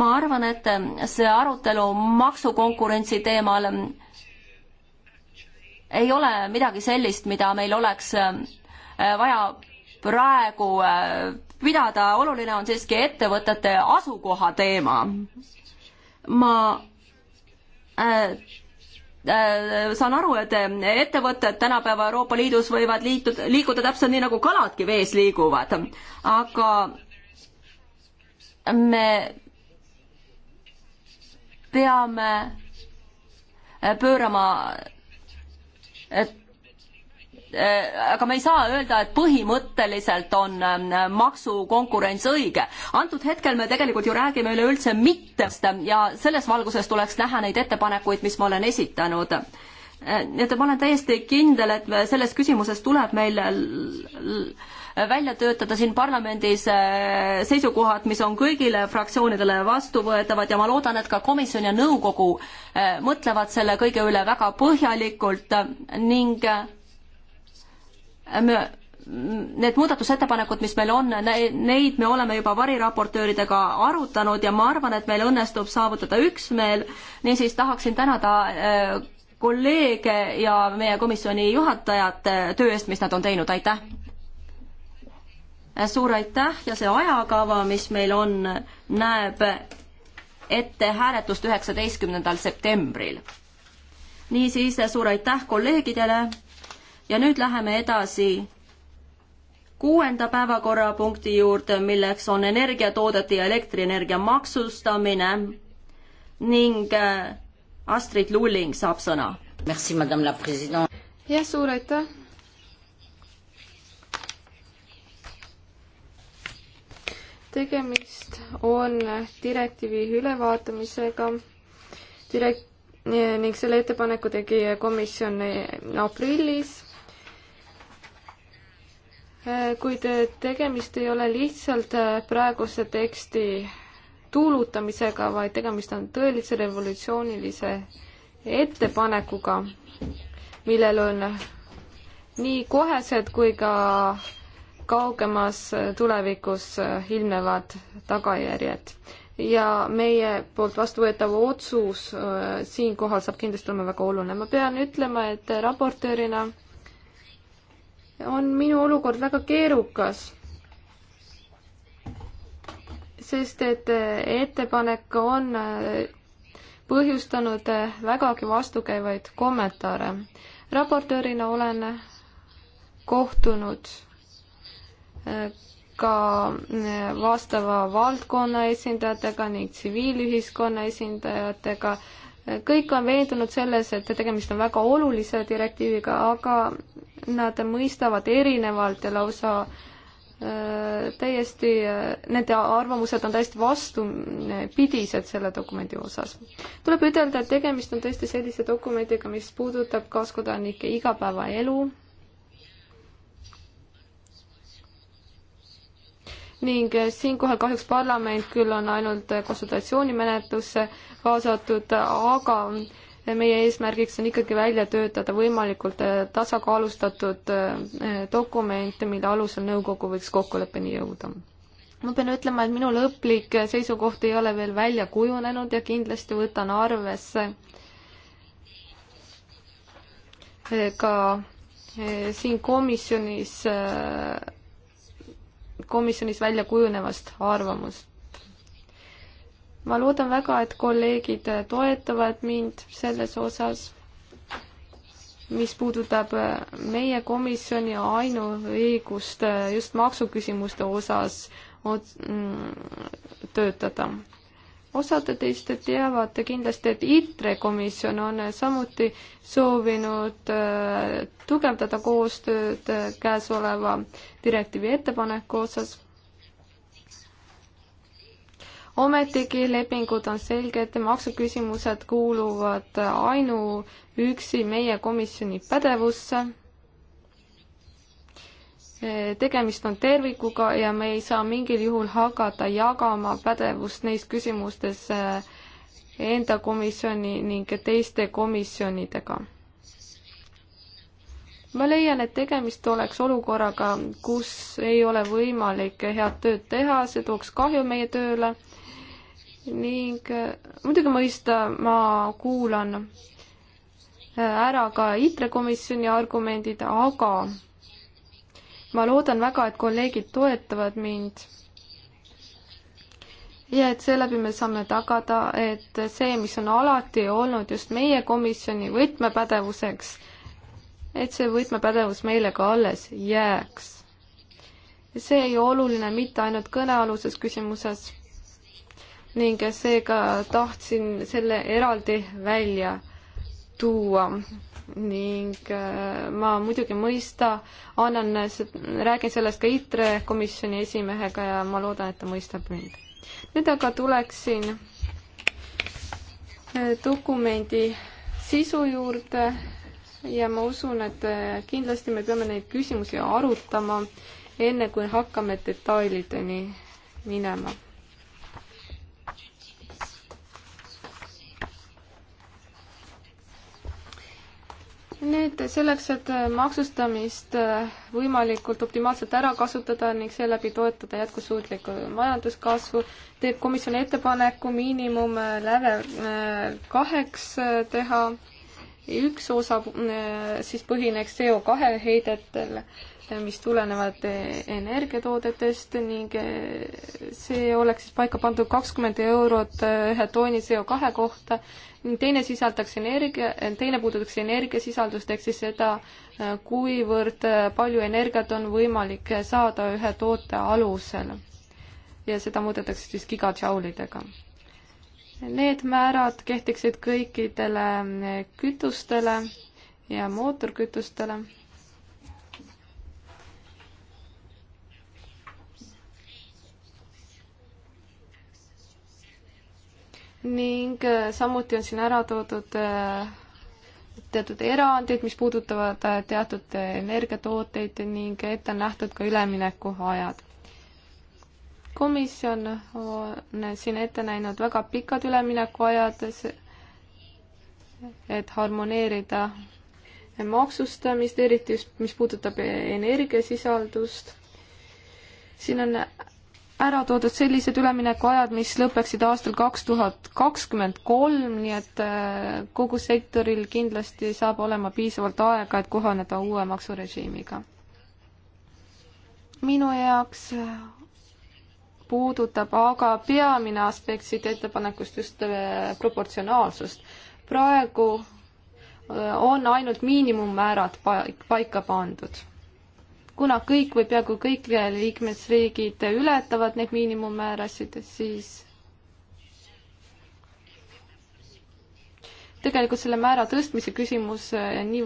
ma arvan, et äh, see arutelu maksukonkurentsi teemal ei ole midagi sellist, mida meil oleks vaja praegu pidada, oluline on siiski ettevõtete asukoha teema. ma Äh, saan aru, et äh, ettevõtted tänapäeva Euroopa Liidus võivad liituda, liikuda täpselt nii, nagu kaladki vees liiguvad, aga me peame äh, pöörama et Äh, aga me ei saa öelda, et põhimõtteliselt on ähm, maksukonkurents õige. antud hetkel me tegelikult ju räägime üleüldse mittest ja selles valguses tuleks näha neid ettepanekuid, mis ma olen esitanud äh, nii et ma olen täiesti kindel, et selles küsimuses tuleb meil välja töötada siin parlamendis äh, seisukohad, mis on kõigile fraktsioonidele vastuvõetavad ja ma loodan, et ka komisjon ja nõukogu mõtlevad selle kõige üle väga põhjalikult ning me need muudatusettepanekud, mis meil on, neid me oleme juba variraportööridega arutanud ja ma arvan, et meil õnnestub saavutada üksmeel. niisiis tahaksin tänada äh, kolleege ja meie komisjoni juhatajat äh, töö eest, mis nad on teinud, aitäh! Äh, suur aitäh ja see ajakava, mis meil on, näeb ette hääletust üheksateistkümnendal septembril. niisiis suur aitäh kolleegidele ja nüüd läheme edasi kuuenda päevakorrapunkti juurde, milleks on energiatoodete ja elektrienergia maksustamine ning äh, Astrid Lulling saab sõna. jah, suur aitäh. tegemist on direktiivi ülevaatamisega direkt- ning selle ettepaneku tegi komisjon aprillis Äh, kuid äh, tegemist ei ole lihtsalt äh, praeguse teksti tuulutamisega, vaid tegemist on tõelise revolutsioonilise ettepanekuga, millel on nii kohesed kui ka kaugemas tulevikus ilmnevad tagajärjed. ja meie poolt vastuvõetav otsus siinkohal saab kindlasti olema väga oluline. ma pean ütlema, et raportöörina äh, on minu olukord väga keerukas sest et äh, ettepanek on äh, põhjustanud äh, vägagi vastukäivaid kommentaare. raportöörina olen kohtunud ka vastava valdkonna esindajatega ning tsiviilühiskonna esindajatega äh, kõik on veendunud selles, et tegemist on väga olulise direktiiviga, aga nad mõistavad erinevalt ja lausa äh, täiesti, äh, nende arvamused on täiesti vastupidised selle dokumendi osas. tuleb ütelda, et tegemist on tõesti sellise dokumendiga, mis puudutab kaaskodanike igapäevaelu ning äh, siinkohal kahjuks parlament küll on ainult konsultatsioonimenetlusse kaasatud, aga meie eesmärgiks on ikkagi välja töötada võimalikult äh, tasakaalustatud äh, dokumente, mille alusel nõukogu võiks kokkuleppeni jõuda. ma pean ütlema, et minu lõplik seisukoht ei ole veel välja kujunenud ja kindlasti võtan arvesse äh, ka siin komisjonis, komisjonis välja kujunevast arvamust ma loodan väga, et kolleegid toetavad mind selles osas, mis puudutab meie komisjoni ainuõigust just maksuküsimuste osas mm, töötada. osad teist teavad kindlasti, et ITRE komisjon on samuti soovinud äh, tugevdada koostööd äh, käesoleva direktiivi ettepaneku osas ometigi lepingud on selged, maksuküsimused kuuluvad ainuüksi meie komisjoni pädevusse. tegemist on tervikuga ja me ei saa mingil juhul hakata jagama pädevust neis küsimustes eh, enda komisjoni ning teiste komisjonidega ma leian, et tegemist oleks olukorraga, kus ei ole võimalik head tööd teha, see tooks kahju meie tööle ning äh, muidugi mõista ma kuulan äh, ära ka ITRE komisjoni argumendid, aga ma loodan väga, et kolleegid toetavad mind. ja et seeläbi me saame tagada, et see, mis on alati olnud just meie komisjoni võtmepädevuseks, et see võtmepädevus meile ka alles jääks. see ei ole oluline mitte ainult kõnealuses küsimuses ning seega tahtsin selle eraldi välja tuua ning äh, ma muidugi mõista, annan, räägin sellest ka ITRE komisjoni esimehega ja ma loodan, et ta mõistab mind. nüüd aga tuleksin äh, dokumendi sisu juurde ja ma usun, et äh, kindlasti me peame neid küsimusi arutama, enne kui hakkame detailideni minema nüüd selleks, et maksustamist äh, võimalikult optimaalselt ära kasutada ning seeläbi toetada jätkusuutlikku majanduskasvu, teeb komisjon ettepaneku miinimumläve äh, äh, kaheks teha. üks osa siis põhineks CO kahe heidetel mis tulenevad eh, energiatoodetest ning eh, see oleks siis paika pandud kakskümmend eurot eh, ühe tooni CO2 kohta ning teine sisaldaks energia, teine puudutaks energiasisaldust ehk siis seda, kuivõrd palju energiat on võimalik saada ühe toote alusel. ja seda muudetakse siis gigatšaulidega. Need määrad kehtiksid kõikidele kütustele ja mootorkütustele ning äh, samuti on siin ära toodud äh, teatud erandid, mis puudutavad äh, teatud energiatooteid ning ette on nähtud ka üleminekuajad. komisjon on siin ette näinud väga pikad üleminekuajad, et harmoneerida maksustamist, eriti just, mis puudutab energiasisaldust. siin on ära toodud sellised üleminekuajad, mis lõpeksid aastal kaks tuhat kakskümmend kolm, nii et äh, kogu sektoril kindlasti saab olema piisavalt aega, et kohaneda uue maksurežiimiga. minu jaoks puudutab aga peamine aspekt siit ettepanekust just äh, proportsionaalsust. praegu äh, on ainult miinimummäärad paika pandud kuna kõik või peaaegu kõik liikmesriigid ületavad neid miinimummäärasid, siis tegelikult selle määra tõstmise küsimus eh, nii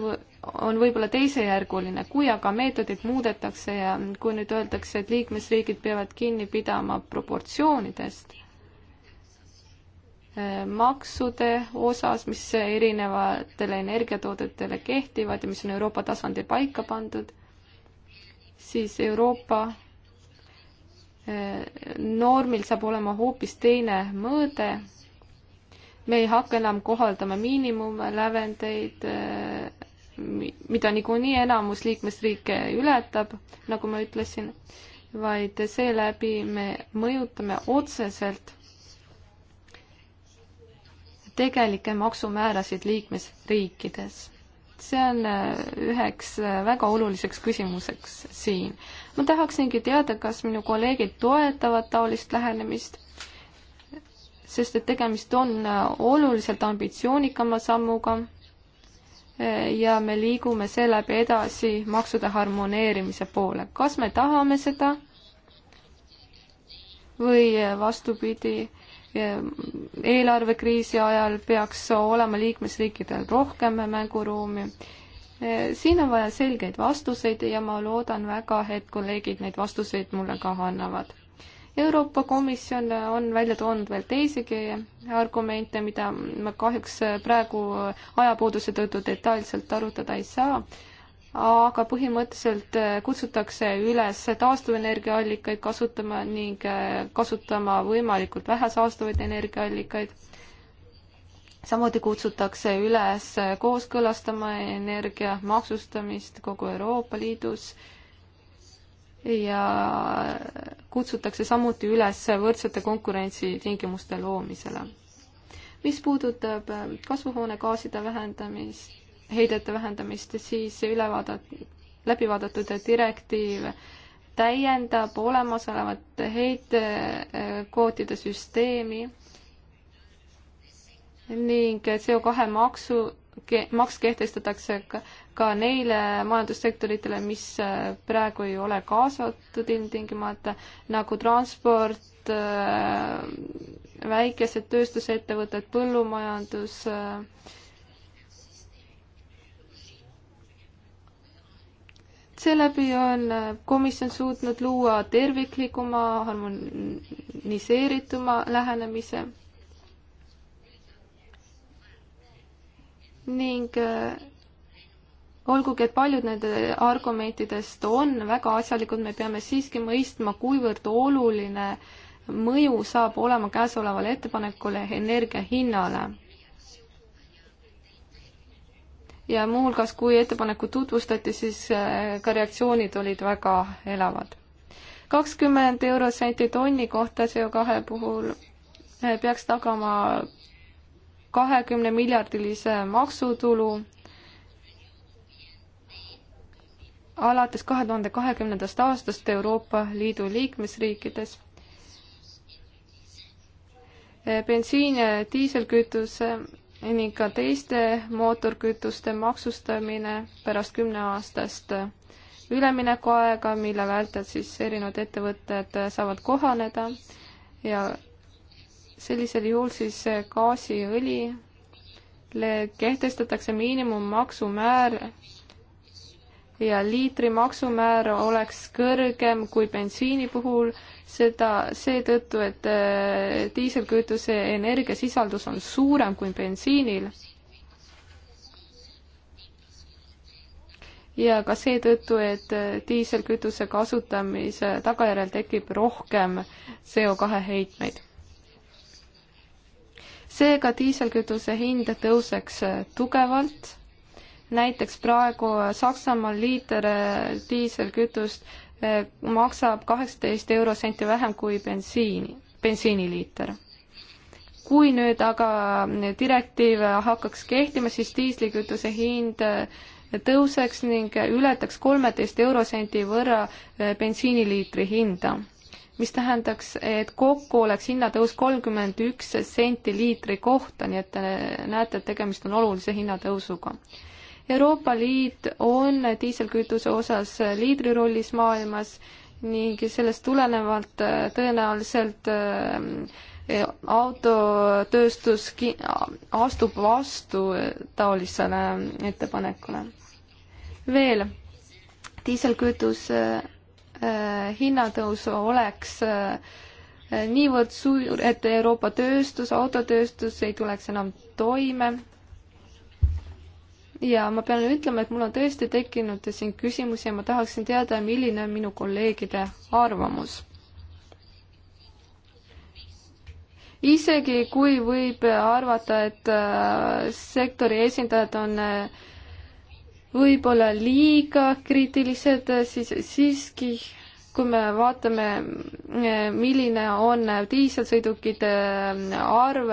on võib-olla teisejärguline, kui aga meetodid muudetakse ja kui nüüd öeldakse, et liikmesriigid peavad kinni pidama proportsioonidest eh, maksude osas, mis erinevatele energiatoodetele kehtivad ja mis on Euroopa tasandil paika pandud siis Euroopa eh, normil saab olema hoopis teine mõõde. me ei hakka enam kohaldama miinimumlävendeid, eh, mida niikuinii enamus liikmesriike ületab, nagu ma ütlesin, vaid seeläbi me mõjutame otseselt tegelikke maksumäärasid liikmesriikides see on äh, üheks äh, väga oluliseks küsimuseks siin. ma tahaksingi teada, kas minu kolleegid toetavad taolist lähenemist, sest et tegemist on äh, oluliselt ambitsioonikama sammuga ja me liigume seeläbi edasi maksude harmoneerimise poole. kas me tahame seda või vastupidi, eelarvekriisi ajal peaks olema liikmesriikidel rohkem mänguruumi. siin on vaja selgeid vastuseid ja ma loodan väga, et kolleegid neid vastuseid mulle ka annavad. Euroopa Komisjon on välja toonud veel teisigi argumente, mida ma kahjuks praegu ajapuuduse tõttu detailselt arutada ei saa aga põhimõtteliselt äh, kutsutakse üles taastuvenergiaallikaid kasutama ning äh, kasutama võimalikult vähe saastavaid energiaallikaid. samuti kutsutakse üles äh, kooskõlastama energia maksustamist kogu Euroopa Liidus ja kutsutakse samuti üles võrdsete konkurentsitingimuste loomisele. mis puudutab kasvuhoonegaaside vähendamist, heidete vähendamist, siis üle vaadat-, läbi vaadatud direktiiv täiendab olemasolevat heitekvootide süsteemi ning CO2 maksu, maks kehtestatakse ka, ka neile majandussektoritele, mis äh, praegu ei ole kaasatud ilmtingimata, nagu transport, äh, väikesed tööstusettevõtted, põllumajandus, äh, seeläbi on komisjon suutnud luua terviklikuma, harmoniseerituma lähenemise ning äh, olgugi, et paljud nende argumentidest on väga asjalikud, me peame siiski mõistma, kuivõrd oluline mõju saab olema käesolevale ettepanekule energia hinnale ja muuhulgas, kui ettepanekut tutvustati, siis äh, ka reaktsioonid olid väga elavad. kakskümmend eurosenti tonni kohta CO2 puhul äh, peaks tagama kahekümne miljardilise maksutulu alates kahe tuhande kahekümnendast aastast Euroopa Liidu liikmesriikides. Äh, bensiin ja diiselkütuse ning ka teiste mootorkütuste maksustamine pärast kümneaastast üleminekuaega, mille vältel siis erinevad ettevõtted saavad kohaneda ja sellisel juhul siis gaasiõlile kehtestatakse miinimummaksumäär ja liitri maksumäär oleks kõrgem kui bensiini puhul seda seetõttu, et äh, diiselkütuse energiasisaldus on suurem kui bensiinil. ja ka seetõttu, et äh, diiselkütuse kasutamise tagajärjel tekib rohkem CO2 heitmeid. seega diiselkütuse hind tõuseks äh, tugevalt näiteks praegu Saksamaal liiter diiselkütust Eh, maksab kaheksateist eurosenti vähem kui bensiini, bensiiniliiter. kui nüüd aga direktiiv hakkaks kehtima, siis diislikütuse hind eh, tõuseks ning ületaks kolmeteist eurosendi võrra eh, bensiiniliitri hinda, mis tähendaks, et kokku oleks hinnatõus kolmkümmend üks senti liitri kohta, nii et te näete, et tegemist on olulise hinnatõusuga. Euroopa Liit on diiselkütuse osas liidri rollis maailmas ning sellest tulenevalt äh, tõenäoliselt äh, äh, autotööstus astub vastu taolisele ettepanekule. veel, diiselkütuse hinnatõus oleks niivõrd suur, et Euroopa tööstus, autotööstus ei tuleks enam toime ja ma pean ütlema, et mul on tõesti tekkinud siin küsimusi ja ma tahaksin teada, milline on minu kolleegide arvamus. isegi kui võib arvata, et äh, sektori esindajad on äh, võib-olla liiga kriitilised, äh, siis siiski kui me vaatame, milline on diiselsõidukite arv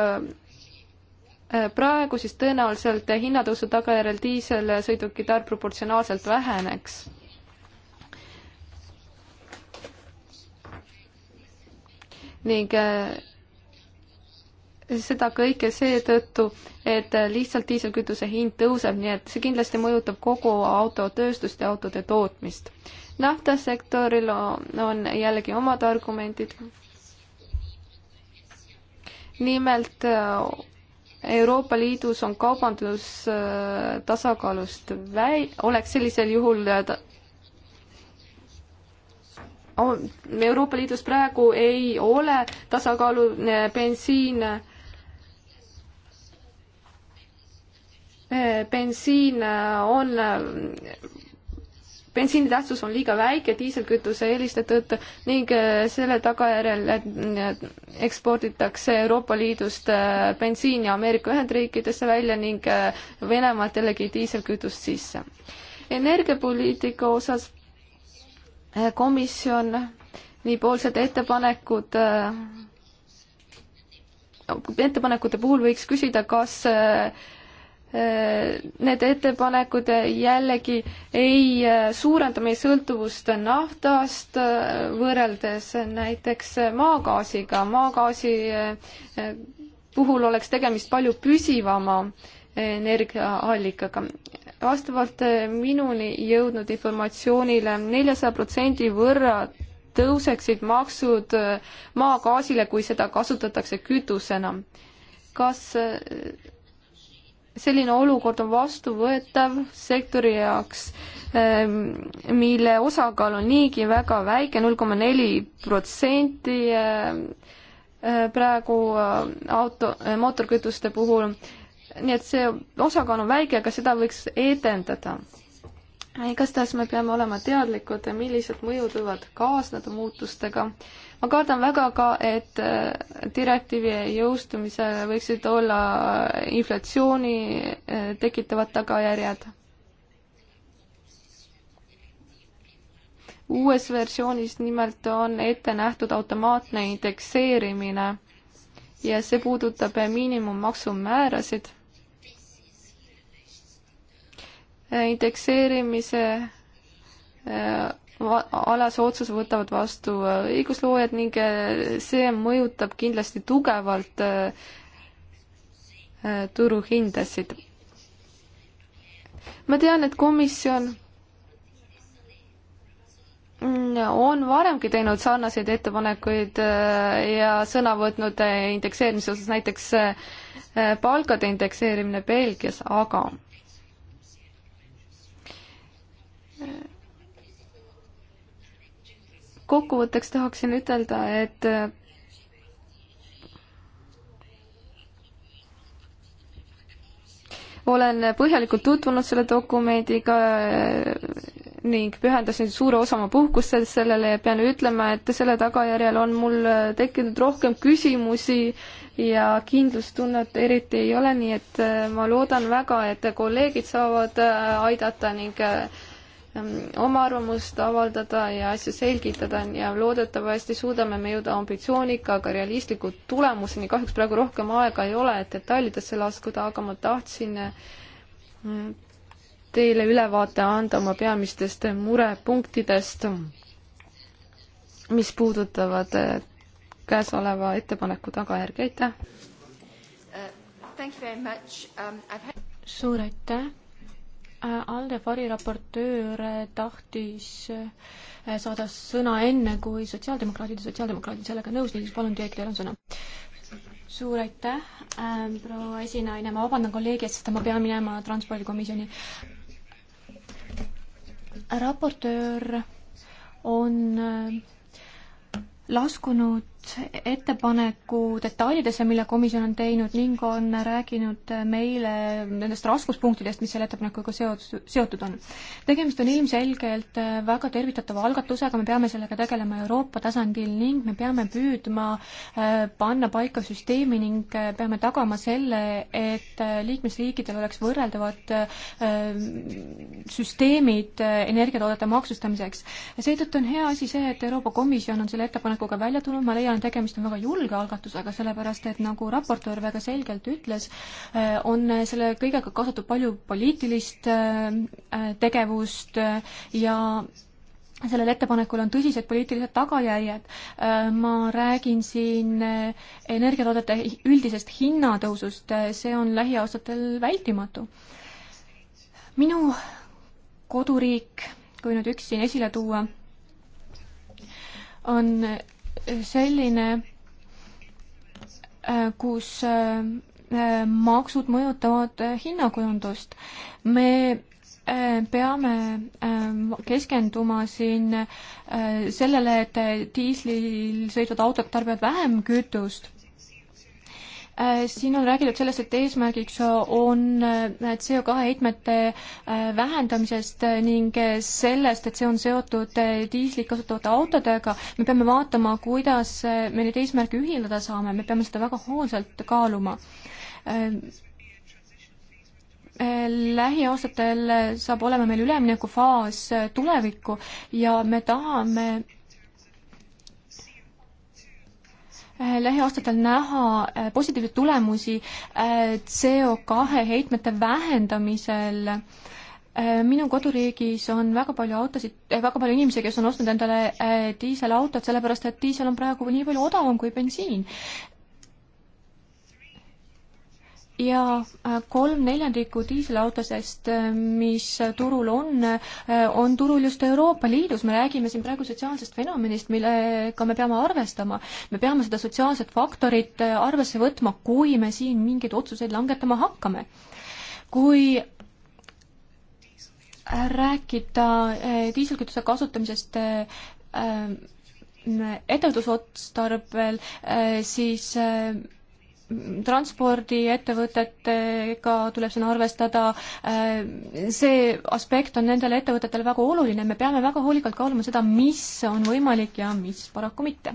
praegu, siis tõenäoliselt hinnatõusu tagajärjel diiselsõiduki tarb proportsionaalselt väheneks. ning äh, seda kõike seetõttu, et lihtsalt diiselkütuse hind tõuseb, nii et see kindlasti mõjutab kogu autotööstust ja autode tootmist. naftasektoril on jällegi omad argumendid. nimelt äh, Euroopa Liidus on kaubandus äh, tasakaalust väi-, oleks sellisel juhul äh, Euroopa Liidus praegu ei ole tasakaalu äh, bensiin, bensiin on bensiini tähtsus on liiga väike diiselkütuse eelistatud ning äh, selle tagajärjel äh, eksporditakse Euroopa Liidust äh, bensiini Ameerika Ühendriikidesse välja ning Venemaalt jällegi diiselkütust sisse. energiapoliitika osas komisjon nii poolsed ettepanekud ettepanekute puhul võiks küsida, kas äh, need ettepanekud jällegi ei äh, suurenda meie sõltuvust naftast äh, võrreldes näiteks maagaasiga. maagaasi äh, puhul oleks tegemist palju püsivama energiaallikaga. vastavalt minuni jõudnud informatsioonile neljasaja protsendi võrra tõuseksid maksud maagaasile, kui seda kasutatakse kütusena. kas selline olukord on vastuvõetav sektori jaoks, ehm, mille osakaal on niigi väga väike, null koma neli protsenti ehm, ehm, praegu äh, auto, äh, mootorkütuste puhul. nii et see osakaal on väike, aga seda võiks edendada Äh, igastahes me peame olema teadlikud, millised mõjud võivad kaasneda muutustega. ma kardan väga ka, et äh, direktiivi jõustumise võiksid olla äh, inflatsiooni tekitavad tagajärjed. uues versioonis nimelt on ette nähtud automaatne indekseerimine ja see puudutab miinimummaksumäärasid indekseerimise äh, alase otsuse võtavad vastu äh, õigusloojad ning äh, see mõjutab kindlasti tugevalt turuhindasid. ma tean, et komisjon mm, on varemgi teinud sarnaseid ettepanekuid ja sõna võtnud indekseerimise osas, näiteks palkade indekseerimine Belgias, aga kokkuvõtteks tahaksin ütelda, et äh, olen põhjalikult tutvunud selle dokumendiga äh, ning pühendasin suure osa oma puhkust sellele ja pean ütlema, et selle tagajärjel on mul äh, tekkinud rohkem küsimusi ja kindlustunnet eriti ei ole, nii et ma loodan väga, et kolleegid saavad aidata ning äh, Ähm, oma arvamust avaldada ja asju selgitada ja loodetavasti suudame me jõuda ambitsioonika, aga realistliku tulemuseni, kahjuks praegu rohkem aega ei ole, et detailidesse laskuda, aga ma tahtsin mm, teile ülevaate anda oma peamistest murepunktidest, mis puudutavad äh, käesoleva ettepaneku tagajärgi, aitäh! Uh, um, suur aitäh! Alde Fari raportöör tahtis äh, saada sõna enne kui sotsiaaldemokraadid ja sotsiaaldemokraadid sellega nõus, niisiis palun, Dirk, teil on sõna. suur aitäh ähm,, proua esinaine, ma vabandan kolleegi eest, sest ma pean minema transpordikomisjoni. raportöör on äh, laskunud läinud ettepaneku detailidesse, mille komisjon on teinud ning on rääkinud meile nendest raskuspunktidest, mis selle ettepanekuga seot-, seotud on. tegemist on ilmselgelt väga tervitatava algatusega, me peame sellega tegelema Euroopa tasandil ning me peame püüdma äh, panna paika süsteemi ning äh, peame tagama selle, et äh, liikmesriikidel oleks võrreldavad süsteemid energiatoodete maksustamiseks. seetõttu on hea asi see, et Euroopa Komisjon on selle ettepanekuga välja tulnud, ma leian, leian, et tegemist on väga julge algatusega, sellepärast et nagu raportöör väga selgelt ütles, äh, on selle kõigega kaasatud palju poliitilist äh, äh, tegevust ja sellel ettepanekul on tõsised poliitilised tagajärjed. ma räägin siin energiatoodete üldisest hinnatõusust, see on lähiaastatel vältimatu. minu koduriik, kui nüüd üks siin esile tuua, on selline, äh, kus äh, maksud mõjutavad äh, hinnakujundust. me peame keskenduma siin sellele, et diislil sõitvad autod tarbivad vähem kütust Äh, siin on räägitud sellest, et eesmärgiks on äh, CO2 heitmete äh, vähendamisest ning sellest, et see on seotud diislit kasutavate autodega. me peame vaatama, kuidas me neid eesmärke ühildada saame, me peame seda väga hoolsalt kaaluma. Lähiaastatel saab olema meil üleminekufaas tulevikku ja me tahame Äh, lähiaastatel näha äh, positiivseid tulemusi äh, CO2 heitmete vähendamisel. minu koduriigis on väga palju autosid, väga palju inimesi, kes on ostnud endale diiselautod, sellepärast et diisel on praegu nii palju odavam kui bensiin ja äh, kolm neljandikku diiselautosest, äh, mis äh, turul on, on turul just Euroopa Liidus, me räägime siin praegu sotsiaalsest fenomenist, millega me peame arvestama. me peame seda sotsiaalset faktorit arvesse võtma, kui me siin mingeid otsuseid langetama hakkame. kui rääkida diiselkütuse kasutamisest ettevõtlusotstarbel, siis transpordiettevõtetega tuleb siin arvestada, äh, see aspekt on nendele ettevõtetele väga oluline, me peame väga hoolikalt kaaluma seda, mis on võimalik ja mis paraku mitte.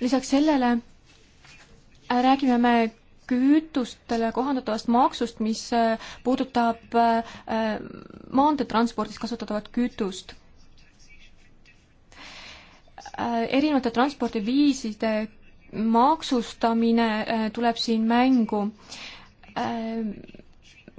lisaks sellele äh, räägime me kütustele kohandatavast maksust, mis äh, puudutab maanteetranspordis kasutatavat kütust. erinevate transpordiviiside maksustamine äh, tuleb siin mängu. Äh,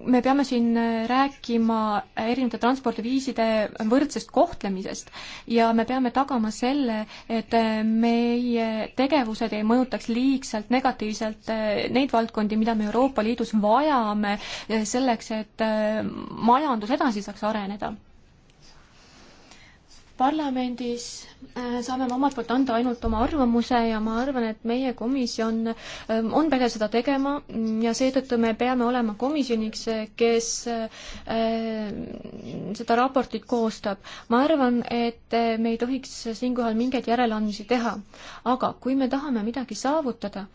me peame siin äh, rääkima erinevate transpordiviiside võrdsest kohtlemisest ja me peame tagama selle, et meie tegevused ei mõjutaks liigselt negatiivselt neid valdkondi, mida me Euroopa Liidus vajame selleks, et majandus edasi saaks areneda parlamendis äh, saame me omalt poolt anda ainult oma arvamuse ja ma arvan, et meie komisjon ähm, on pädev seda tegema ja seetõttu me peame olema komisjoniks, kes äh, seda raportit koostab. ma arvan, et äh, me ei tohiks siinkohal mingeid järeleandmisi teha. aga kui me tahame midagi saavutada,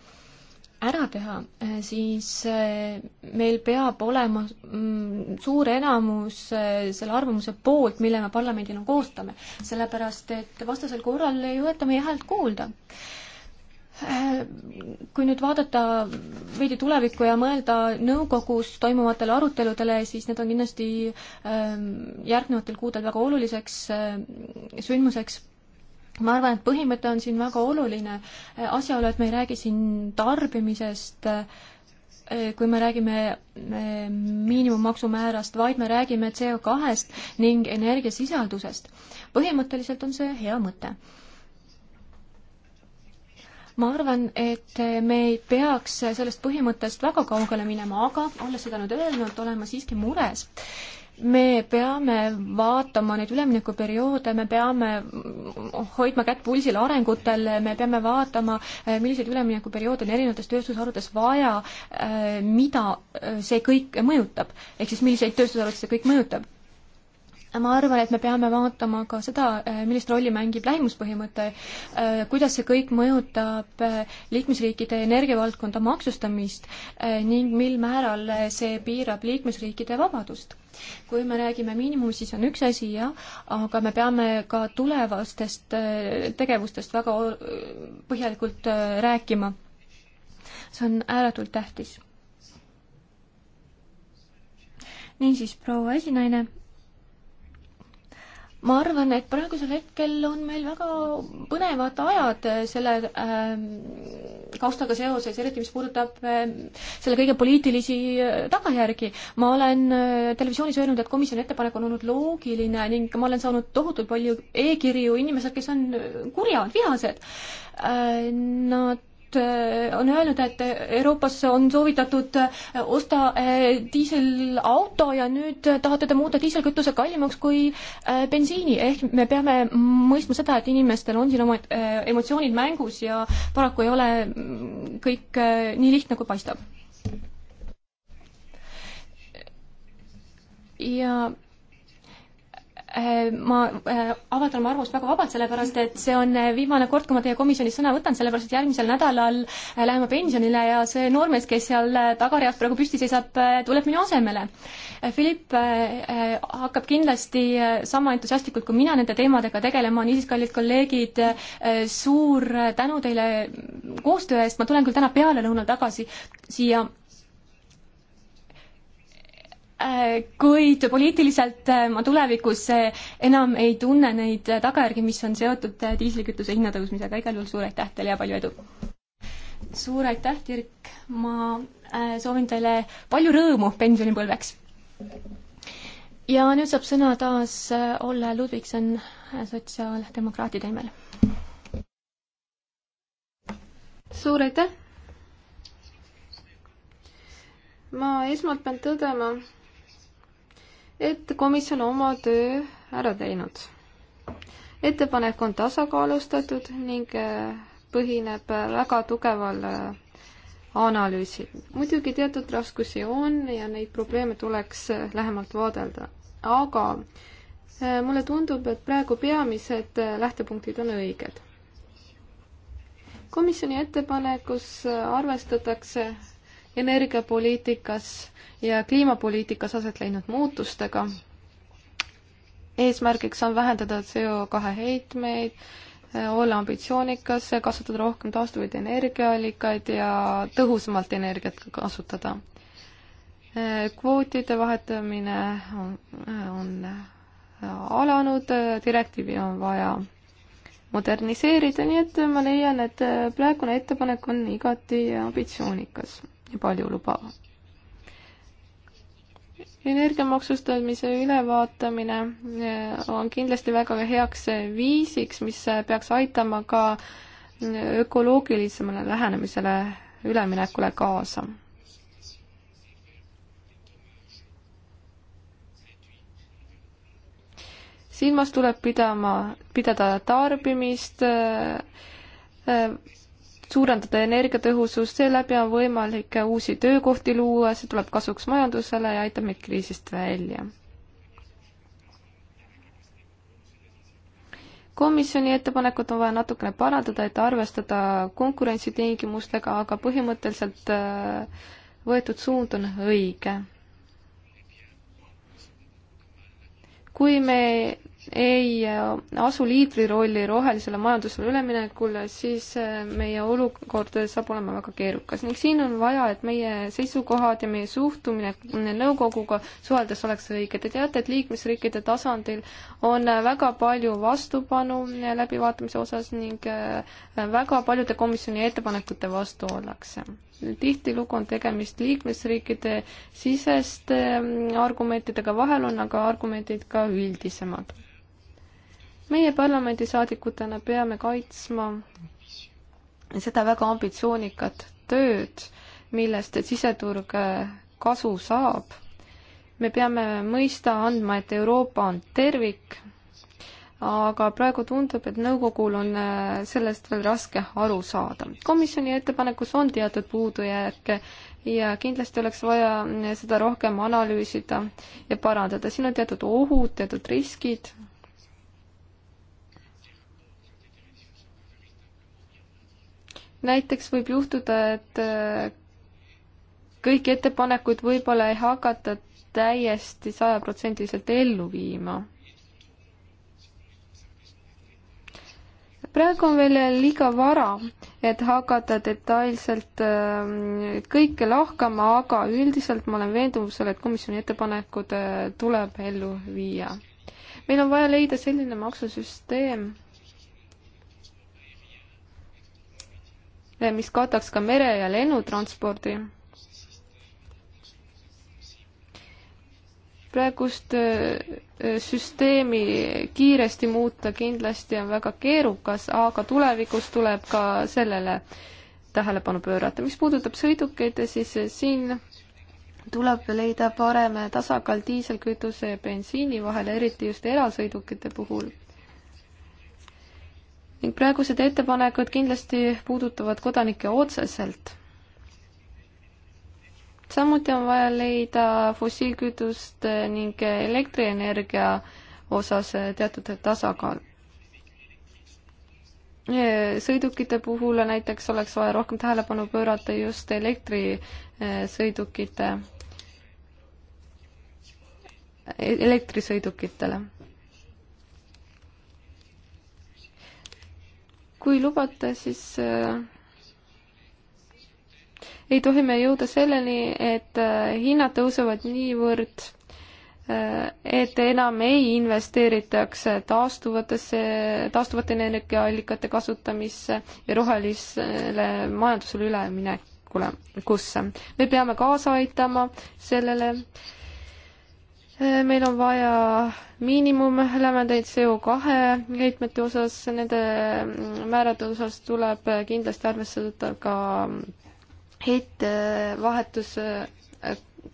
ära teha, äh, siis äh, meil peab olema mm, suur enamus äh, selle arvamuse poolt, mille me parlamendina koostame, sellepärast et vastasel korral ei võeta meie häält kuulda. Kui nüüd vaadata veidi tulevikku ja mõelda nõukogus toimuvatele aruteludele, siis need on kindlasti ähm, järgnevatel kuudel väga oluliseks sündmuseks ma arvan, et põhimõte on siin väga oluline. asjaolu, et me ei räägi siin tarbimisest, eh, kui me räägime eh, miinimummaksumäärast, vaid me räägime CO2-st ning energiasisaldusest. põhimõtteliselt on see hea mõte. ma arvan, et me ei peaks sellest põhimõttest väga kaugele minema, aga olles seda nüüd öelnud, olen ma siiski mures me peame vaatama neid üleminekuperioode, me peame hoidma kätt pulsil arengutel, me peame vaatama, eh, milliseid üleminekuperioode on erinevates tööstusharudes vaja, eh, mida eh, see kõik mõjutab, ehk siis milliseid tööstusharusid see kõik mõjutab ma arvan, et me peame vaatama ka seda, äh, millist rolli mängib lähimuspõhimõte, äh, kuidas see kõik mõjutab äh, liikmesriikide energiavaldkonda maksustamist ning mil määral see piirab liikmesriikide vabadust. kui me räägime miinimumist, siis on üks asi jah, aga me peame ka tulevastest tegevustest väga põhjalikult rääkima. see on ääretult tähtis. niisiis, proua esinaine ma arvan, et praegusel hetkel on meil väga põnevad ajad selle äh, taustaga seoses, eriti mis puudutab äh, selle kõige poliitilisi äh, tagajärgi. ma olen äh, televisioonis öelnud, et komisjoni ettepanek on olnud loogiline ning ma olen saanud tohutult palju e-kirju inimesed, kes on äh, kurjad, vihased äh,. Nad Eh, on öelnud, et Euroopas on soovitatud eh, osta eh, diiselauto ja nüüd tahate te muuta diiselkütuse kallimaks kui bensiini, ehk me peame mõistma seda, et inimestel on siin oma emotsioonid mängus ja paraku ei ole mm, kõik nii lihtne, kui paistab. ja Äh, ma äh, avaldan oma arvamust väga vabalt, sellepärast et see on äh, viimane kord, kui ma teie komisjonis sõna võtan, sellepärast et järgmisel nädalal lähen ma pensionile ja see noormees, kes seal tagareas praegu püsti seisab, tuleb minu asemele. Philipp hakkab kindlasti sama entusiastlikult kui mina nende teemadega tegelema, niisiis, kallid kolleegid, suur tänu teile koostöö eest, ma tulen küll täna pealelõunal tagasi siia Äh, kuid poliitiliselt äh, ma tulevikus äh, enam ei tunne neid tagajärgi, mis on seotud diislikütuse hinna tõusmisega, igal juhul suur aitäh teile ja palju edu! suur aitäh, Dirk, ma soovin teile palju rõõmu pensionipõlveks! ja nüüd saab sõna taas Olle Ludvigson sotsiaaldemokraatide nimel. suur aitäh! ma esmalt pean tõdema, et komisjon oma töö ära teinud. ettepanek on tasakaalustatud ning äh, põhineb väga tugeval äh, analüüsil. muidugi teatud raskusi on ja neid probleeme tuleks äh, lähemalt vaadelda, aga mulle tundub, et praegu peamised lähtepunktid on õiged. komisjoni ettepanekus arvestatakse energiapoliitikas ja kliimapoliitikas aset leidnud muutustega. eesmärgiks on vähendada CO2 heitmeid, olla ambitsioonikas, kasutada rohkem taastuvaid energiaallikaid ja tõhusamalt energiat kasutada. kvootide vahetamine on, on alanud, direktiivi on vaja moderniseerida, nii et ma leian, et praegune ettepanek on igati ambitsioonikas ja paljulubav energiamaksustamise ülevaatamine eh, on kindlasti väga heaks eh, viisiks, mis eh, peaks aitama ka ökoloogilisemale lähenemisele üleminekule kaasa. silmas tuleb pidama, pidada tarbimist, suurendada energiatõhusust, seeläbi on võimalik uusi töökohti luua, see tuleb kasuks majandusele ja aitab meid kriisist välja. komisjoni ettepanekut on vaja natukene parandada, et arvestada konkurentsitingimustega, aga põhimõtteliselt äh, võetud suund on õige. kui me ei asu liidrirolli rohelisele majandusele üleminekul, siis äh, meie olukord saab olema väga keerukas ning siin on vaja, et meie seisukohad ja meie suhtumine nõukoguga suheldes oleks õige. Te teate, et liikmesriikide tasandil on väga palju vastupanu läbivaatamise osas ning äh, väga paljude komisjoni ettepanekute vastu ollakse tihtilugu on tegemist liikmesriikide siseste äh, argumentidega, vahel on aga argumendid ka üldisemad meie parlamendisaadikutena peame kaitsma seda väga ambitsioonikat tööd, millest siseturg äh, kasu saab. me peame mõista andma, et Euroopa on tervik, aga praegu tundub, et nõukogul on äh, sellest veel raske aru saada. komisjoni ettepanekus on teatud puudujääke ja kindlasti oleks vaja äh, seda rohkem analüüsida ja parandada. siin on teatud ohud, teatud riskid näiteks võib juhtuda, et äh, kõiki ettepanekuid võib-olla ei hakata täiesti sajaprotsendiliselt ellu viima. praegu on veel liiga vara, et hakata detailselt äh, kõike lahkama, aga üldiselt ma olen veendumusel, et komisjoni ettepanekud äh, tuleb ellu viia. meil on vaja leida selline maksusüsteem, mis kataks ka mere- ja lennutranspordi. praegust äh, äh, süsteemi kiiresti muuta kindlasti on väga keerukas, aga tulevikus tuleb ka sellele tähelepanu pöörata. mis puudutab sõidukeid, siis äh, siin tuleb leida parem tasakaal diiselkütuse ja bensiini vahel, eriti just erasõidukite puhul ning praegused ettepanekud kindlasti puudutavad kodanikke otseselt. samuti on vaja leida fossiilkütuste ning elektrienergia osas teatud tasakaal. sõidukite puhul näiteks oleks vaja rohkem tähelepanu pöörata just elektrisõidukite, elektrisõidukitele kui lubate, siis äh, ei tohi me jõuda selleni, et äh, hinnad tõusevad niivõrd, äh, et enam ei investeeritaks taastuvatesse, taastuvate energiaallikate kasutamisse ja rohelisele majandusele üleminekule, kusse. me peame kaasa aitama sellele äh, meil on vaja miinimumlämmendeid CO2 heitmete osas, nende määrade osas tuleb kindlasti arvestada ka heitevahetus,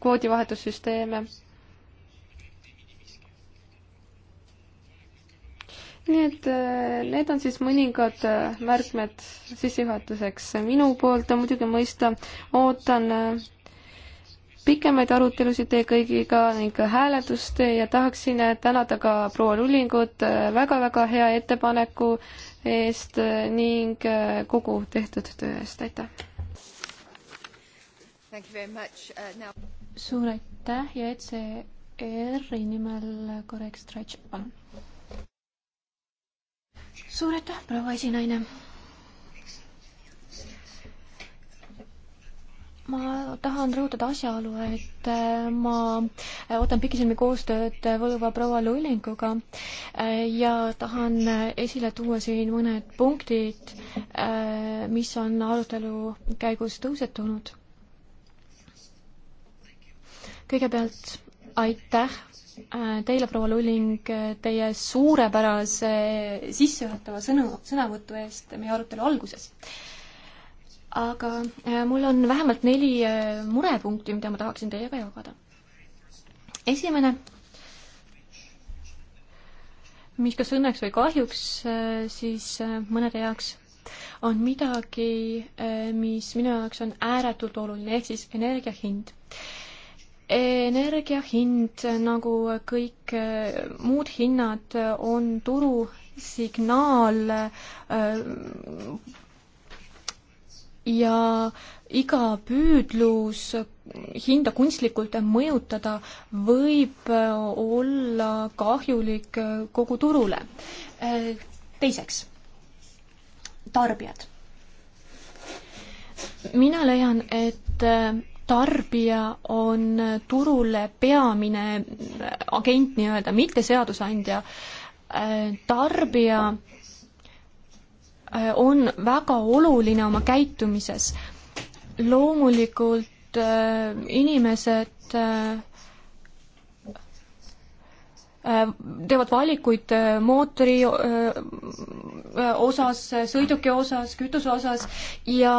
kvoodivahetussüsteeme nii et eh, need on siis mõningad eh, märkmed sissejuhatuseks minu poolt ja muidugi mõista ootan eh, pikemaid arutelusid teie kõigiga ning hääletust ja tahaksin tänada ka proua Lullingut väga-väga hea ettepaneku eest ning kogu tehtud töö eest, aitäh! Uh, suur aitäh ja ECR-i nimel korrekt, palun! suur aitäh, proua esinaine! ma tahan rõhutada asjaolu, et äh, ma äh, ootan pikisilmi koostööd äh, võluva proua Lullinguga ja tahan esile tuua siin mõned punktid, mis on arutelu käigus tõusetunud. kõigepealt aitäh teile, proua Lulling, teie suurepärase sissejuhatava sõnu, sõnavõtu eest meie arutelu alguses aga äh, mul on vähemalt neli äh, murepunkti, mida ma tahaksin teiega jagada. esimene, mis kas õnneks või kahjuks äh, siis mõnede jaoks on midagi, mis minu jaoks on ääretult oluline, ehk siis energia hind. energia hind, nagu kõik muud hinnad, on turu signaal ja iga püüdlus hinda kunstlikult mõjutada võib olla kahjulik kogu turule. teiseks, tarbijad. mina leian, et tarbija on turule peamine agent nii-öelda, mitte seadusandja. tarbija Äh, on väga oluline oma käitumises. loomulikult äh, inimesed äh, teevad valikuid mootori osas, sõiduki osas, kütuse osas ja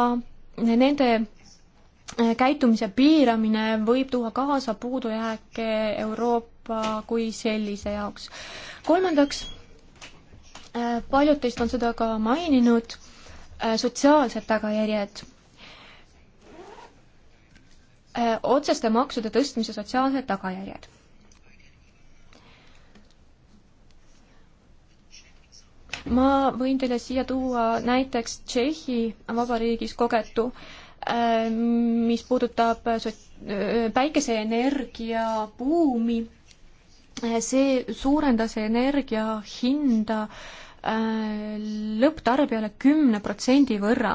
nende käitumise piiramine võib tuua kaasa puudujääke Euroopa kui sellise jaoks. kolmandaks, Äh, paljud teist on seda ka maininud, äh, sotsiaalsed tagajärjed. Äh, otseste maksude tõstmise sotsiaalsed tagajärjed. ma võin teile siia tuua näiteks Tšehhi Vabariigis kogetu, mis puudutab päikeseenergia buumi see suurendas energia hinda äh, Äh, lõpptarbijale kümne protsendi võrra.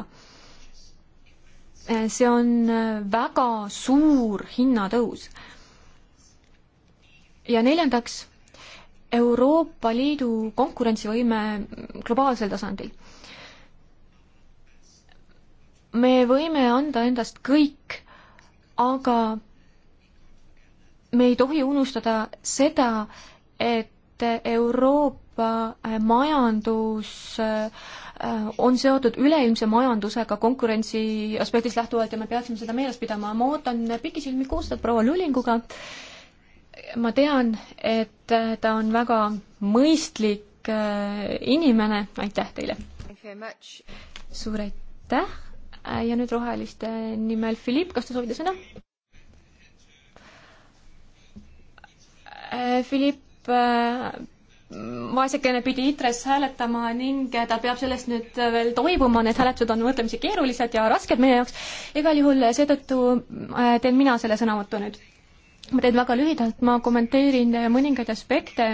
Äh, see on äh, väga suur hinnatõus. ja neljandaks, Euroopa Liidu konkurentsivõime globaalsel tasandil. me võime anda endast kõik, aga me ei tohi unustada seda, et Euroopa Euroopa äh, majandus äh, on seotud üleilmse majandusega konkurentsi aspektist lähtuvalt ja me peaksime seda meeles pidama. ma ootan pikisilmi koostööd proua Lulinguga. ma tean, et ta on väga mõistlik äh, inimene, aitäh teile! suur aitäh ja nüüd roheliste nimel Philipp, kas te soovite sõna? Philipp vaesekene pidi ITRES hääletama ning ta peab sellest nüüd veel toibuma, need hääletused on võrdlemisi keerulised ja rasked meie jaoks. igal juhul seetõttu äh, teen mina selle sõnavõtu nüüd. ma teen väga lühidalt, ma kommenteerin äh, mõningaid aspekte.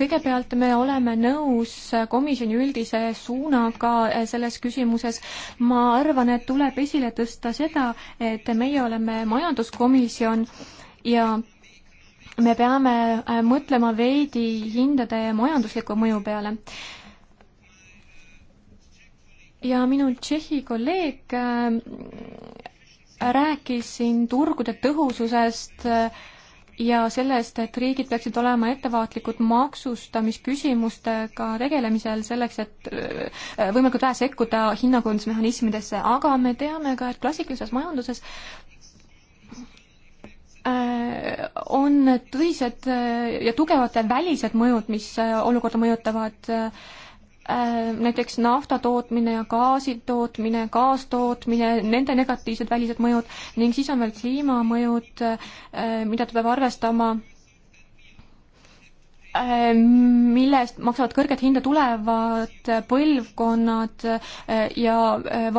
kõigepealt me oleme nõus äh, komisjoni üldise suunaga selles küsimuses. ma arvan, et tuleb esile tõsta seda, et meie oleme majanduskomisjon ja me peame äh, mõtlema veidi hindade majandusliku mõju peale. ja minu Tšehhi kolleeg äh, rääkis siin turgude tõhususest äh, ja sellest, et riigid peaksid olema ettevaatlikud maksustamisküsimustega tegelemisel selleks, et võimalikult vähe sekkuda hinnakujundusmehhanismidesse, aga me teame ka, et klassikalises majanduses Äh, on tõsised äh, ja tugevad välised mõjud, mis äh, olukorda mõjutavad, näiteks nafta tootmine ja gaasi tootmine, gaastootmine, nende negatiivsed välised mõjud ning siis on veel kliimamõjud, mida ta peab arvestama, mille eest maksavad kõrget hinda tulevad põlvkonnad ja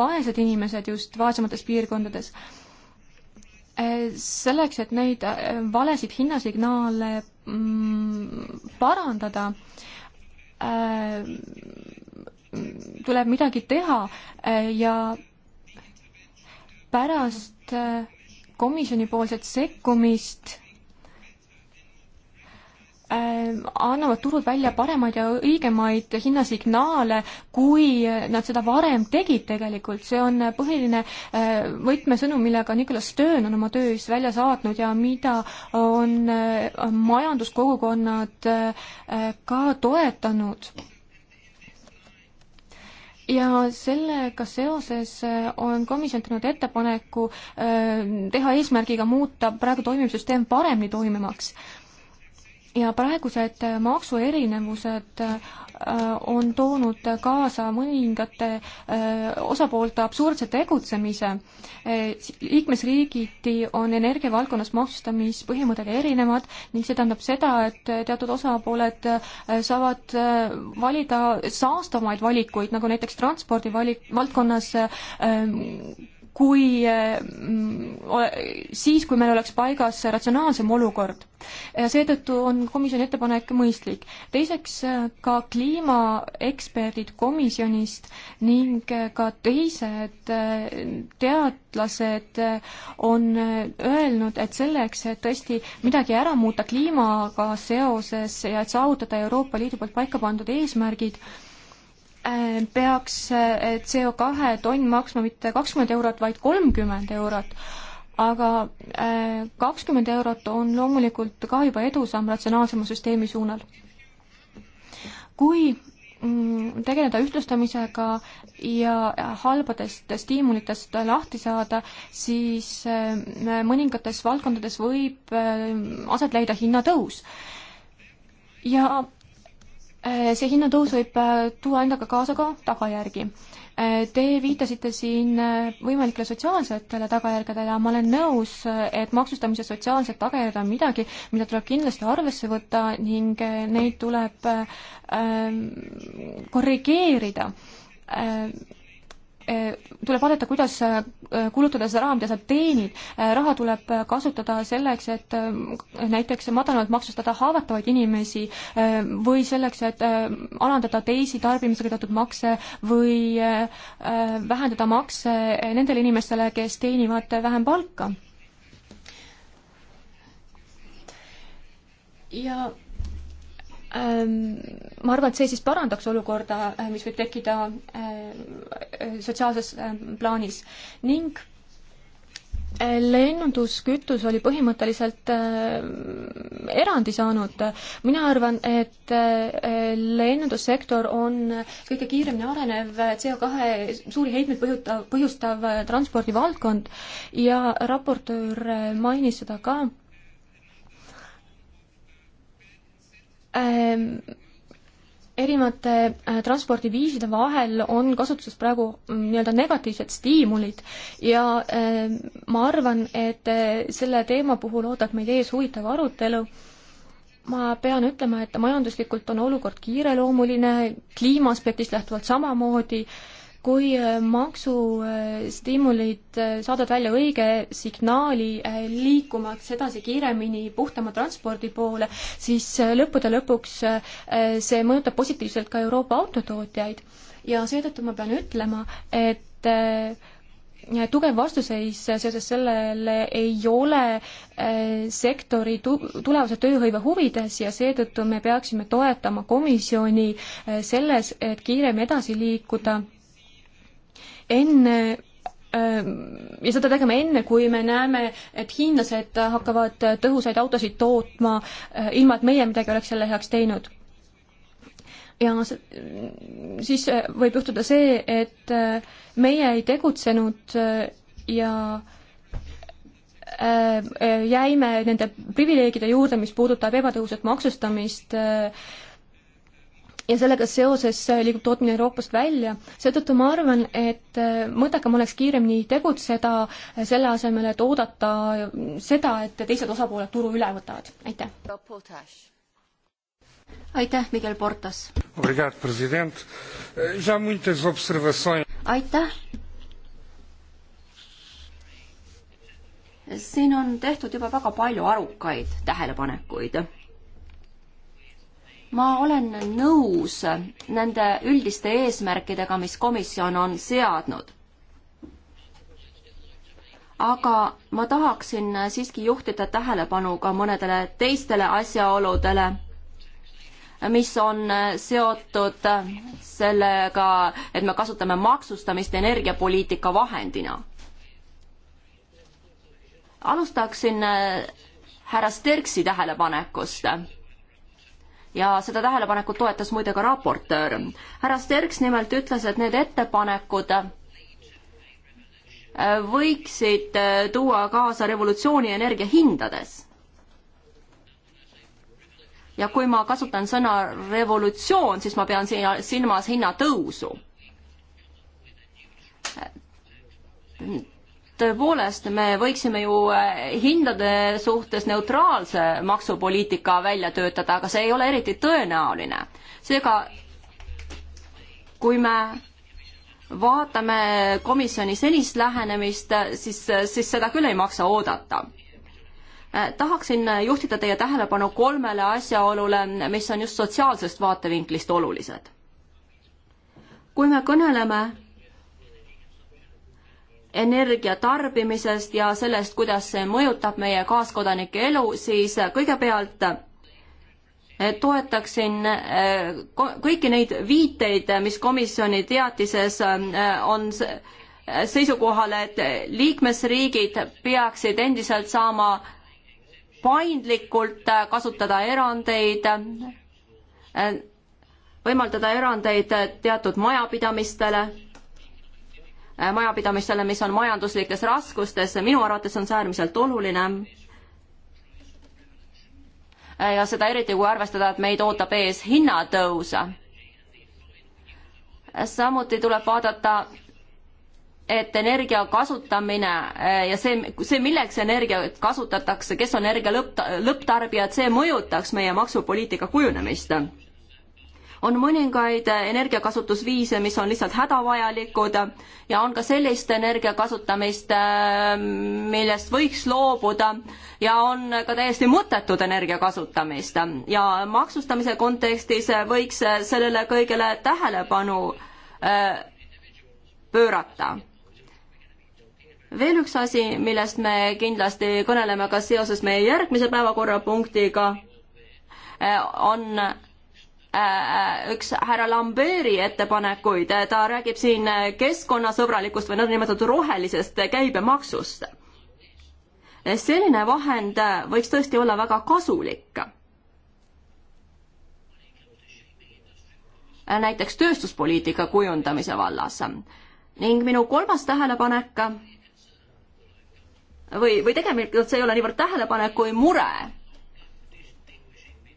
vaesed inimesed just vaesemates piirkondades selleks, et neid äh, valesid hinnasignaale mm, parandada, äh, tuleb midagi teha äh, ja pärast komisjonipoolset sekkumist Ähm, annavad turud välja paremaid ja õigemaid hinnasignaale, kui nad seda varem tegid tegelikult, see on põhiline äh, võtmesõnum, millega Nicolas Stern on oma töös välja saatnud ja mida on äh, majanduskogukonnad äh, ka toetanud. ja sellega seoses on komisjon teinud ettepaneku teha eesmärgiga muuta praegu toimiv süsteem paremini toimimaks ja praegused äh, maksuerinevused äh, on toonud kaasa mõningate äh, osapoolte absurdse tegutsemise. liikmesriigiti on energiavaldkonnas maksustamispõhimõtted erinevad ning see tähendab seda, et teatud osapooled saavad valida saastavaid valikuid, nagu näiteks transpordi valik, valdkonnas kui mm, siis, kui meil oleks paigas ratsionaalsem olukord. ja seetõttu on komisjoni ettepanek mõistlik. teiseks, ka kliimaeksperdid komisjonist ning ka teised eh, teadlased on öelnud, et selleks, et tõesti midagi ära muuta kliimaga seoses ja et saavutada Euroopa Liidu poolt paika pandud eesmärgid, Eh, peaks eh, CO kahe tonn maksma mitte kakskümmend eurot, vaid kolmkümmend eurot. aga eh, kakskümmend eurot on loomulikult ka juba edusamm ratsionaalsema süsteemi suunal. kui mm, tegeleda ühtlustamisega ja halbadest stiimulitest lahti saada, siis mõningates valdkondades võib aset leida hinnatõus. ja Äh, see hinnatõus võib äh, tuua endaga kaasa ka tagajärgi. Äh, te viitasite siin võimalikele sotsiaalsetele tagajärgedele ja ma olen nõus, et maksustamise sotsiaalsed tagajärjed on midagi, mida tuleb kindlasti arvesse võtta ning neid tuleb ähm, korrigeerida Äh, tuleb vaadata, kuidas äh, kulutada seda raha, mida sa teenid. Äh, raha tuleb kasutada selleks, et näiteks madalamalt maksustada haavatavaid inimesi või selleks, et alandada teisi tarbimisega teatud makse või vähendada makse nendele inimestele, kes teenivad vähem palka. ja Ähm, ma arvan, et see siis parandaks olukorda, äh, mis võib tekkida äh, äh, sotsiaalses ähm, plaanis ning lennunduskütus oli põhimõtteliselt erandi saanud. mina arvan, et lennundussektor on kõige kiiremini arenev CO2 suuri heitmeid põhjustav, põhjustav transpordivaldkond ja raportöör mainis seda ka Ähm, erinevate äh, transpordiviiside vahel on kasutuses praegu mm, nii-öelda negatiivsed stiimulid ja ähm, ma arvan, et äh, selle teema puhul ootab meid ees huvitav arutelu. ma pean ütlema, et majanduslikult on olukord kiireloomuline, kliima aspektist lähtuvalt samamoodi äh,, kui äh, maksustimulid äh, saadavad välja õige signaali äh, liikumaks edasi kiiremini puhtama transpordi poole, siis lõppude lõpuks see mõjutab positiivselt ka Euroopa autotootjaid. ja seetõttu ma pean ütlema, et tugev vastuseis seoses sellele ei ole sektori tu-, tulevase tööhõive huvides ja seetõttu me peaksime toetama komisjoni selles, et kiiremini edasi liikuda enne ähm, ja seda tegema enne, kui me näeme, et hiinlased hakkavad tõhusaid autosid tootma, äh, ilma et meie midagi oleks selle heaks teinud. ja siis äh, võib juhtuda see, et äh, meie ei tegutsenud ja jäime nende privileegide juurde, mis puudutab ebatõhusat maksustamist äh, ja sellega seoses äh, liigub tootmine Euroopast välja, seetõttu ma arvan, et äh, mõttekam oleks kiiremini tegutseda, äh, selle asemel, et oodata seda, et teised osapooled turu üle võtavad, aitäh. aitäh, Miguel Portas. Eh, aitäh. siin on tehtud juba väga palju arukaid tähelepanekuid ma olen nõus nende üldiste eesmärkidega, mis komisjon on seadnud. aga ma tahaksin siiski juhtida tähelepanu ka mõnedele teistele asjaoludele, mis on seotud sellega, et me kasutame maksustamist energiapoliitika vahendina. alustaksin härra Sterksi tähelepanekust ja seda tähelepanekut toetas muide ka raportöör. härra Sterks nimelt ütles, et need ettepanekud äh, võiksid äh, tuua kaasa revolutsiooni energiahindades. ja kui ma kasutan sõna revolutsioon, siis ma pean siin silmas hinnatõusu tõepoolest, me võiksime ju eh, hindade suhtes neutraalse maksupoliitika välja töötada, aga see ei ole eriti tõenäoline. seega kui me vaatame komisjoni senist lähenemist, siis, siis seda küll ei maksa oodata eh, tahaksin juhtida teie tähelepanu kolmele asjaolule, mis on just sotsiaalsest vaatevinklist olulised. kui me kõneleme energia tarbimisest ja sellest, kuidas see mõjutab meie kaaskodanike elu, siis kõigepealt eh, toetaksin eh, kõiki neid viiteid, mis komisjoni teatises eh, on seisukohale, et liikmesriigid peaksid endiselt saama paindlikult kasutada erandeid, võimaldada erandeid teatud majapidamistele Äh, majapidamistele, mis on majanduslikes raskustes, minu arvates on see äärmiselt oluline. Äh, ja seda eriti, kui arvestada, et meid ootab ees hinnatõus. Äh, samuti tuleb vaadata, et energia kasutamine ja see, see, milleks energiat kasutatakse, kes on energia lõpp, lõpptarbijad, see mõjutaks meie maksupoliitika kujunemist on mõningaid energiakasutusviise, mis on lihtsalt hädavajalikud ja on ka sellist energia kasutamist, äh, millest võiks loobuda ja on ka täiesti mõttetut energia kasutamist ja maksustamise kontekstis võiks sellele kõigele tähelepanu äh, pöörata veel üks asi, millest me kindlasti kõneleme ka seoses meie järgmise päevakorrapunktiga, äh, on Äh, üks härra Lamberi ettepanekuid, ta räägib siin keskkonnasõbralikust või nõndanimetatud rohelisest käibemaksust. selline vahend võiks tõesti olla väga kasulik. näiteks tööstuspoliitika kujundamise vallas. ning minu kolmas tähelepanek või, või tegelikult see ei ole niivõrd tähelepanek kui mure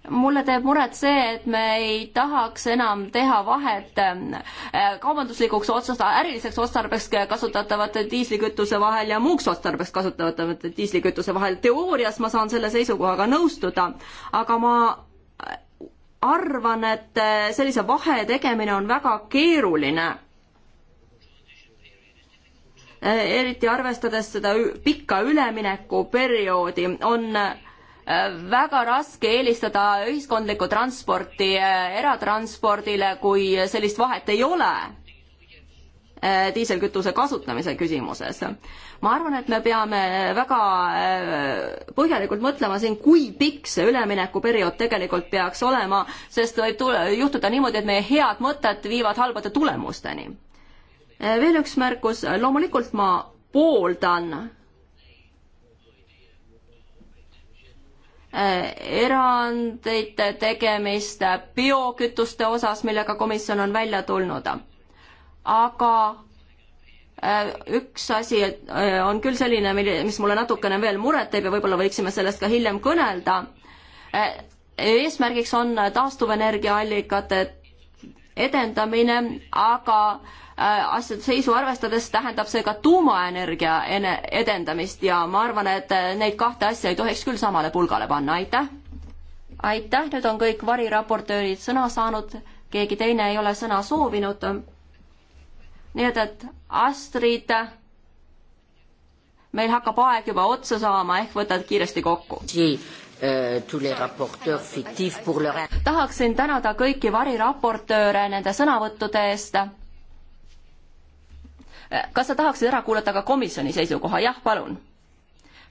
mulle teeb muret see, et me ei tahaks enam teha vahet äh, kaubanduslikuks otsast, äriliseks otstarbeks kasutatavate diislikütuse vahel ja muuks otstarbeks kasutatavate diislikütuse vahel. teoorias ma saan selle seisukohaga nõustuda, aga ma arvan, et äh, sellise vahe tegemine on väga keeruline. Äh, eriti arvestades seda pikka üleminekuperioodi, on väga raske eelistada ühiskondlikku transporti eh, eratranspordile, kui sellist vahet ei ole eh, diiselkütuse kasutamise küsimuses. ma arvan, et me peame väga eh, põhjalikult mõtlema siin, kui pikk see üleminekuperiood tegelikult peaks olema, sest võib tule, juhtuda niimoodi, et meie head mõtted viivad halbade tulemusteni. veel üks märkus, loomulikult ma pooldan Äh, erandite tegemist biokütuste osas, millega komisjon on välja tulnud. aga äh, üks asi äh, on küll selline, mis mulle natukene veel muret teeb ja võib-olla võiksime sellest ka hiljem kõnelda. eesmärgiks on taastuvenergiaallikate edendamine, aga Äh, asjade seisu arvestades tähendab see ka tuumaenergia edendamist ja ma arvan, et äh, neid kahte asja ei tohiks küll samale pulgale panna, aitäh! aitäh, nüüd on kõik variraportöörid sõna saanud, keegi teine ei ole sõna soovinud. nii et, et Astrid, meil hakkab aeg juba otsa saama, ehk võtad kiiresti kokku euh, tahaksin tänada kõiki variraportööre nende sõnavõttude eest kas sa tahaksid ära kuulata ka komisjoni seisukoha? jah, palun.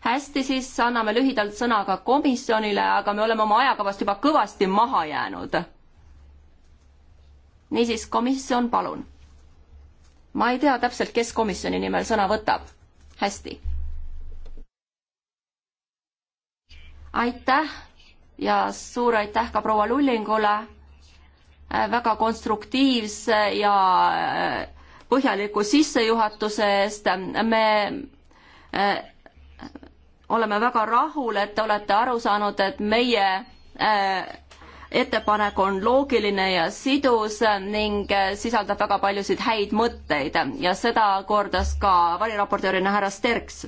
hästi, siis anname lühidalt sõna ka komisjonile, aga me oleme oma ajakavast juba kõvasti maha jäänud. niisiis, komisjon, palun. ma ei tea täpselt, kes komisjoni nimel sõna võtab. hästi. aitäh ja suur aitäh ka proua Lullingule äh, väga konstruktiivse ja äh, põhjaliku sissejuhatuse eest, me äh, oleme väga rahul, et te olete aru saanud, et meie äh, ettepanek on loogiline ja sidus ning äh, sisaldab väga paljusid häid mõtteid ja seda kordas ka variraportöörina härra Sterks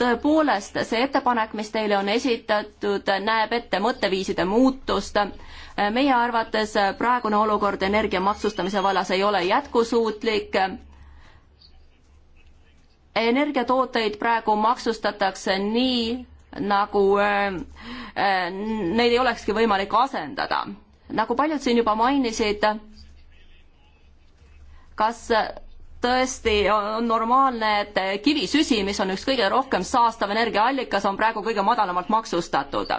tõepoolest, see ettepanek, mis teile on esitatud, näeb ette mõtteviiside muutust. meie arvates praegune olukord energia maksustamise vallas ei ole jätkusuutlik. energiatooteid praegu maksustatakse nii, nagu äh, neid ei olekski võimalik asendada. nagu paljud siin juba mainisid, kas tõesti on normaalne, et kivisüsi, mis on üks kõige rohkem saastav energiaallikas, on praegu kõige madalamalt maksustatud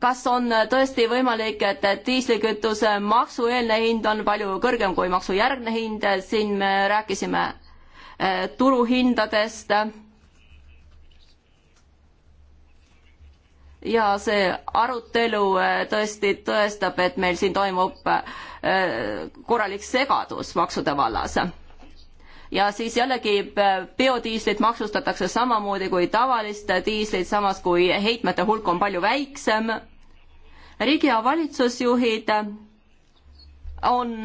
kas on tõesti võimalik, et diislikütuse maksueelne hind on palju kõrgem kui maksujärgne hind, siin me rääkisime eh, turuhindadest. ja see arutelu eh, tõesti tõestab, et meil siin toimub eh, korralik segadus maksude vallas ja siis jällegi biodiislit maksustatakse samamoodi kui tavalist diislit, samas kui heitmete hulk on palju väiksem. riigi ja valitsusjuhid on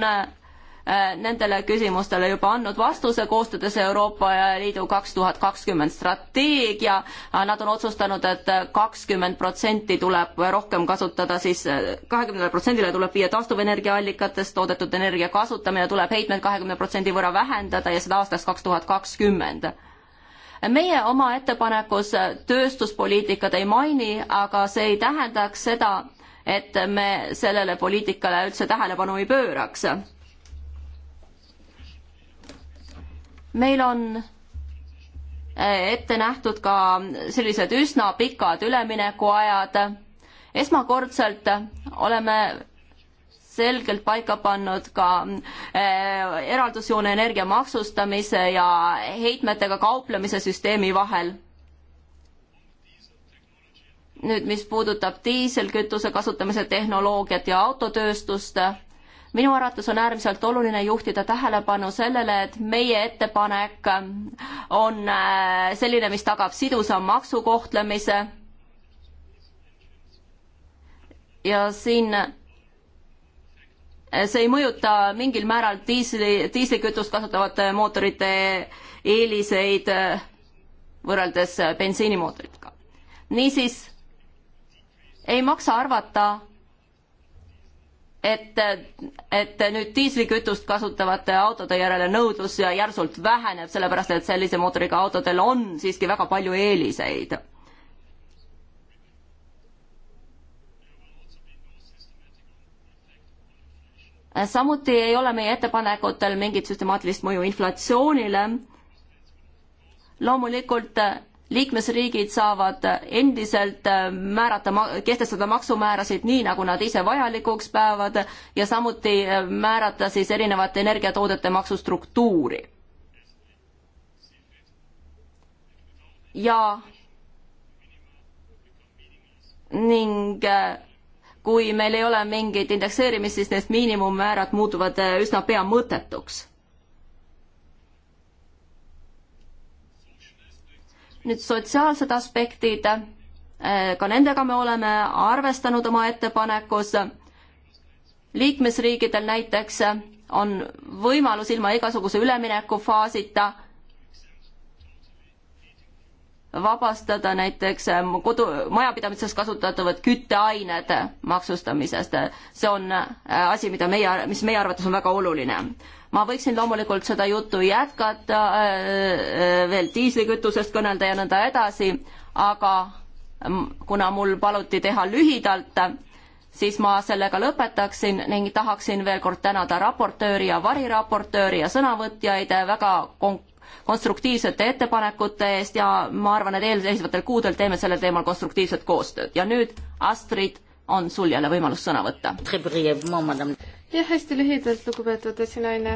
Äh, nendele küsimustele juba andnud vastuse, koostades Euroopa Liidu kaks tuhat kakskümmend strateegia. Äh, nad on otsustanud et, et kakskümmend protsenti tuleb rohkem kasutada siis, äh, kahekümnele protsendile tuleb viia taastuvenergiaallikatest toodetud energia kasutamine, tuleb heitmed kahekümne protsendi võrra vähendada ja seda aastaks kaks tuhat kakskümmend meie oma ettepanekus tööstuspoliitikat ei maini, aga see ei tähendaks seda, et me sellele poliitikale üldse tähelepanu ei pööraks meil on eh, ette nähtud ka sellised üsna pikad üleminekuajad. esmakordselt oleme selgelt paika pannud ka eh, eraldusjoone energia maksustamise ja heitmetega kauplemise süsteemi vahel. nüüd, mis puudutab diiselkütuse kasutamise tehnoloogiat ja autotööstust minu arvates on äärmiselt oluline juhtida tähelepanu sellele, et meie ettepanek on äh, selline, mis tagab sidusa maksukohtlemise. ja siin äh, see ei mõjuta mingil määral diisli, diislikütust kasutavate mootorite eeliseid äh, võrreldes bensiinimootoritega. niisiis ei maksa arvata, et, et nüüd diislikütust kasutavate autode järele nõudlus järsult väheneb, sellepärast et sellise mootoriga autodel on siiski väga palju eeliseid. samuti ei ole meie ettepanekutel mingit süstemaatilist mõju inflatsioonile. loomulikult liikmesriigid saavad endiselt äh, määrata, kehtestada maksumäärasid nii, nagu nad ise vajalikuks peavad ja samuti äh, määrata siis erinevate energiatoodete maksustruktuuri. ja ning äh, kui meil ei ole mingit indekseerimist, siis need miinimummäärad muutuvad üsna pea mõttetuks nüüd sotsiaalsed aspektid, äh, ka nendega me oleme arvestanud oma ettepanekus. liikmesriikidel näiteks on võimalus ilma igasuguse üleminekufaasita vabastada näiteks kodu, majapidamises kasutatavad kütteained maksustamisest. see on äh, asi, mida meie, mis meie arvates on väga oluline ma võiksin loomulikult seda juttu jätkata, äh, äh, veel diislikütusest kõnelda ja nõnda edasi, aga kuna mul paluti teha lühidalt, siis ma sellega lõpetaksin ning tahaksin veel kord tänada raportööri ja variraportööri ja sõnavõtjaid väga kon-, konstruktiivsete ettepanekute eest ja ma arvan, et eelseisvatel kuudel teeme sellel teemal konstruktiivset koostööd ja nüüd Astrid on sul jälle võimalus sõna võtta jah, hästi lühidalt, lugupeetud esinaine,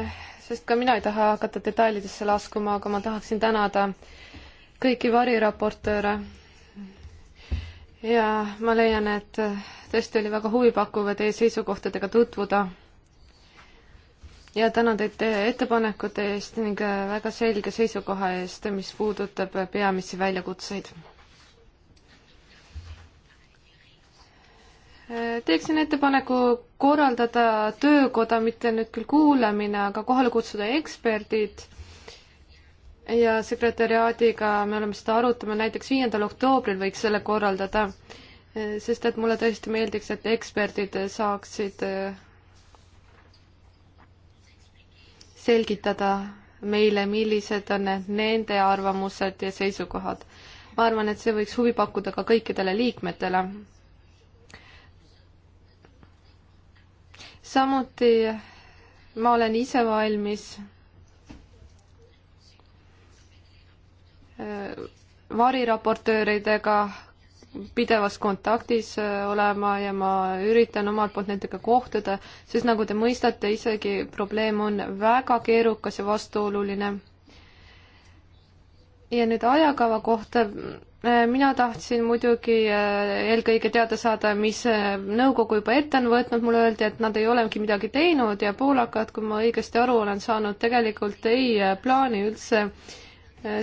sest ka mina ei taha hakata detailidesse laskuma, aga ma tahaksin tänada kõiki variraportööre. ja ma leian, et tõesti oli väga huvipakkuv teie seisukohtadega tutvuda. ja tänan teid teie ettepanekute eest ning väga selge seisukoha eest, mis puudutab peamisi väljakutseid teeksin ettepaneku korraldada töökoda, mitte nüüd küll kuulamine, aga kohale kutsuda eksperdid ja sekretäriaadiga me oleme seda arutama, näiteks viiendal oktoobril võiks selle korraldada, sest et mulle tõesti meeldiks, et eksperdid saaksid äh, selgitada meile, millised on nende arvamused ja seisukohad. ma arvan, et see võiks huvi pakkuda ka kõikidele liikmetele samuti ma olen ise valmis äh, variraportööridega pidevas kontaktis äh, olema ja ma üritan omalt poolt nendega kohtuda, sest nagu te mõistate, isegi probleem on väga keerukas ja vastuoluline. ja nüüd ajakava kohta Äh, mina tahtsin muidugi äh, eelkõige teada saada, mis äh, nõukogu juba ette on võtnud, mulle öeldi, et nad ei olegi midagi teinud ja poolakad, kui ma õigesti aru olen saanud, tegelikult ei plaani üldse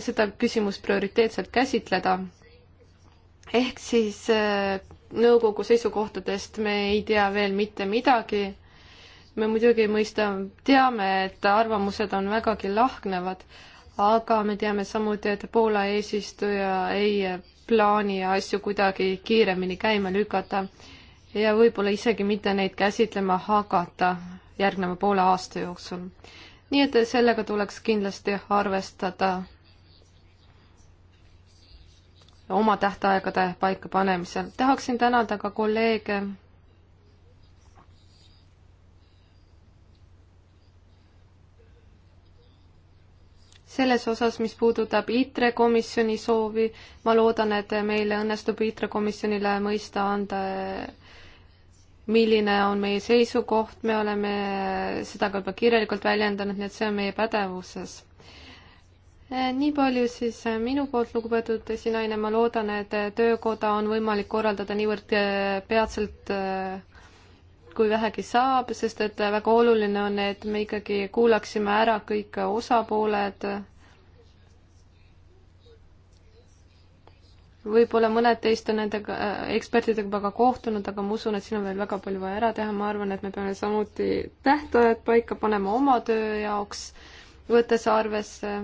seda küsimust prioriteetselt käsitleda. ehk siis nõukogu seisukohtadest me ei tea veel mitte midagi. me muidugi mõista, teame, et arvamused on vägagi lahknevad aga me teame samuti, et Poola eesistuja ei plaani asju kuidagi kiiremini käima lükata ja võib-olla isegi mitte neid käsitlema hakata järgneva poole aasta jooksul. nii et sellega tuleks kindlasti arvestada oma tähtaegade paikapanemisel. tahaksin tänada ka kolleege selles osas, mis puudutab ITRE komisjoni soovi, ma loodan, et meile õnnestub ITRE komisjonile mõista anda, milline on meie seisukoht, me oleme seda ka juba kirjalikult väljendanud, nii et see on meie pädevuses. Eh, nii palju siis eh, minu poolt, lugupeetud esinaine, ma loodan, et eh, töökoda on võimalik korraldada niivõrd peatselt kui vähegi saab, sest et väga oluline on, et me ikkagi kuulaksime ära kõik osapooled. võib-olla mõned teist on nendega, äh, ekspertidega juba ka kohtunud, aga ma usun, et siin on veel väga palju vaja ära teha, ma arvan, et me peame samuti tähtajad paika panema oma töö jaoks, võttes arvesse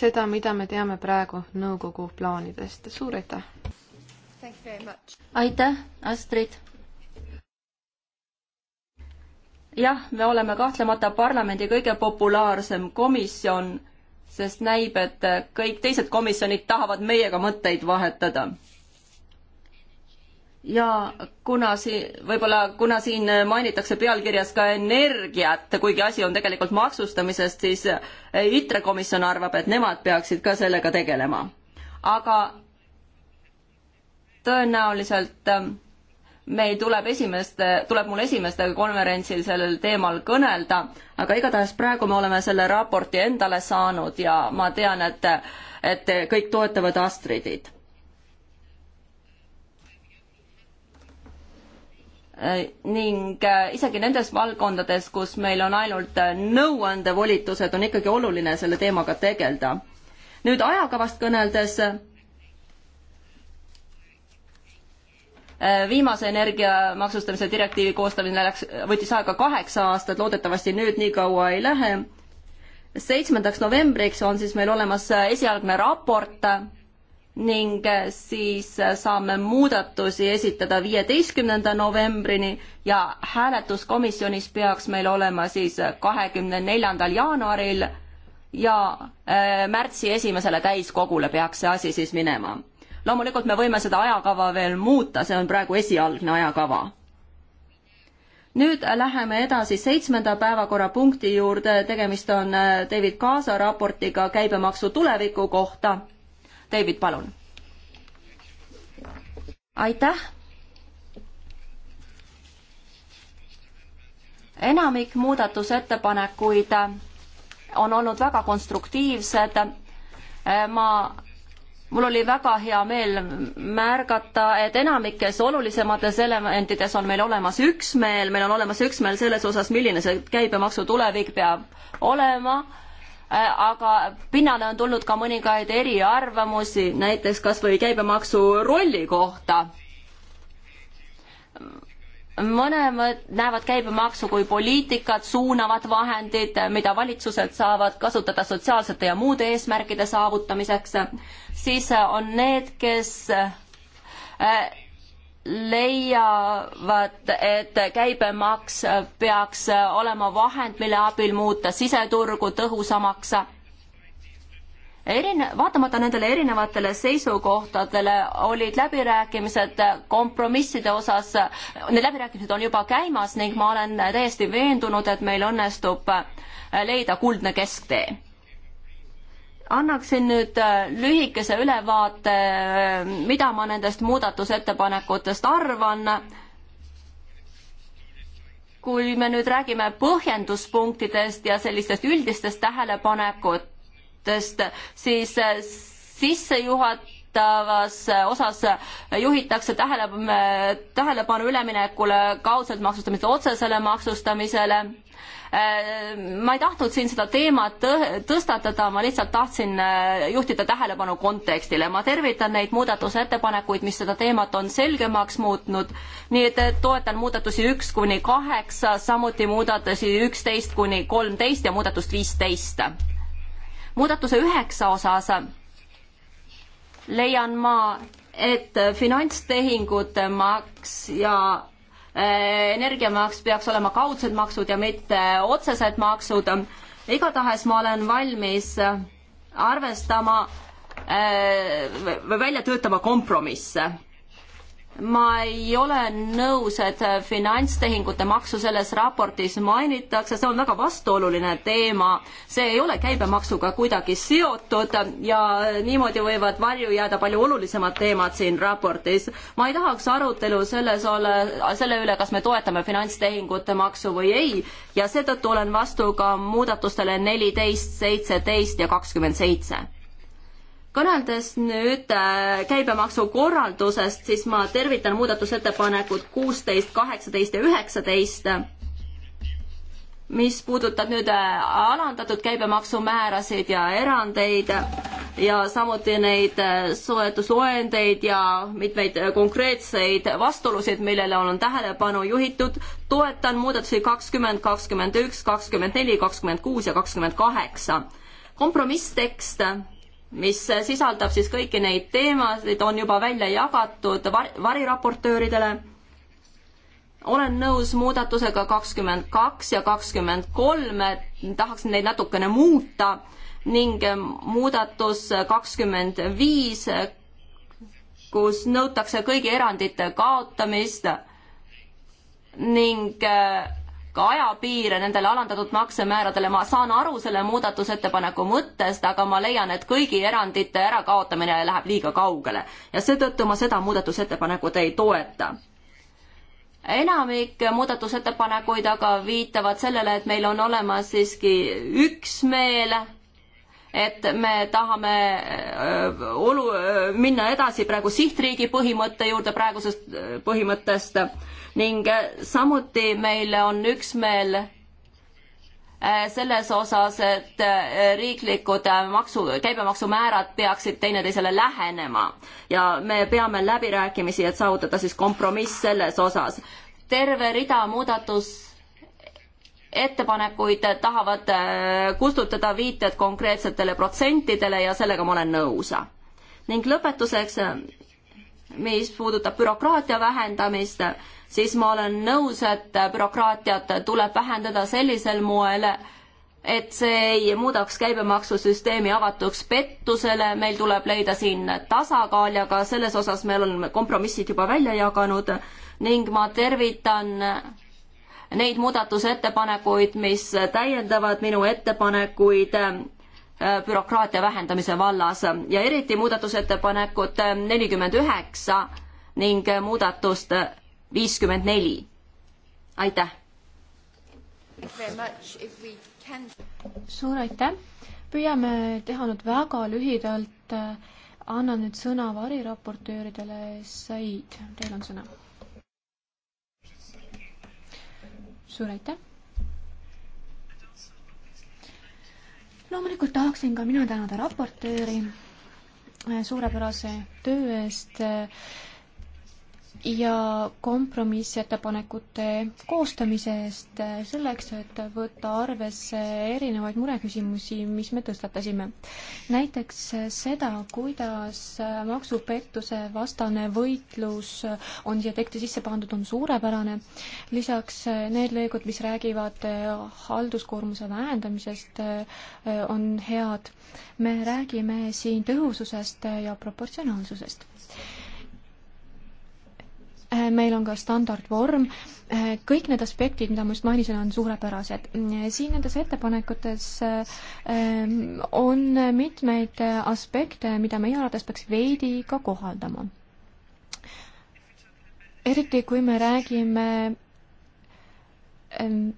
seda, mida me teame praegu nõukogu plaanidest. suur aitäh! aitäh, Astrid. jah, me oleme kahtlemata parlamendi kõige populaarsem komisjon, sest näib, et kõik teised komisjonid tahavad meiega mõtteid vahetada ja kuna siin, võib-olla kuna siin mainitakse pealkirjas ka energiat, kuigi asi on tegelikult maksustamisest, siis ITRE komisjon arvab, et nemad peaksid ka sellega tegelema. aga tõenäoliselt ähm, meil tuleb esimeste, tuleb mul esimestel konverentsil sellel teemal kõnelda, aga igatahes praegu me oleme selle raporti endale saanud ja ma tean, et, et kõik toetavad Astridit. Äh, ning äh, isegi nendes valdkondades, kus meil on ainult äh, nõuandevolitused, on ikkagi oluline selle teemaga tegeleda. nüüd ajakavast kõneldes Äh, viimase energia maksustamise direktiivi koostamine läks, võttis aega kaheksa aastat, loodetavasti nüüd nii kaua ei lähe. seitsmendaks novembriks on siis meil olemas esialgne raport ning siis saame muudatusi esitada viieteistkümnenda novembrini ja hääletuskomisjonis peaks meil olema siis kahekümne neljandal jaanuaril ja äh, märtsi esimesele täiskogule peaks see asi siis minema loomulikult me võime seda ajakava veel muuta, see on praegu esialgne ajakava nüüd läheme edasi seitsmenda päevakorrapunkti juurde, tegemist on äh, David Kaasa raportiga käibemaksu tuleviku kohta. David, palun. aitäh. enamik muudatusettepanekuid äh, on olnud väga konstruktiivsed. Äh, ma mul oli väga hea meel märgata, et enamikes olulisemates elementides on meil olemas üksmeel, meil on olemas üksmeel selles osas, milline see käibemaksu tulevik peab olema, äh, aga pinnale on tulnud ka mõningaid eriarvamusi, näiteks kas või käibemaksu rolli kohta mõlemad näevad käibemaksu kui poliitikat suunavat vahendit, mida valitsused saavad kasutada sotsiaalsete ja muude eesmärkide saavutamiseks, siis on need, kes äh, leiavad, et käibemaks peaks olema vahend, mille abil muuta siseturgu tõhusamaks erine-, vaatamata nendele erinevatele seisukohtadele olid läbirääkimised kompromisside osas, need läbirääkimised on juba käimas ning ma olen täiesti veendunud, et meil õnnestub leida kuldne kesktee annaksin nüüd lühikese ülevaate, mida ma nendest muudatusettepanekutest arvan. kui me nüüd räägime põhjenduspunktidest ja sellistest üldistest tähelepanekut, mõttest, siis äh, sissejuhatavas äh, osas äh, juhitakse tähelepanu, tähelepanu üleminekule kaudselt maksustamiselt otsesele maksustamisele. ma ei tahtnud siin seda teemat tõstatada, ma lihtsalt tahtsin juhtida tähelepanu kontekstile. ma tervitan neid muudatusettepanekuid, mis seda teemat on selgemaks muutnud, nii et toetan muudatusi üks kuni kaheksa, samuti muudatusi üksteist kuni kolmteist ja muudatust viisteist muudatuse üheksa osas leian ma, et finantstehingute maks ja äh, energiamaks peaks olema kaudsed maksud ja mitte otsesed maksud. igatahes ma olen valmis arvestama äh, või välja töötama kompromisse ma ei ole nõus, et finantstehingute maksu selles raportis mainitakse, see on väga vastuoluline teema, see ei ole käibemaksuga kuidagi seotud ja niimoodi võivad varju jääda palju olulisemad teemad siin raportis. ma ei tahaks arutelu selles ole, selle üle, kas me toetame finantstehingute maksu või ei ja seetõttu olen vastu ka muudatustele neliteist, seitseteist ja kakskümmend seitse kõneldes nüüd äh, käibemaksu korraldusest, siis ma tervitan muudatusettepanekut kuusteist, kaheksateist ja üheksateist, mis puudutab nüüd äh, alandatud käibemaksumäärasid ja erandeid ja samuti neid äh, soetusloendeid ja mitmeid konkreetseid vastuolusid, millele on tähelepanu juhitud. toetan muudatusi kakskümmend, kakskümmend üks, kakskümmend neli, kakskümmend kuus ja kakskümmend kaheksa. kompromisstekst mis sisaldab siis kõiki neid teemasid, on juba välja jagatud var variraportööridele. olen nõus muudatusega kakskümmend kaks ja kakskümmend kolm, tahaksin neid natukene muuta ning muudatus kakskümmend viis, kus nõutakse kõigi erandite kaotamist ning äh, ka ajapiire nendele alandatud maksemääradele, ma saan aru selle muudatusettepaneku mõttest, aga ma leian, et kõigi erandite ärakaotamine läheb liiga kaugele ja seetõttu ma seda muudatusettepanekut ei toeta enamik muudatusettepanekuid aga viitavad sellele, et meil on olemas siiski üksmeel et me tahame äh, olu, äh, minna edasi praegu sihtriigi põhimõtte juurde praegusest äh, põhimõttest ning samuti meil on üksmeel selles osas, et riiklikud maksu, käibemaksumäärad peaksid teineteisele lähenema ja me peame läbirääkimisi, et saavutada siis kompromiss selles osas. terve rida muudatus ettepanekuid tahavad äh, kustutada viited konkreetsetele protsentidele ja sellega ma olen nõus. ning lõpetuseks, mis puudutab bürokraatia vähendamist, siis ma olen nõus, et bürokraatiat tuleb vähendada sellisel moel, et see ei muudaks käibemaksusüsteemi avatuks pettusele, meil tuleb leida siin tasakaal ja ka selles osas me oleme kompromissid juba välja jaganud ning ma tervitan neid muudatusettepanekuid, mis täiendavad minu ettepanekuid äh, bürokraatia vähendamise vallas ja eriti muudatusettepanekut äh, nelikümmend üheksa ning äh, muudatust viiskümmend neli. aitäh! suur aitäh! püüame teha nüüd väga lühidalt, annan nüüd sõna variraportööridele, Said, teil on sõna suur aitäh! loomulikult tahaksin ka mina tänada raportööri äh, suurepärase töö eest äh, ja kompromissettepanekute koostamise eest selleks, et võtta arvesse erinevaid mureküsimusi, mis me tõstatasime. näiteks seda, kuidas maksupettuse vastane võitlus on siia teksti sisse pandud, on suurepärane. lisaks need lõigud, mis räägivad halduskoormuse vähendamisest, on head. me räägime siin tõhususest ja proportsionaalsusest Äh, meil on ka standardvorm, äh, kõik need aspektid, mida ma just mainisin, on suurepärased. Äh, siin nendes ettepanekutes on mitmeid aspekte, mida meie arvates peaks veidi ka kohaldama. eriti, kui me räägime ähm,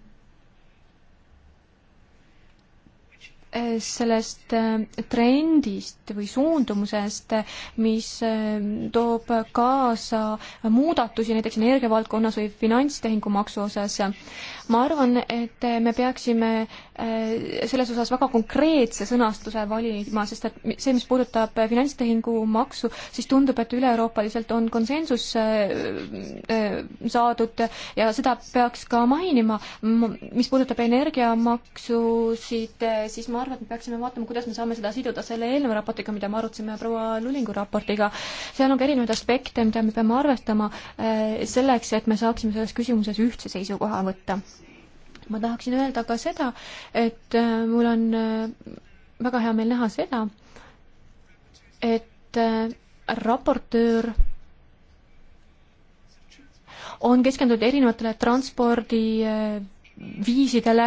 sellest äh, trendist või suundumusest, mis äh, toob kaasa muudatusi näiteks energiavaldkonnas või finantstehingumaksu osas. ma arvan, et me peaksime Äh, selles osas väga konkreetse sõnastuse valima, sest et see, mis puudutab finantstehingu maksu, siis tundub, et üle-euroopaliselt on konsensus äh, äh, saadud ja seda peaks ka mainima. mis puudutab energiamaksusid, siis ma arvan, et me peaksime vaatama, kuidas me saame seda siduda selle eelneva raportiga, mida me arutasime proua Lulingu raportiga. seal on ka erinevaid aspekte, mida me peame arvestama selleks, et me saaksime selles küsimuses ühtse seisukoha võtta ma tahaksin öelda ka seda, et äh, mul on äh, väga hea meel näha seda, et äh, raportöör on keskendunud erinevatele transpordiviisidele,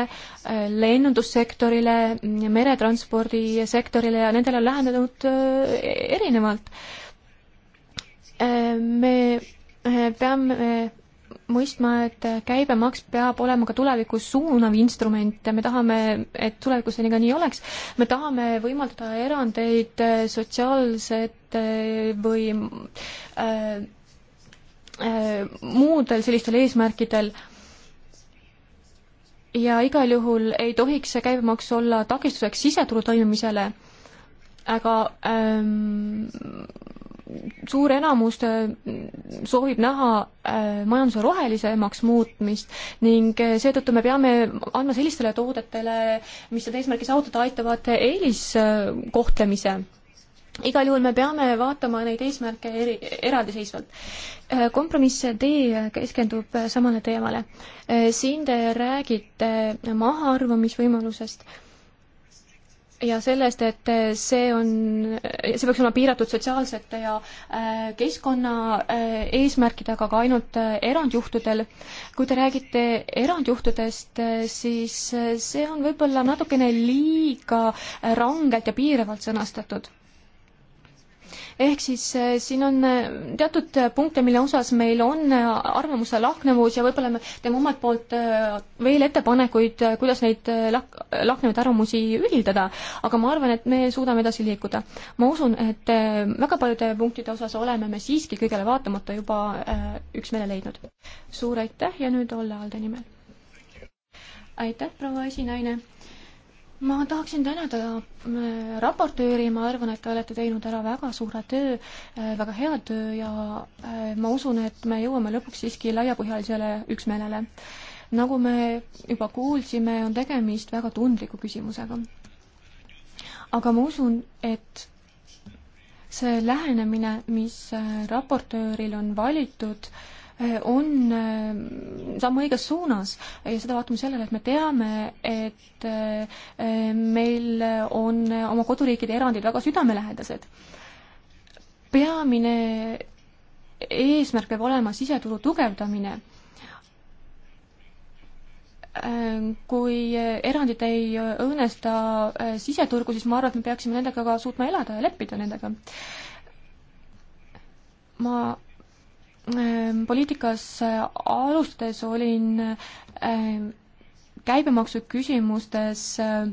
lennundussektorile, mm, meretranspordisektorile ja nendele on lähenenud erinevalt. me peame mõistma, et käibemaks peab olema ka tulevikus suunav instrument, me tahame, et tulevikus sellega nii oleks, me tahame võimaldada erandeid äh, sotsiaalsete äh, või äh, äh, muudel sellistel eesmärkidel ja igal juhul ei tohiks see käibemaks olla takistuseks siseturu toimimisele, aga ähm, suur enamus äh, soovib näha äh, majanduse rohelisemaks muutmist ning äh, seetõttu me peame andma sellistele toodetele, mis seda eesmärki saavutada aitavad, eeliskohtlemise. igal juhul me peame vaatama neid eesmärke eri, eraldiseisvalt. kompromiss D keskendub samale teemale. siin te räägite mahaarvamisvõimalusest ja sellest, et see on, see peaks olema piiratud sotsiaalsete ja äh, keskkonna äh, eesmärkidega, aga ainult äh, erandjuhtudel. kui te räägite erandjuhtudest, siis see on võib-olla natukene liiga rangelt ja piiravalt sõnastatud ehk siis eh, siin on eh, teatud eh, punkte, mille osas meil on arvamuse lahknevus ja võib-olla me teeme omalt poolt veel ettepanekuid, kuidas neid lahk-, lahknevaid arvamusi ühildada, aga ma arvan, et me suudame edasi liikuda. ma usun, et väga paljude punktide osas oleme me siiski kõigele vaatamata juba üksmeele leidnud. suur aitäh ja nüüd Olle Alde nimel. aitäh, proua esinaine ma tahaksin tänada äh, raportööri, ma arvan, et te olete teinud ära väga suure töö, äh, väga hea töö ja äh, ma usun, et me jõuame lõpuks siiski laiapõhjalisele üksmeelele. nagu me juba kuulsime, on tegemist väga tundliku küsimusega. aga ma usun, et see lähenemine, mis raportööril on valitud, äh, on äh, samm õiges suunas ja seda vaatame sellele, et me teame, et äh, meil on oma koduriikide erandid väga südamelähedased. peamine eesmärk peab olema siseturu tugevdamine äh, kui erandid ei õõnesta siseturgu, siis ma arvan, et me peaksime nendega ka suutma elada ja leppida nendega. ma Ehm, poliitikas äh, alustades olin ehm, käibemaksu küsimustes äh,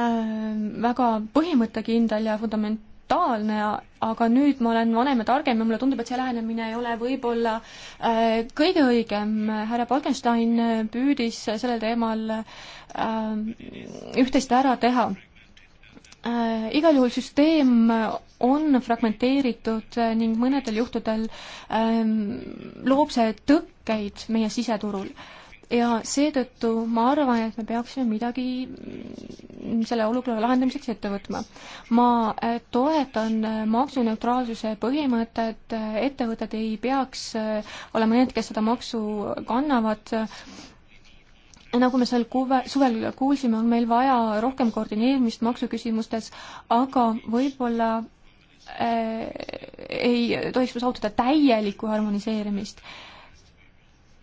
ehm, väga põhimõttekindel ja fundamentaalne, aga nüüd ma olen vanem ja targem ja mulle tundub, et see lähenemine ei ole võib-olla äh, kõige õigem. härra Falkenstein püüdis sellel teemal üht-teist ära teha Äh, igal juhul süsteem on fragmenteeritud äh, ning mõnedel juhtudel ähm, loob see tõkkeid meie siseturul. ja seetõttu ma arvan, et me peaksime midagi mm, selle olukorra lahendamiseks ette võtma. ma äh, toetan maksuneutraalsuse põhimõtet, ettevõtted ei peaks olema need, kes seda maksu kannavad nagu me seal kuve, suvel kuulsime, on meil vaja rohkem koordineerimist maksuküsimustes, aga võib-olla äh, ei tohiks me saavutada täielikku harmoniseerimist.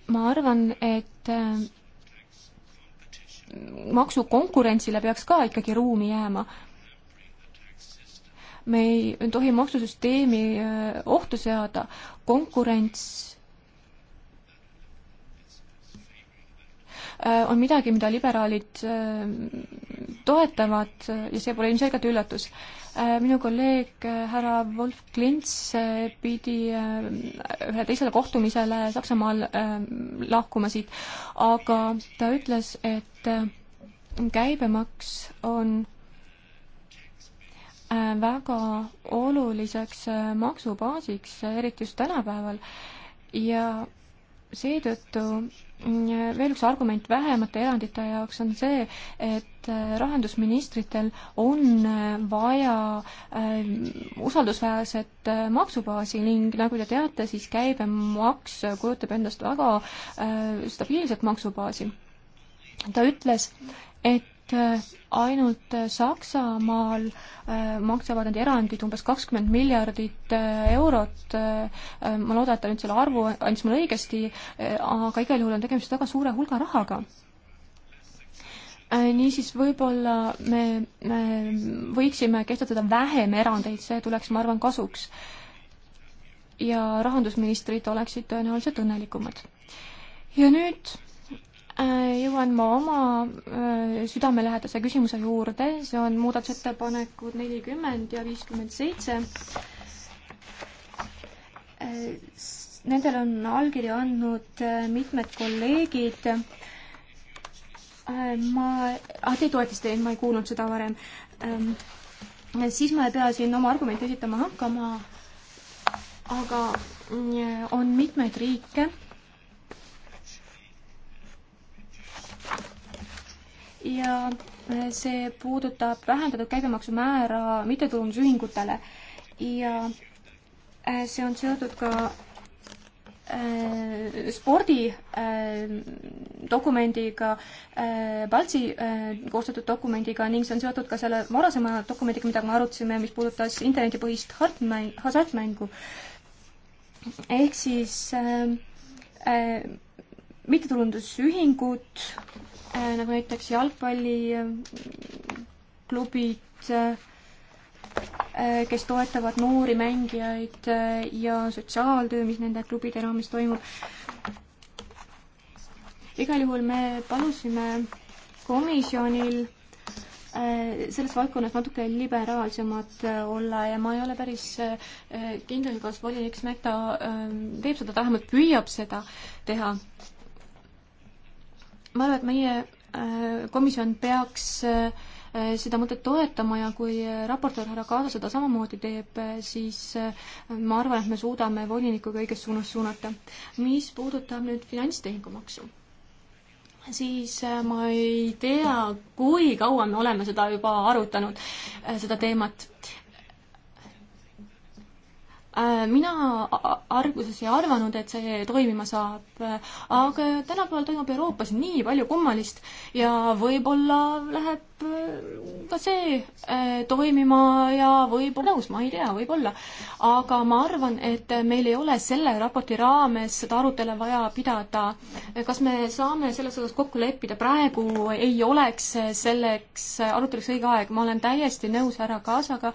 ma arvan, et äh, maksukonkurentsile peaks ka ikkagi ruumi jääma. me ei tohi maksusüsteemi äh, ohtu seada, konkurents Äh, on midagi, mida liberaalid äh, toetavad äh, ja see pole ilmselgelt üllatus. minu kolleeg härra Wolf Klints pidi ühele teisele kohtumisele Saksamaal lahkuma siit, aga ta ütles, et käibemaks on väga oluliseks maksubaasiks, eriti just tänapäeval, ja seetõttu mm, veel üks argument vähemate erandite jaoks on see, et äh, rahandusministritel on äh, vaja äh, usaldusväärset maksubaasi ning nagu te teate, siis käibemaks kujutab endast väga stabiilset maksubaasi. ta ütles, et et äh, ainult äh, Saksamaal äh, maksavad need erandid umbes kakskümmend miljardit eurot. ma loodan, et ta nüüd selle arvu andis mulle õigesti, aga igal juhul on tegemist väga suure hulga rahaga niisiis, võib-olla me, me võiksime kehtestada vähem erandeid, see tuleks, ma arvan, kasuks. ja rahandusministrid oleksid tõenäoliselt õnnelikumad. ja nüüd Äh, jõuan ma oma äh, südamelähedase küsimuse juurde, see on muudatusettepanekud nelikümmend ja viiskümmend seitse. Äh, Nendele on allkirja andnud mitmed kolleegid. ma ah,, te toetasite neid, ma ei kuulnud seda varem. Ähm, siis ma ei pea siin oma argumente esitama hakkama. aga mm, on mitmeid riike ja see puudutab vähendatud käibemaksumäära mittetulundusühingutele ja äh, see on seotud ka äh, spordidokumendiga äh, äh,, Baltsi äh, koostatud dokumendiga ning see on seotud ka selle varasema dokumendiga, mida me arutasime, mis puudutas internetipõhist hartmäng, hasartmängu. ehk siis äh, äh mittetulundusühingud Äh, nagu näiteks jalgpalliklubid, äh, kes toetavad noori mängijaid äh, ja sotsiaaltöö, mis nende klubide raames toimub. igal juhul me palusime komisjonil selles valdkonnas natuke liberaalsemad olla ja ma ei ole päris kindel, kas volinik Smeta teeb seda, ta vähemalt püüab seda teha ma arvan, et meie äh, komisjon peaks äh, seda mõtet toetama ja kui äh, raportöör härra Kaasa seda samamoodi teeb, siis ma arvan, et me suudame volinikuga õiges suunas suunata. mis puudutab nüüd finantstehingumaksu, siis ma ei tea, kui kaua me oleme seda juba arutanud, seda teemat. Äh, mina alguses ei arvanud, et see toimima saab, äh, aga tänapäeval toimub Euroopas nii palju kummalist ja võib-olla läheb ka see äh, toimima ja võib-olla nõus, ma ei tea, võib-olla. aga ma arvan, et meil ei ole selle raporti raames seda arutelu vaja pidada. kas me saame selles osas kokku leppida, praegu ei oleks selleks aruteluks õige aeg, ma olen täiesti nõus härra Kaasaga,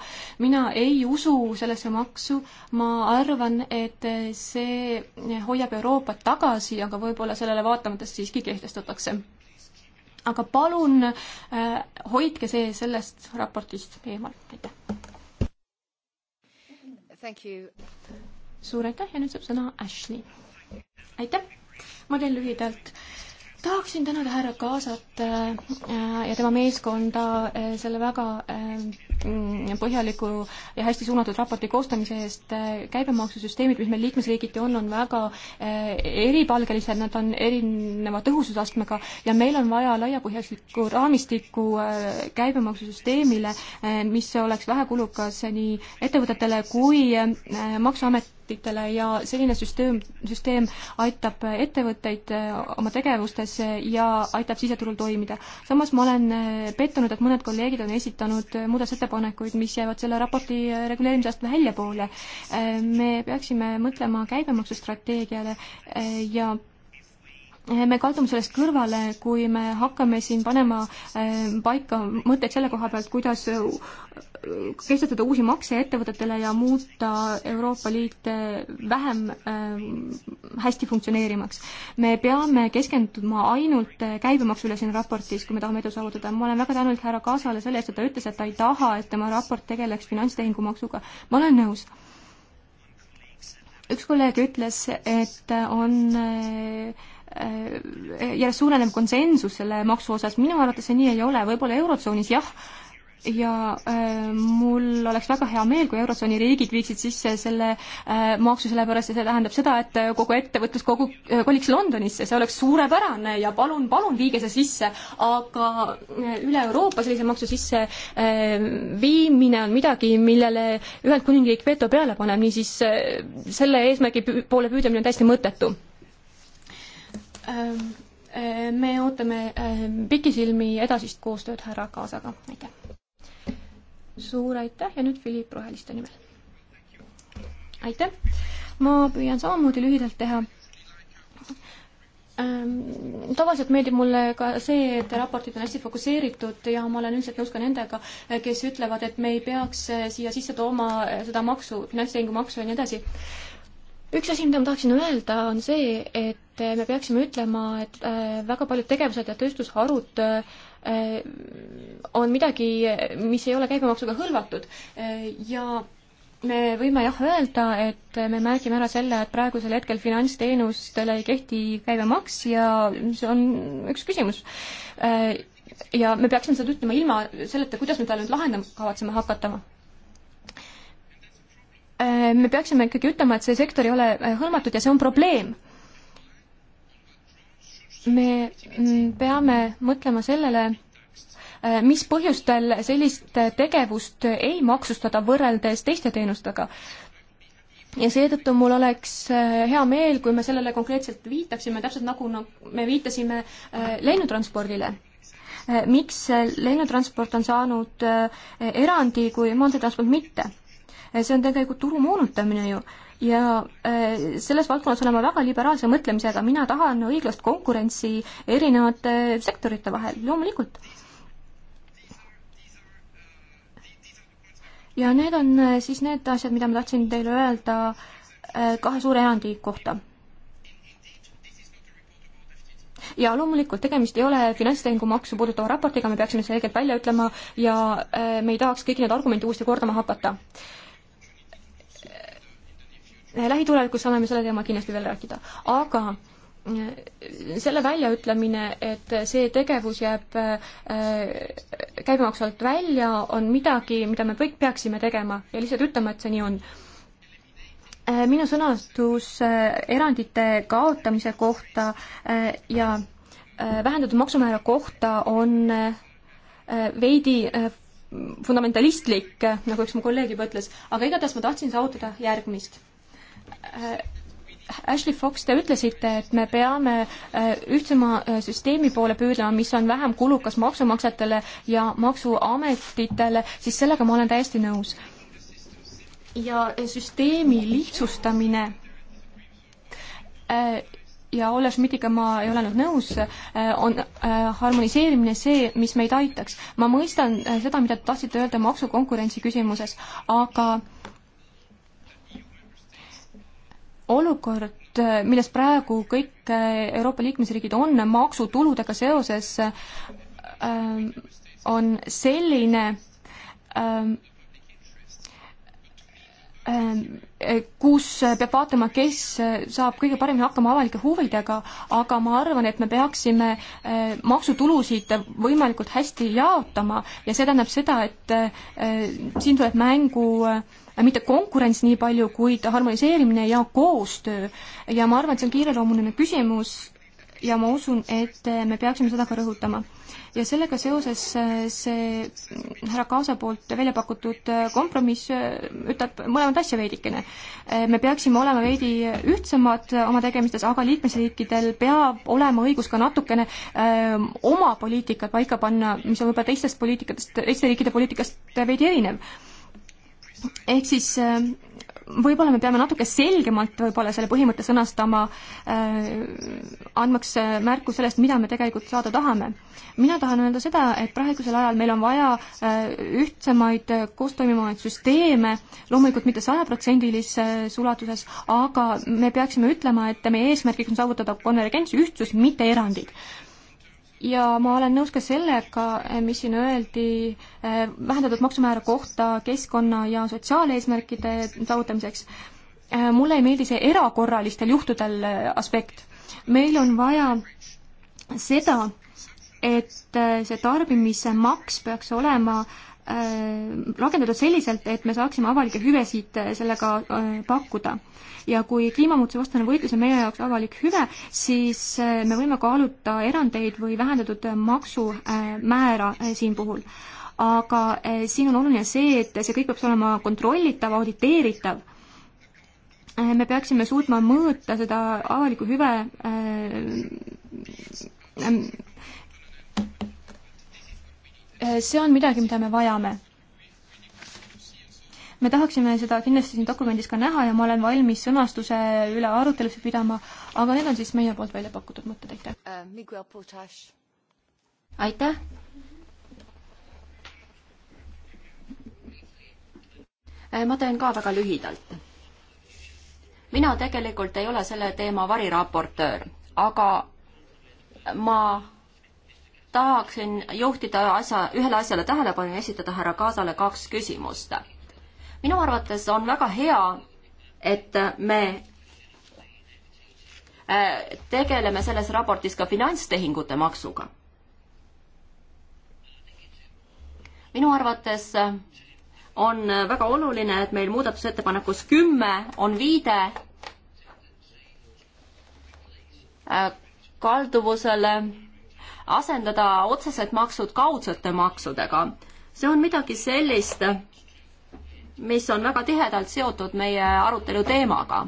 mina ei usu sellesse maksu, ma arvan, et see hoiab Euroopat tagasi, aga võib-olla sellele vaatamata siiski kehtestatakse aga palun äh, hoidke see sellest raportist eemal, aitäh. suur aitäh ja nüüd saab sõna Ashley. aitäh, ma teen lühidalt tahaksin tänada härra Kaasat äh, ja tema meeskonda äh, selle väga äh, Mm, põhjaliku ja hästi suunatud raporti koostamise eest. käibemaksusüsteemid, mis meil liikmesriigiti on, on väga eh, eripalgelised, nad on erineva tõhususastmega ja meil on vaja laiapõhjalislikku raamistikku eh, käibemaksusüsteemile, eh, mis oleks vähekulukas nii ettevõtetele kui maksuametitele ja selline süsteem, süsteem aitab ettevõtteid oma tegevustes ja aitab siseturul toimida. samas ma olen pettunud, et mõned kolleegid on esitanud muudatusettepanekuid, ettepanekuid, mis jäävad selle raporti reguleerimisest väljapoole. me peaksime mõtlema käibemaksustrateegiale eh, ja me kaldume sellest kõrvale, kui me hakkame siin panema äh, paika mõtteid selle koha pealt, kuidas äh, kehtestada uusi makse ettevõtetele ja muuta Euroopa Liit äh, vähem hästi funktsioneerimaks. me peame keskenduma ainult käibemaksule siin raportis, kui me tahame edu saavutada. ma olen väga tänulik härra Kaasale selle eest, et ta ütles, et ta ei taha, et tema raport tegeleks finantstehingumaksuga. ma olen nõus üks kolleeg ütles, et on Äh, järjest suurenev konsensus selle maksu osas, minu arvates see nii ei ole, võib-olla Eurotsoonis jah, ja äh, mul oleks väga hea meel, kui Eurotsooni riigid viiksid sisse selle äh, maksu, sellepärast et see tähendab seda, et äh, kogu ettevõtlus kogu äh,, koliks Londonisse, see oleks suurepärane ja palun, palun viige see sisse, aga äh, üle Euroopa sellise maksu sisse äh, viimine on midagi, millele Ühendkuningriik veto peale paneb, niisiis äh, selle eesmärgi poole püüdlemine on täiesti mõttetu Ähm, äh, me ootame ähm, pikisilmi edasist koostööd härra Kaasaga, aitäh! suur aitäh ja nüüd Philipp Roheliste nimel. aitäh, ma püüan samamoodi lühidalt teha ähm, tavaliselt meeldib mulle ka see, et raportid on hästi fokusseeritud ja ma olen üldiselt nõus ka nendega, kes ütlevad, et me ei peaks äh, siia sisse tooma äh, seda maksu, finantstehingu maksu ja nii edasi üks asi, mida ma tahaksin öelda, on see, et äh, me peaksime ütlema, et äh, väga paljud tegevused ja tööstusharud äh, on midagi, mis ei ole käibemaksuga hõlvatud ja me võime jah öelda, et me märgime ära selle, et praegusel hetkel finantsteenustele ei kehti käibemaks ja see on üks küsimus. ja me peaksime seda ütlema ilma selleta, kuidas me talle nüüd lahendama kavatseme hakata Äh, me peaksime ikkagi ütlema, et see sektor ei ole äh, hõlmatud ja see on probleem. me mm, peame mõtlema sellele, äh, mis põhjustel sellist tegevust ei maksustada võrreldes teiste teenustega. ja seetõttu mul oleks hea meel, kui me sellele konkreetselt viitaksime, täpselt nagu no, nagu me viitasime lennutranspordile miks lennutransport on saanud erandi, kui maanteetransport mitte see on tegelikult turu moonutamine ju ja äh, selles valdkonnas olen ma väga liberaalse mõtlemisega, mina tahan õiglast konkurentsi erinevate sektorite vahel, loomulikult. ja need on äh, siis need asjad, mida ma tahtsin teile öelda äh, kahe suure erandi kohta. ja loomulikult tegemist ei ole finantstehingumaksu puudutava raportiga, me peaksime selgelt välja ütlema ja me ei tahaks kõiki neid argumente uuesti kordama hakata Eh, lähitulevikus saame me selle teema kindlasti veel rääkida, aga eh, selle väljaütlemine, et see tegevus jääb eh, käibemaksu alt välja, on midagi, mida me kõik peaksime tegema ja lihtsalt ütlema, et see nii on. minu sõnastus erandite kaotamise kohta ja vähendatud maksumäära kohta on veidi fundamentalistlik, nagu üks mu kolleeg juba ütles, aga igatahes ma tahtsin saavutada järgmist Äh, Ashley Fox, te ütlesite, et me peame äh, ühtsema äh, süsteemi poole püüdlema, mis on vähem kulukas maksumaksjatele ja maksuametitele, siis sellega ma olen täiesti nõus. ja süsteemi lihtsustamine ja Olle Schmidtiga ma ei ole nüüd nõus, on harmoniseerimine see, mis meid aitaks. ma mõistan seda, mida te tahtsite öelda maksukonkurentsi küsimuses, aga äh, olukord, milles praegu kõik Euroopa liikmesriigid on maksutuludega seoses, ähm, on selline, ähm, ähm, kus peab vaatama, kes saab kõige paremini hakkama avalike huvidega, aga ma arvan, et me peaksime äh, maksutulusid võimalikult hästi jaotama ja see tähendab seda, et äh, siin tuleb mängu äh, Äh, mitte konkurents nii palju, kuid harmoniseerimine ja koostöö. ja ma arvan, et see on kiireloomuline küsimus ja ma usun, et äh, me peaksime seda ka rõhutama. ja sellega seoses äh, see mm, härra Kaasa poolt välja pakutud kompromiss ütleb mõlemat asja veidikene. me peaksime olema veidi ühtsemad oma tegemistes, aga liikmesriikidel peab olema õigus ka natukene öö, ähm, oma poliitikat paika panna, mis on võib-olla teistest poliitikatest, teiste riikide poliitikast veidi erinev ehk siis äh, võib-olla me peame natuke selgemalt võib-olla selle põhimõtte sõnastama äh,, andmaks äh, märku sellest, mida me tegelikult saada tahame. mina tahan öelda seda, et praegusel ajal meil on vaja äh, ühtsemaid äh, koostoimivaid süsteeme, loomulikult mitte sajaprotsendilises ulatuses, aga me peaksime ütlema, et meie eesmärgiks on saavutada konvergents, ühtsus, mitte erandid ja ma olen nõus ka sellega, mis siin öeldi eh, vähendatud maksumäära kohta keskkonna ja sotsiaaleesmärkide saavutamiseks. Eh, mulle ei meeldi see erakorralistel juhtudel eh, aspekt. meil on vaja seda, et see tarbimise maks peaks olema rakendatud selliselt, et me saaksime avalikke hüvesid sellega pakkuda ja kui kliimamuutuse vastane võitlus on meie jaoks avalik hüve, siis äh, me võime kaaluda erandeid või vähendatud maksumäära äh, äh, siin puhul. aga siin on oluline see, et see kõik peaks olema kontrollitav, auditeeritav me peaksime suutma mõõta seda avalikku hüve see on midagi, mida me vajame me tahaksime seda kindlasti siin dokumendis ka näha ja ma olen valmis sõnastuse üle arutelusid pidama, aga need on siis meie poolt välja pakutud mõtted, aitäh. Äh, aitäh. Äh, ma teen ka väga lühidalt. mina tegelikult ei ole selle teema variraportöör, aga ma tahaksin juhtida asja, ühele asjale tähelepanu ja esitada härra Kaasale kaks küsimust minu arvates on väga hea, et me äh, tegeleme selles raportis ka finantstehingute maksuga. minu arvates on väga oluline, et meil muudatusettepanekus kümme on viide äh, kalduvusele asendada otsesed maksud kaudsete maksudega. see on midagi sellist, mis on väga tihedalt seotud meie arutelu teemaga.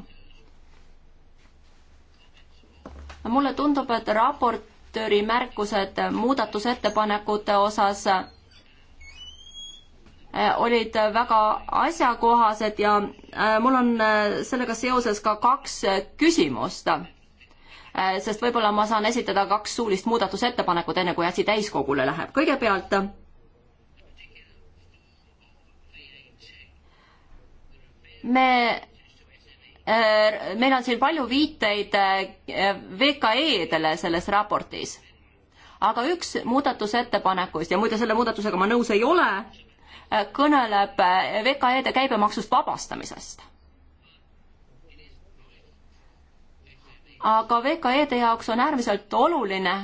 mulle tundub, et raportööri märkused muudatusettepanekute osas äh, olid väga asjakohased ja äh, mul on äh, sellega seoses ka kaks küsimust. sest võib-olla ma saan esitada kaks suulist muudatusettepanekut, enne kui asi täiskogule läheb. kõigepealt me äh, meil on siin palju viiteid äh, VKE-dele selles raportis. aga üks muudatusettepanekuist ja muide, selle muudatusega ma nõus ei ole, äh, kõneleb VKE-de käibemaksust vabastamisest. aga VKE-de jaoks on äärmiselt oluline,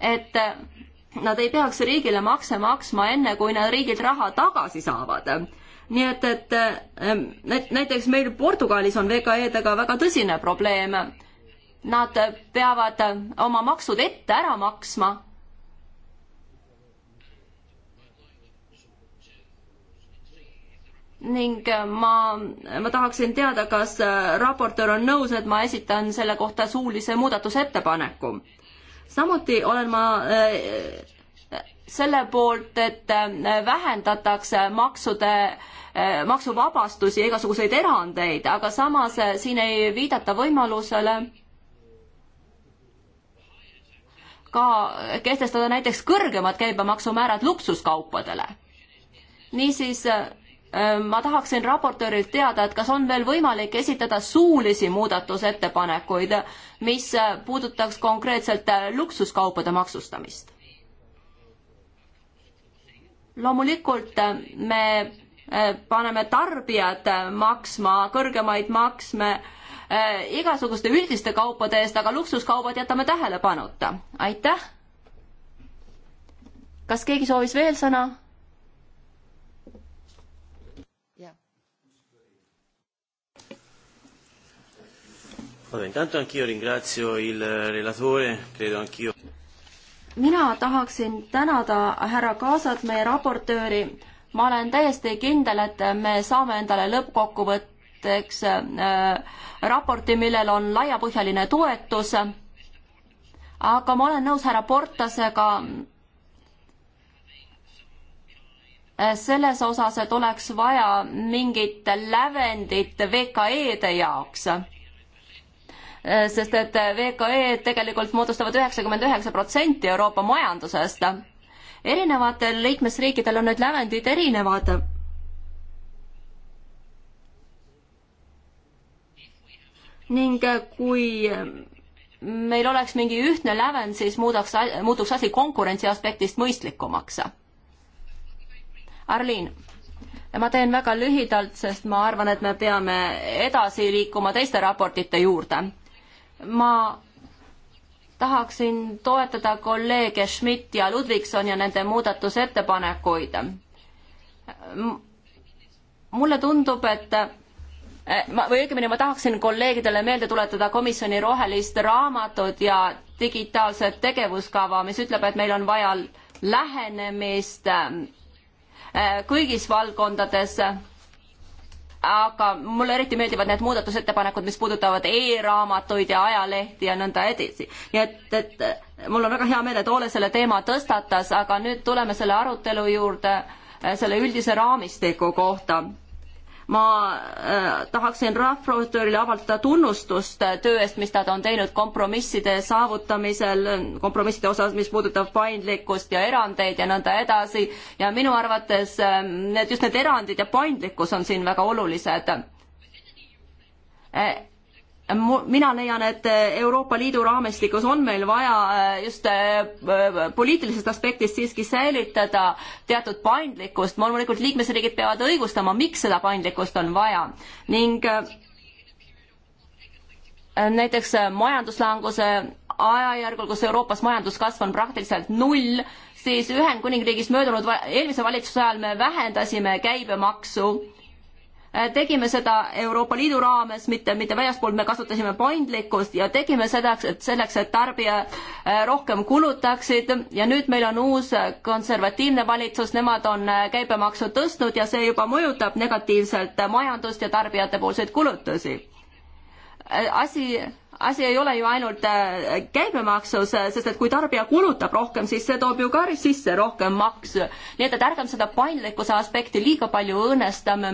et nad ei peaks riigile makse maksma enne, kui nad riigilt raha tagasi saavad. nii et, et ähm, näiteks meil Portugalis on VKE-dega väga tõsine probleem. Nad peavad äh, oma maksud ette ära maksma. ning äh, ma, ma tahaksin teada, kas äh, raportöör on nõus, et ma esitan selle kohta suulise muudatusettepaneku samuti olen ma äh, selle poolt, et äh, vähendatakse maksude, äh, maksuvabastusi ja igasuguseid erandeid, aga samas siin ei viidata võimalusele ka kehtestada näiteks kõrgemad käibemaksumäärad luksuskaupadele. niisiis ma tahaksin raportöörilt teada, et kas on veel võimalik esitada suulisi muudatusettepanekuid, mis puudutaks konkreetselt äh, luksuskaupade maksustamist? loomulikult äh, me äh, paneme tarbijad maksma kõrgemaid maksme igasuguste üldiste kaupade eest, aga luksuskaubad jätame tähelepanuta. aitäh! kas keegi soovis veel sõna? Vabbè, intanto anch'io ringrazio il eh, relatore, credo anch'io. mina tahaksin tänada härra Kaasat, meie raportööri. ma olen täiesti kindel, et me saame endale lõppkokkuvõtteks äh, raporti, millel on laiapõhjaline toetus. aga ma olen nõus härra Portasega äh, selles osas, et oleks vaja mingit lävendit VKE-de jaoks Äh, sest et äh, VKE-d tegelikult moodustavad üheksakümmend üheksa protsenti Euroopa majandusest. erinevatel liikmesriikidel on need lävendid erinevad. ning äh, kui meil oleks mingi ühtne lävend, siis muudaks, muutuks asi konkurentsi aspektist mõistlikumaks. Arliin ma teen väga lühidalt, sest ma arvan, et me peame edasi liikuma teiste raportite juurde ma tahaksin toetada kolleege Schmidt ja Ludvigson ja nende muudatusettepanekuid. mulle tundub, et eh, ma, või õigemini ma tahaksin kolleegidele meelde tuletada komisjoni rohelist raamatut ja digitaalset tegevuskava, mis ütleb, et meil on vaja lähenemist eh, kõigis valdkondades aga mulle eriti meeldivad need muudatusettepanekud, mis puudutavad e-raamatuid ja ajalehti ja nõnda edasi. nii et, et mul on väga hea meel, et Oole selle teema tõstatas, aga nüüd tuleme selle arutelu juurde selle üldise raamistiku kohta ma äh, tahaksin rahvaautorile avaldada tunnustust äh, töö eest, mis nad on teinud kompromisside saavutamisel, kompromisside osas, mis puudutab paindlikkust ja erandeid ja nõnda edasi ja minu arvates äh, need, just need erandid ja paindlikkus on siin väga olulised mina leian, et äh, Euroopa Liidu raamistikus on meil vaja äh, just äh, poliitilisest aspektist siiski säilitada teatud paindlikkust, loomulikult liikmesriigid peavad õigustama, miks seda paindlikkust on vaja ning näiteks majanduslanguse ajajärgul, kus Euroopas majanduskasv on praktiliselt null, siis Ühendkuningriigis möödunud, eelmise valitsuse ajal me vähendasime käibemaksu Äh, tegime seda Euroopa Liidu raames, mitte, mitte väljaspool, me kasutasime paindlikkust ja tegime selleks, et selleks, et tarbija äh, rohkem kulutaksid ja nüüd meil on uus konservatiivne valitsus, nemad on äh, käibemaksu tõstnud ja see juba mõjutab negatiivselt majandust ja tarbijatepoolseid kulutusi Äh, asi asi ei ole ju ainult äh, käibemaksus, äh, sest et kui tarbija kulutab rohkem, siis see toob ju ka sisse rohkem maksu. nii et, et ärgem seda paindlikkuse aspekti liiga palju õõnestame,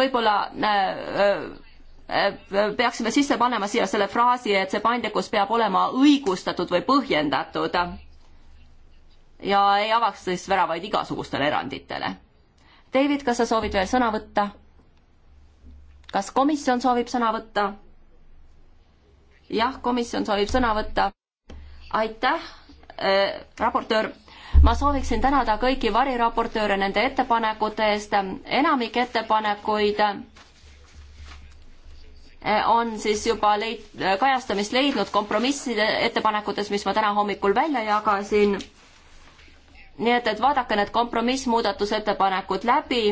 võib-olla äh, äh, peaksime sisse panema siia selle fraasi, et see paindlikkus peab olema õigustatud või põhjendatud. ja ei avaks siis väravaid igasugustele eranditele. David, kas sa soovid veel sõna võtta? kas komisjon soovib sõna võtta? jah, komisjon soovib sõna võtta. aitäh äh,, raportöör. ma sooviksin tänada kõiki variraportööre nende ettepanekute eest. enamik ettepanekuid äh, on siis juba leid-, äh, kajastamist leidnud kompromisside ettepanekutes, mis ma täna hommikul välja jagasin. nii et, et vaadake need kompromissmuudatusettepanekud läbi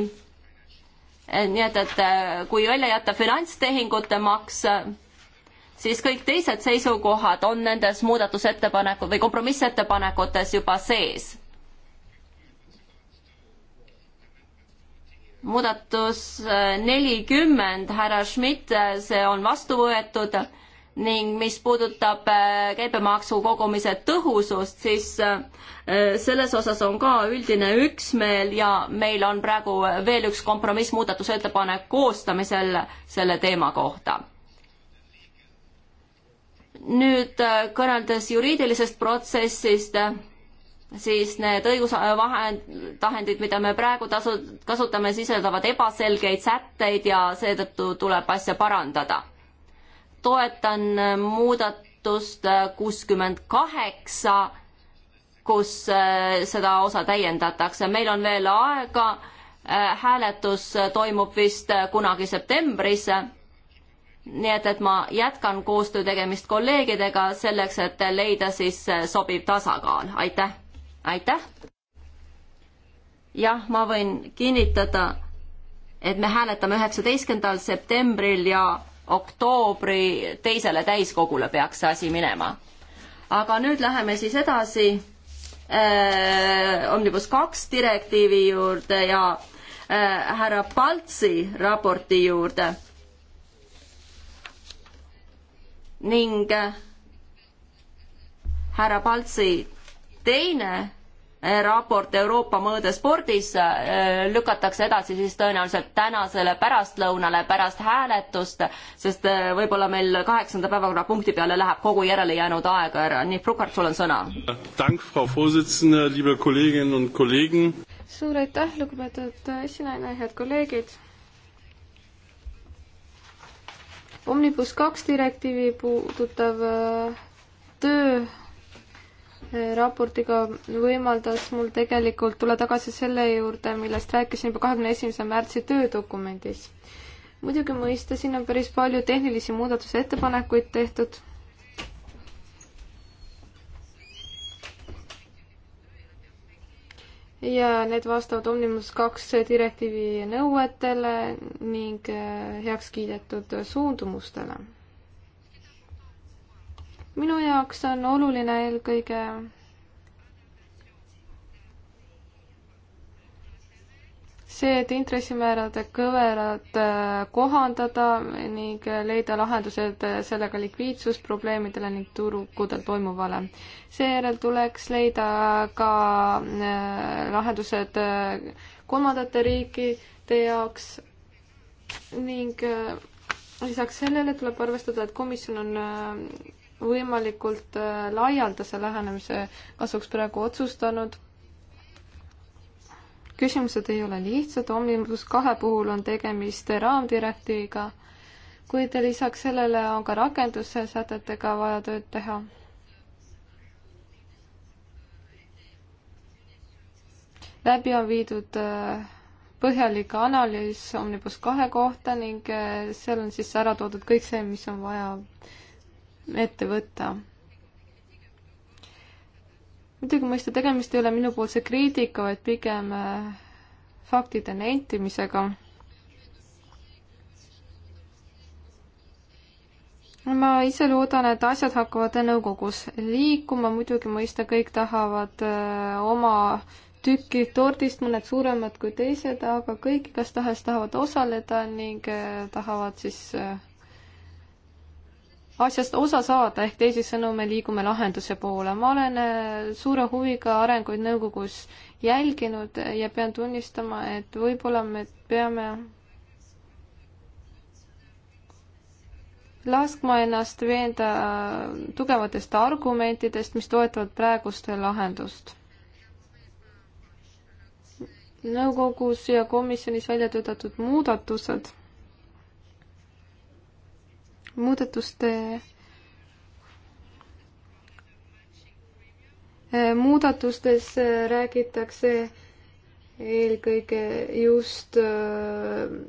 äh, nii et, et kui välja jätta finantstehingute maks, siis kõik teised seisukohad on nendes muudatusettepanekud või kompromissettepanekutes juba sees. muudatus äh, nelikümmend, härra Schmidt, äh, see on vastu võetud ning mis puudutab äh, käibemaksu kogumise tõhusust, siis selles osas on ka üldine üksmeel ja meil on praegu veel üks kompromissmuudatusettepanek koostamisel selle teema kohta nüüd äh, kõneldes juriidilisest protsessist, äh, siis need õigusvahend, tahendid, mida me praegu tasu, kasutame, sisaldavad ebaselgeid sätteid ja seetõttu tuleb asja parandada. toetan äh, muudatust kuuskümmend kaheksa, kus seda osa täiendatakse, meil on veel aega, hääletus toimub vist kunagi septembris nii et, et ma jätkan koostöö tegemist kolleegidega selleks, et leida siis äh, sobiv tasakaal, aitäh. aitäh. jah, ma võin kinnitada, et me hääletame üheksateistkümnendal septembril ja oktoobri teisele täiskogule peaks see asi minema. aga nüüd läheme siis edasi äh, Omnibus kaks direktiivi juurde ja äh, härra Paltsi raporti juurde ning äh, härra Paltsi teine äh, raport Euroopa mõõde spordis äh, lükatakse edasi siis tõenäoliselt tänasele pärastlõunale pärast hääletust, sest võib-olla meil kaheksanda päevakorrapunkti peale läheb kogu järelejäänud aeg ära. nii, Prukart, sul on sõna. suur aitäh, lugupeetud esinaine, head kolleegid Omnibus kaks direktiivi puudutav äh, töö äh, raportiga võimaldas mul tegelikult tulla tagasi selle juurde, millest rääkisin juba kahekümne esimese märtsi töödokumendis. muidugi mõista, siin on päris palju tehnilisi muudatusettepanekuid tehtud ja need vastavad Omnibus kaks direktiivi nõuetele ning äh, heaks kiidetud suundumustele. minu jaoks on oluline eelkõige see, et intressimäärade kõverad äh, kohandada ning leida lahendused äh, sellega likviidsusprobleemidele ning turgudel toimuvale. seejärel tuleks leida ka äh, lahendused kolmandate riikide jaoks ning lisaks sellele tuleb arvestada, et komisjon on võimalikult laialdase lähenemise kasuks praegu otsustanud küsimused ei ole lihtsad, Omnibus kahe puhul on tegemist raamdirektiiviga, kuid lisaks sellele on ka rakendussätetega vaja tööd teha. läbi on viidud äh, põhjalik analüüs Omnibus kahe kohta ning äh, seal on siis ära toodud kõik see, mis on vaja ette võtta muidugi mõista, tegemist ei ole minupoolse kriitika, vaid pigem äh, faktide nentimisega. ma ise loodan, et asjad hakkavad nõukogus liikuma, muidugi mõista kõik tahavad äh, oma tükki tordist, mõned suuremad kui teised, aga kõik igastahes tahavad osaleda ning äh, tahavad siis äh, asjast osa saada, ehk teisisõnu me liigume lahenduse poole. ma olen äh, suure huviga arenguid nõukogus jälginud ja pean tunnistama, et võib-olla me peame laskma ennast veenda äh, tugevatest argumentidest, mis toetavad praegust lahendust. nõukogus ja komisjonis välja töötatud muudatused muudatuste äh, muudatustes äh, räägitakse eelkõige just äh,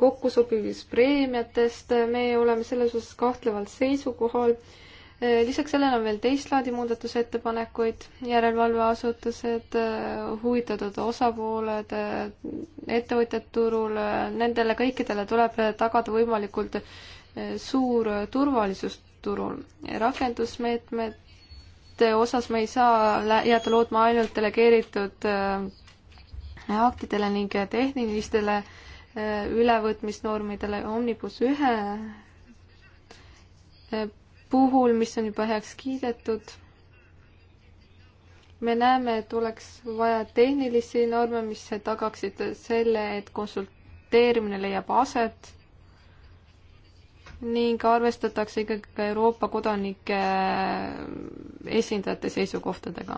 kokkusobivispreemiatest, me oleme selles osas kahtlevalt seisukohal Äh, lisaks sellele on veel teist laadi muudatusettepanekuid, järelevalveasutused, äh, huvitatud osapooled, äh, ettevõtjad turul, nendele kõikidele tuleb tagada võimalikult suur turvalisus turul. rakendusmeetmete osas me ei saa jääda lootma ainult delegeeritud aktidele ning tehnilistele ülevõtmisnormidele, Omnibus ühe puhul, mis on juba heaks kiidetud. me näeme, et oleks vaja tehnilisi norme, mis tagaksid selle, et konsulteerimine leiab aset ning arvestatakse ikkagi ka Euroopa kodanike esindajate seisukohtadega.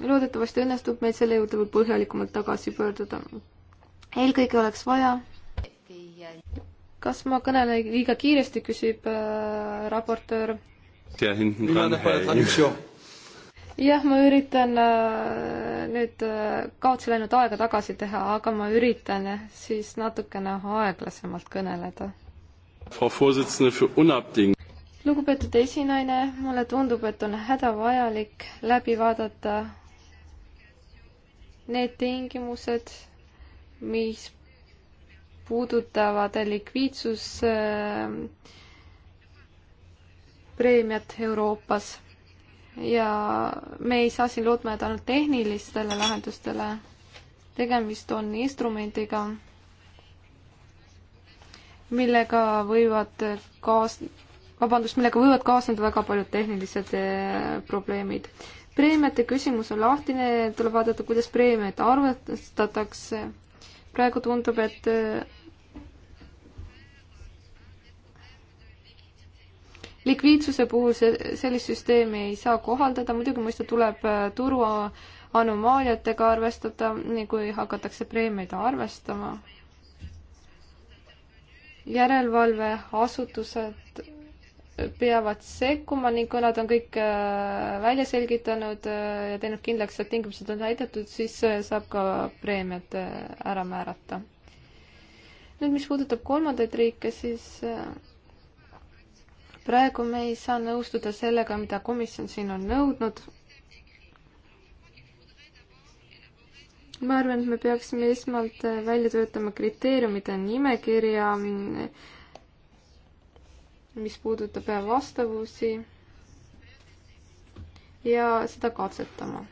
loodetavasti õnnestub meil selle juurde veel põhjalikumalt tagasi pöörduda. eelkõige oleks vaja kas ma kõnelen liiga kiiresti, küsib äh, raportöör. jah, ma üritan äh, nüüd äh, kaotsi läinud aega tagasi teha, aga ma üritan jah, siis natukene aeglasemalt kõneleda. lugupeetud esinaine, mulle tundub, et on hädavajalik läbi vaadata need tingimused, mis puudutavad likviidsuspreemiat Euroopas ja me ei saa siin lootma jääda ainult tehnilistele lahendustele. tegemist on instrumendiga, millega võivad kaas-, vabandust, millega võivad kaasneda väga paljud tehnilised eh, probleemid. preemiate küsimus on lahtine, tuleb vaadata, kuidas preemiaid arvestatakse. praegu tundub, et eh, likviidsuse puhul see, sellist süsteemi ei saa kohaldada, muidugi mõista tuleb äh, turu anomaaliatega arvestada, kui hakatakse preemiaid arvestama. järelevalveasutused peavad sekkuma ning kui nad on kõik äh, välja selgitanud äh, ja teinud kindlaks, et tingimused on täidetud, siis saab ka preemiat ära määrata. nüüd, mis puudutab kolmandaid riike, siis praegu me ei saa nõustuda sellega, mida komisjon siin on nõudnud. ma arvan, et me peaksime esmalt välja töötama kriteeriumide nimekirja, mis puudutab vastavusi ja seda katsetama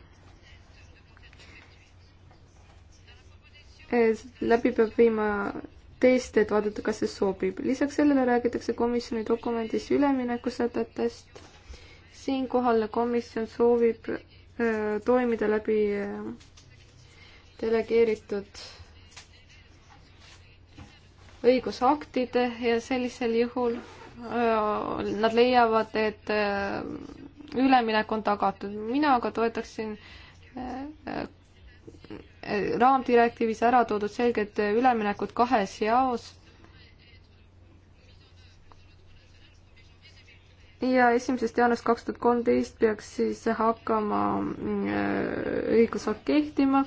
läbi peab viima teste, et vaadata, kas see sobib. lisaks sellele räägitakse komisjoni dokumendis üleminekusätetest. siinkohal komisjon soovib öö, äh, toimida läbi öö, äh, delegeeritud õigusaktide ja sellisel juhul öö, äh, nad leiavad, et öö, üleminek on tagatud. mina aga toetaksin raamdirektiivis ära toodud selged üleminekud kahes jaos. ja esimesest jaanuarist kaks tuhat kolmteist peaks siis hakkama mm, äh, õigusakt kehtima.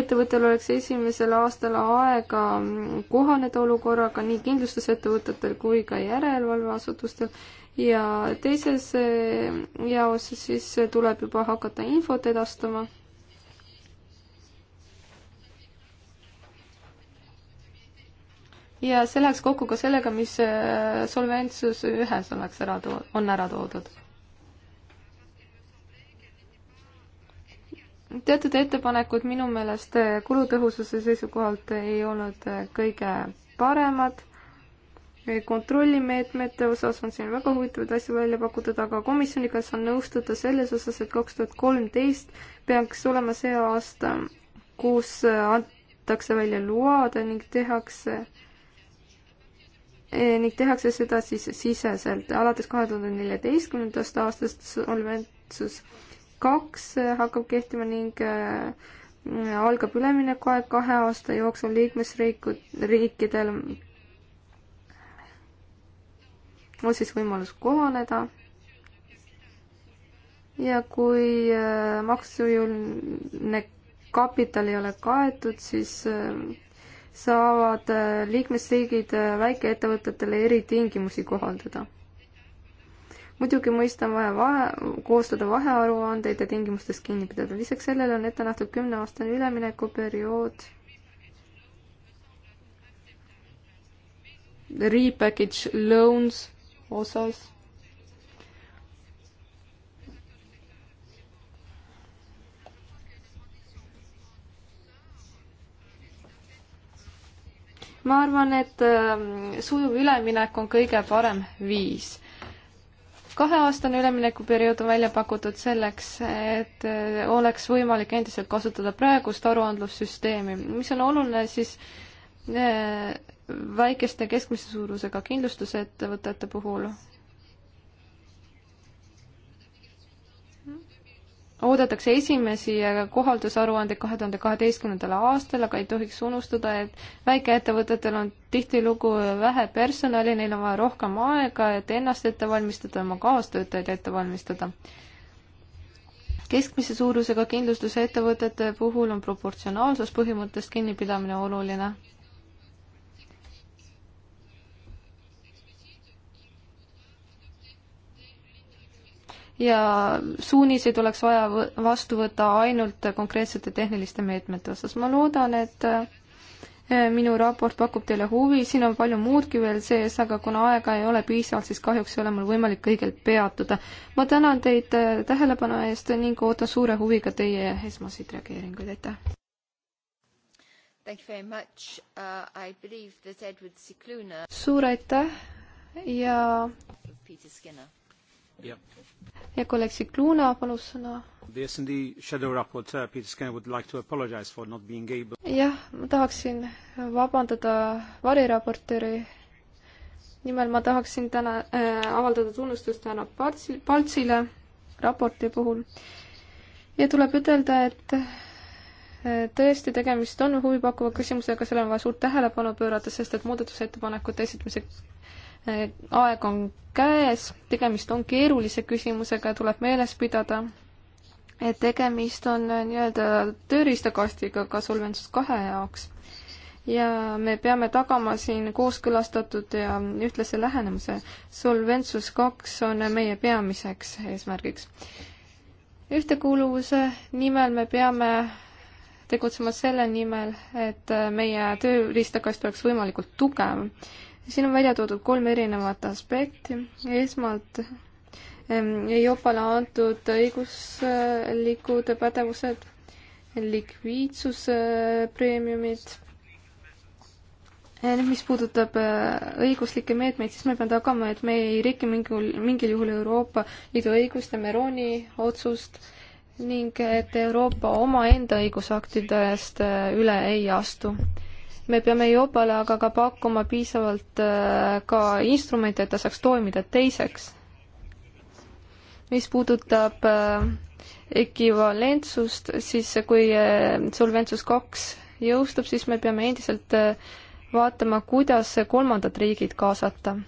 ettevõttel oleks esimesel aastal aega mm, kohaneda olukorraga nii kindlustusettevõtetel kui ka järelevalveasutustel ja teises äh, jaos siis tuleb juba hakata infot edastama ja see läheks kokku ka sellega, mis äh, solventsus ühes oleks ära too-, on ära toodud. teatud ettepanekud minu meelest äh, kulutõhususe seisukohalt ei olnud äh, kõige paremad kontrollimeetmete osas on siin väga huvitavaid asju välja pakutud, aga komisjoniga saan nõustuda selles osas, et kaks tuhat kolmteist peaks olema see aasta, kus antakse välja load ning tehakse Eh, ning tehakse seda siis siseselt. alates kahe tuhande neljateistkümnendast aastast solventsus kaks eh, hakkab kehtima ning eh, algab üleminekuaeg kahe aasta jooksul liikmesriikud, riikidel on siis võimalus kohaneda. ja kui maksujõuline kapital ei ole kaetud, siis saavad äh, liikmesriigid äh, väikeettevõtetele eritingimusi kohaldada. muidugi mõista on vaja vahe, koostada vahearuandeid ja tingimustest kinni pidada, lisaks sellele on ette nähtud kümneaastane üleminekuperiood. Repackage loans osas ma arvan, et ähm, sujuv üleminek on kõige parem viis. kaheaastane üleminekuperiood on välja pakutud selleks, et äh, oleks võimalik endiselt kasutada praegust aruandlussüsteemi, mis on oluline siis äh, väikeste keskmise suurusega kindlustusettevõtete puhul oodatakse esimesi kohaldusaruandeid kahe tuhande kaheteistkümnendal aastal, aga ei tohiks unustada, et väikeettevõtetel on tihtilugu vähe personali, neil on vaja rohkem aega, et ennast ette valmistada, oma kaastöötajaid ette valmistada. keskmise suurusega kindlustusettevõtete puhul on proportsionaalsuspõhimõttest kinnipidamine oluline ja suuniseid oleks vaja vastu võtta ainult konkreetsete tehniliste meetmete osas. ma loodan, et äh, minu raport pakub teile huvi, siin on palju muudki veel sees, aga kuna aega ei ole piisavalt, siis kahjuks ei ole mul võimalik kõigil peatuda. ma tänan teid äh, tähelepanu eest ning ootan suure huviga teie esmaseid reageeringuid, aitäh! Uh, suur aitäh ja Peter Skinner ja kolleeg Sikluna palus sõna. jah, ma tahaksin vabandada variraportööri nimel ma tahaksin täna äh, avaldada tunnustust Anna Paltsile, Paltsile raporti puhul ja tuleb ütelda, et äh, tõesti, tegemist on huvipakkuva küsimusega, sellele on vaja suurt tähelepanu pöörata, sest et muudatusettepanekute esitamise aeg on käes, tegemist on keerulise küsimusega ja tuleb meeles pidada, et tegemist on äh, nii-öelda tööriistakastiga ka Solventsus kahe jaoks. ja me peame tagama siin kooskõlastatud ja ühtlase lähenemise. Solventsus kaks on meie peamiseks eesmärgiks. ühtekuuluvuse nimel me peame tegutsema selle nimel, et äh, meie tööriistakast oleks võimalikult tugev siin on välja toodud kolm erinevat aspekti. esmalt Jopale antud õiguslikud pädevused, likviidsuspreemiumid. nüüd, mis puudutab äh, õiguslikke meetmeid, siis me peame tagama, et me ei riki mingil, mingil juhul Euroopa Liidu õigust ja Meroni otsust ning et Euroopa omaenda õigusaktidest äh, üle ei astu me peame Jobale aga ka pakkuma piisavalt äh, ka instrumente, et ta saaks toimida. teiseks, mis puudutab äh, ekvivalentsust, siis kui äh, Solventsus kaks jõustub, siis me peame endiselt vaatama, kuidas kolmandad riigid kaasata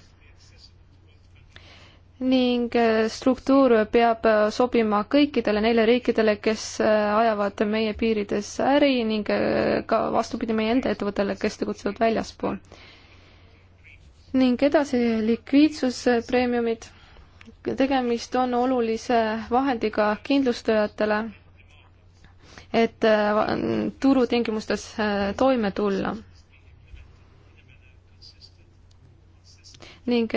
ning äh, struktuur peab äh, sobima kõikidele neile riikidele, kes äh, ajavad meie piirides äri ning ka vastupidi meie enda ettevõttele, kes tegutsevad väljaspool. ning edasi likviidsuspreemiumid. tegemist on olulise vahendiga kindlustajatele, et turutingimustes toime tulla. ning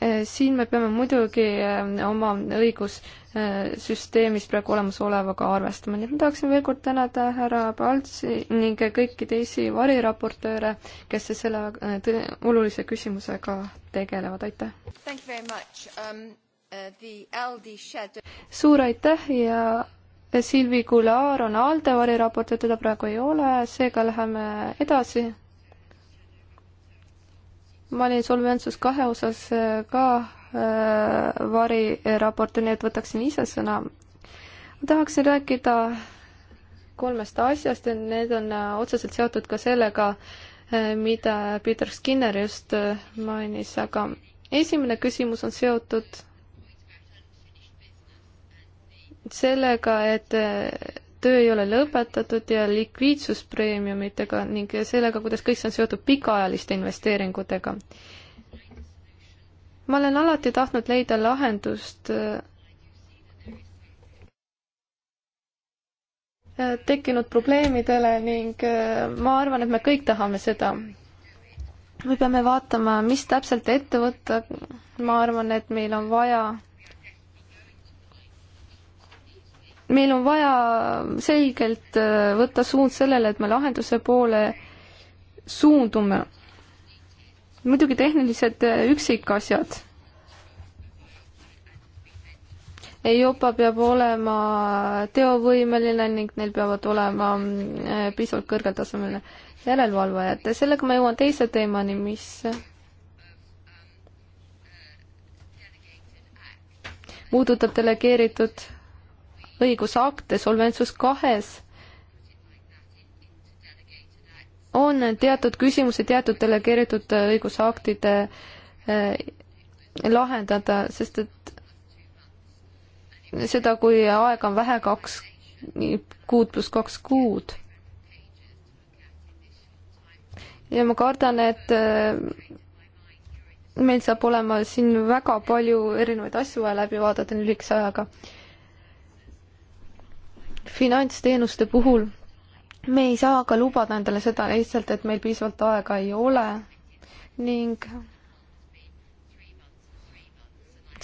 Eh, siin me peame muidugi eh, oma õigussüsteemis praegu olemasolevaga arvestama, nii et ma tahaksin veel kord tänada härra Paltsi ning kõiki teisi variraportööre, kes selle eh, olulise küsimusega tegelevad, aitäh! Um, uh, shadow... suur aitäh ja Silvi Goulart on ALDE variraportöör, teda praegu ei ole, seega läheme edasi ma olin Solventsus kahe osas äh, ka äh, variraporti, nii et võtaksin ise sõna. ma tahaksin rääkida kolmest asjast ja need on äh, otseselt seotud ka sellega, äh, mida Peter Skinner just mainis, aga esimene küsimus on seotud sellega, et töö ei ole lõpetatud ja likviidsuspreemiumitega ning sellega, kuidas kõik see on seotud pikaajaliste investeeringutega. ma olen alati tahtnud leida lahendust äh, tekkinud probleemidele ning äh, ma arvan, et me kõik tahame seda. me peame vaatama, mis täpselt ette võtta. ma arvan, et meil on vaja meil on vaja selgelt äh, võtta suund sellele, et me lahenduse poole suundume. muidugi tehnilised äh, üksikasjad. EIOPA peab olema teovõimeline ning neil peavad olema äh, piisavalt kõrgetasemeline järelevalvajad. sellega ma jõuan teise teemani, mis puudutab delegeeritud õigusakte Solventsus kahes on teatud küsimusi teatud delegeeritud õigusaktide eh, lahendada, sest et seda, kui aega on vähe, kaks kuud pluss kaks kuud. ja ma kardan, et eh, meil saab olema siin väga palju erinevaid asju vaja läbi vaadata nii lühikese ajaga finantsteenuste puhul me ei saa ka lubada endale seda lihtsalt, et meil piisavalt aega ei ole ning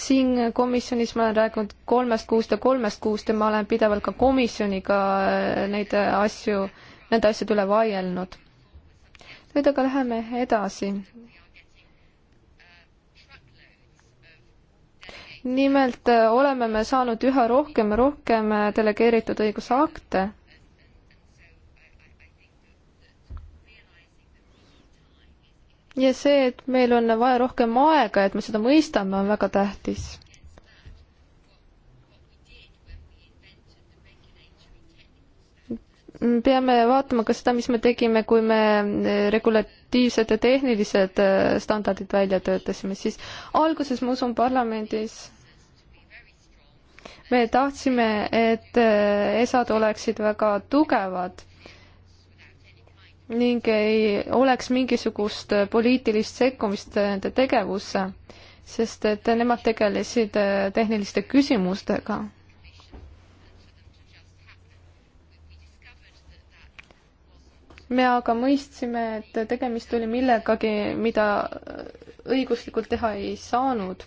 siin komisjonis ma olen rääkinud kolmest kuust ja kolmest kuust ja ma olen pidevalt ka komisjoniga äh, neid asju, nende asjade üle vaielnud. nüüd aga läheme edasi nimelt äh, oleme me saanud üha rohkem ja rohkem äh, delegeeritud õigusakte. ja see, et meil on vaja rohkem aega, et me seda mõistame, on väga tähtis. peame vaatama ka seda, mis me tegime, kui me äh, regulatiivsed ja tehnilised standardid välja töötasime, siis alguses ma usun parlamendis me tahtsime, et äh, esad oleksid väga tugevad ning ei oleks mingisugust poliitilist sekkumist nende tegevusse, sest et nemad tegelesid äh, tehniliste küsimustega me aga mõistsime, et tegemist oli millegagi, mida õiguslikult teha ei saanud.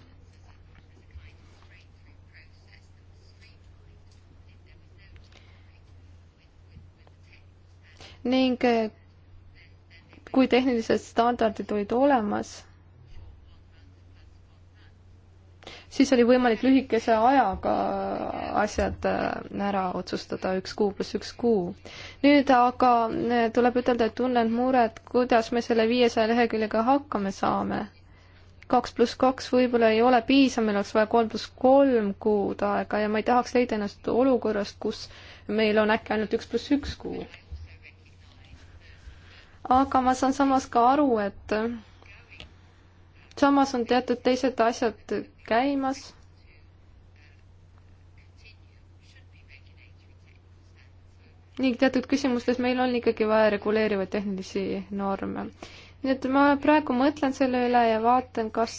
ning eh, kui tehnilised standardid olid olemas, siis oli võimalik lühikese ajaga äh, asjad äh, ära otsustada, üks kuu pluss üks kuu. nüüd aga äh, tuleb ütelda, et tunnen muret, kuidas me selle viiesaja leheküljega hakkama saame. kaks pluss kaks võib-olla ei ole piisav, meil oleks vaja kolm pluss kolm kuud aega ja ma ei tahaks leida ennast olukorrast, kus meil on äkki ainult üks pluss üks kuu aga ma saan samas ka aru, et samas on teatud teised asjad käimas ning teatud küsimustes meil on ikkagi vaja reguleerivaid tehnilisi norme. nii et ma praegu mõtlen selle üle ja vaatan, kas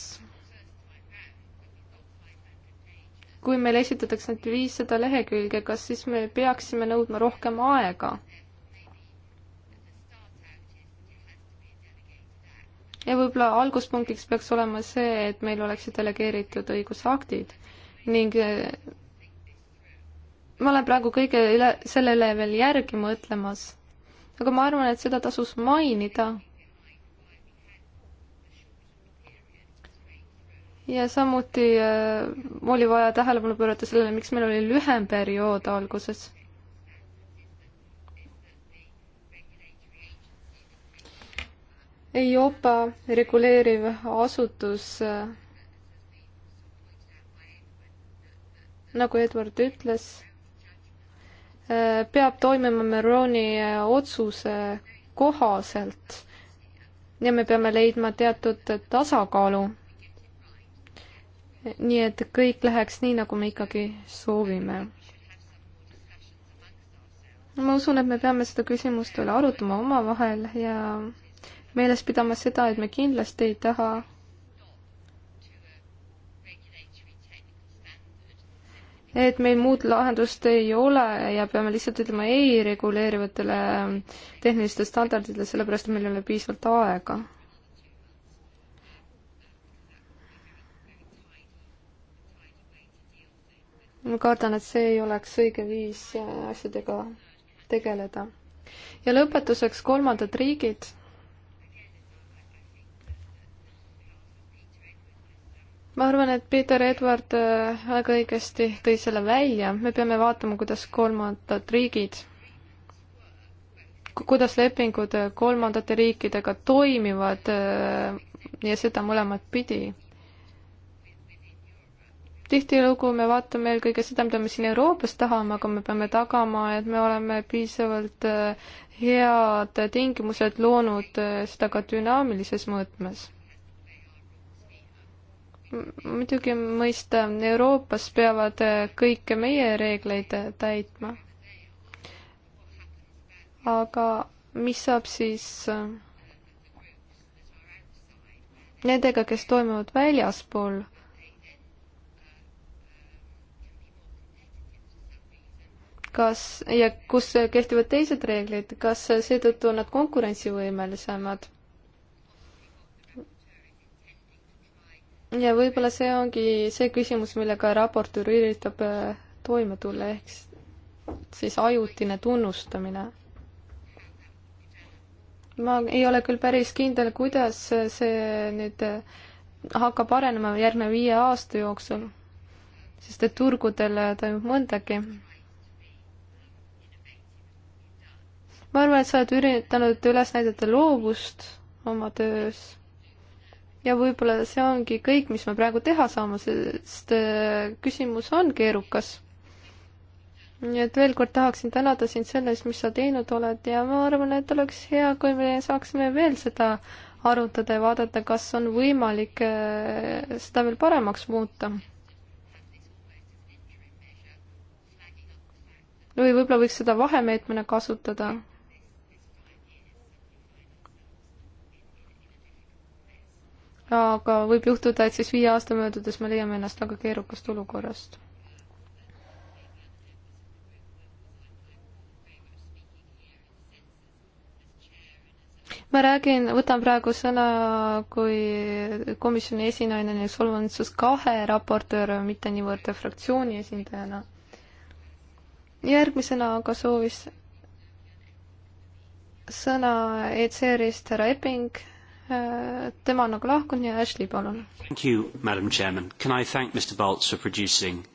kui meile esitatakse ainult viissada lehekülge, kas siis me peaksime nõudma rohkem aega? ja võib-olla alguspunktiks peaks olema see, et meil oleksid delegeeritud õigusaktid ning eh, ma olen praegu kõige üle, sellele veel järgi mõtlemas, aga ma arvan, et seda tasus mainida. ja samuti äh, oli vaja tähelepanu pöörata sellele, miks meil oli lühem periood alguses EIOPA reguleeriv asutus, nagu Edward ütles, peab toimima Meroni otsuse kohaselt ja me peame leidma teatud tasakaalu. nii et kõik läheks nii, nagu me ikkagi soovime ma usun, et me peame seda küsimust veel arutama omavahel ja meeles pidama seda, et me kindlasti ei taha et meil muud lahendust ei ole ja peame lihtsalt ütlema ei reguleerivatele tehnilistele standarditele, sellepärast et meil ei ole piisavalt aega. ma kardan, et see ei oleks õige viis asjadega tegeleda. ja lõpetuseks kolmandad riigid ma arvan, et Peeter Edward äh, väga õigesti tõi selle välja, me peame vaatama, kuidas kolmandad riigid, kuidas lepingud äh, kolmandate riikidega toimivad äh, ja seda mõlemat pidi. tihtilugu me vaatame eelkõige seda, mida me siin Euroopas tahame, aga me peame tagama, et me oleme piisavalt head tingimused loonud seda ka dünaamilises mõõtmes muidugi mõista, Euroopas peavad kõike meie reegleid täitma. aga mis saab siis äh, nendega, kes toimuvad väljaspool? kas ja kus kehtivad teised reeglid, kas seetõttu on nad konkurentsivõimelisemad? ja võib-olla see ongi see küsimus, millega raportöör üritab äh, toime tulla, ehk siis ajutine tunnustamine. ma ei ole küll päris kindel, kuidas see nüüd äh, hakkab arenema järgnev viie aasta jooksul, sest et turgudel äh, toimub mõndagi. ma arvan, et sa oled üritanud üles näidata loovust oma töös ja võib-olla see ongi kõik, mis me praegu teha saame, sest äh, küsimus on keerukas. nii et veel kord tahaksin tänada sind selle eest, mis sa teinud oled ja ma arvan, et oleks hea, kui me saaksime veel seda arutada ja vaadata, kas on võimalik äh, seda veel paremaks muuta. või võib-olla võiks seda vahemeetmena kasutada aga võib juhtuda, et siis viie aasta möödudes me leiame ennast väga keerukast olukorrast. ma räägin, võtan praegu sõna kui komisjoni esinaine ning solventsus kahe raportöör, mitte niivõrd fraktsiooni esindajana. järgmisena aga soovis sõna ECR-ist härra Epping Äh, tema on nagu lahkunud ja Ashley, palun.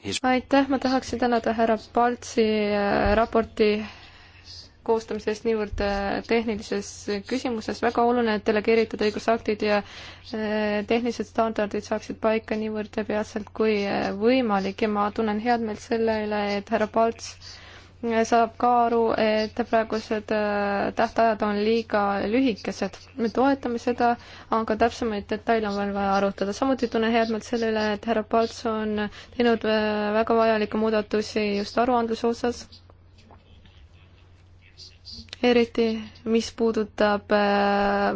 His... aitäh, ma tahaksin tänada härra Baltsi äh, raporti koostamise eest niivõrd äh, tehnilises küsimuses, väga oluline, et delegeeritud õigusaktid ja tehnilised standardid saaksid paika niivõrd peatselt kui võimalik ja ma tunnen head meelt selle üle, et härra Palts saab ka aru, et praegused äh, tähtajad on liiga lühikesed. me toetame seda, aga täpsemaid detaile on veel vaja arutada. samuti tunnen head meelt selle üle, et härra Palts on teinud äh, väga vajalikke muudatusi just aruandluse osas. eriti, mis puudutab äh,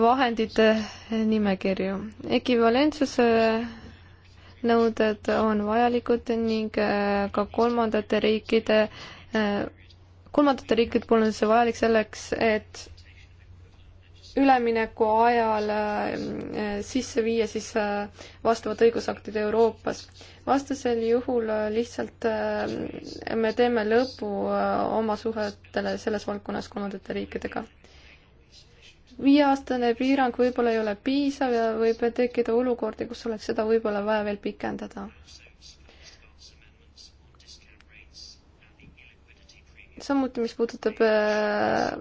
vahendite nimekirju. ekvivalentsuse nõuded on vajalikud ning äh, ka kolmandate riikide, äh, kolmandate riikide puhul on see vajalik selleks, et ülemineku ajal äh, sisse viia siis vastavad õigusaktid Euroopas. vastasel juhul lihtsalt me teeme lõpu oma suhetele selles valdkonnas kolmandate riikidega viieaastane piirang võib-olla ei ole piisav ja võib tekkida olukordi, kus oleks seda võib-olla vaja veel pikendada. samuti, mis puudutab äh,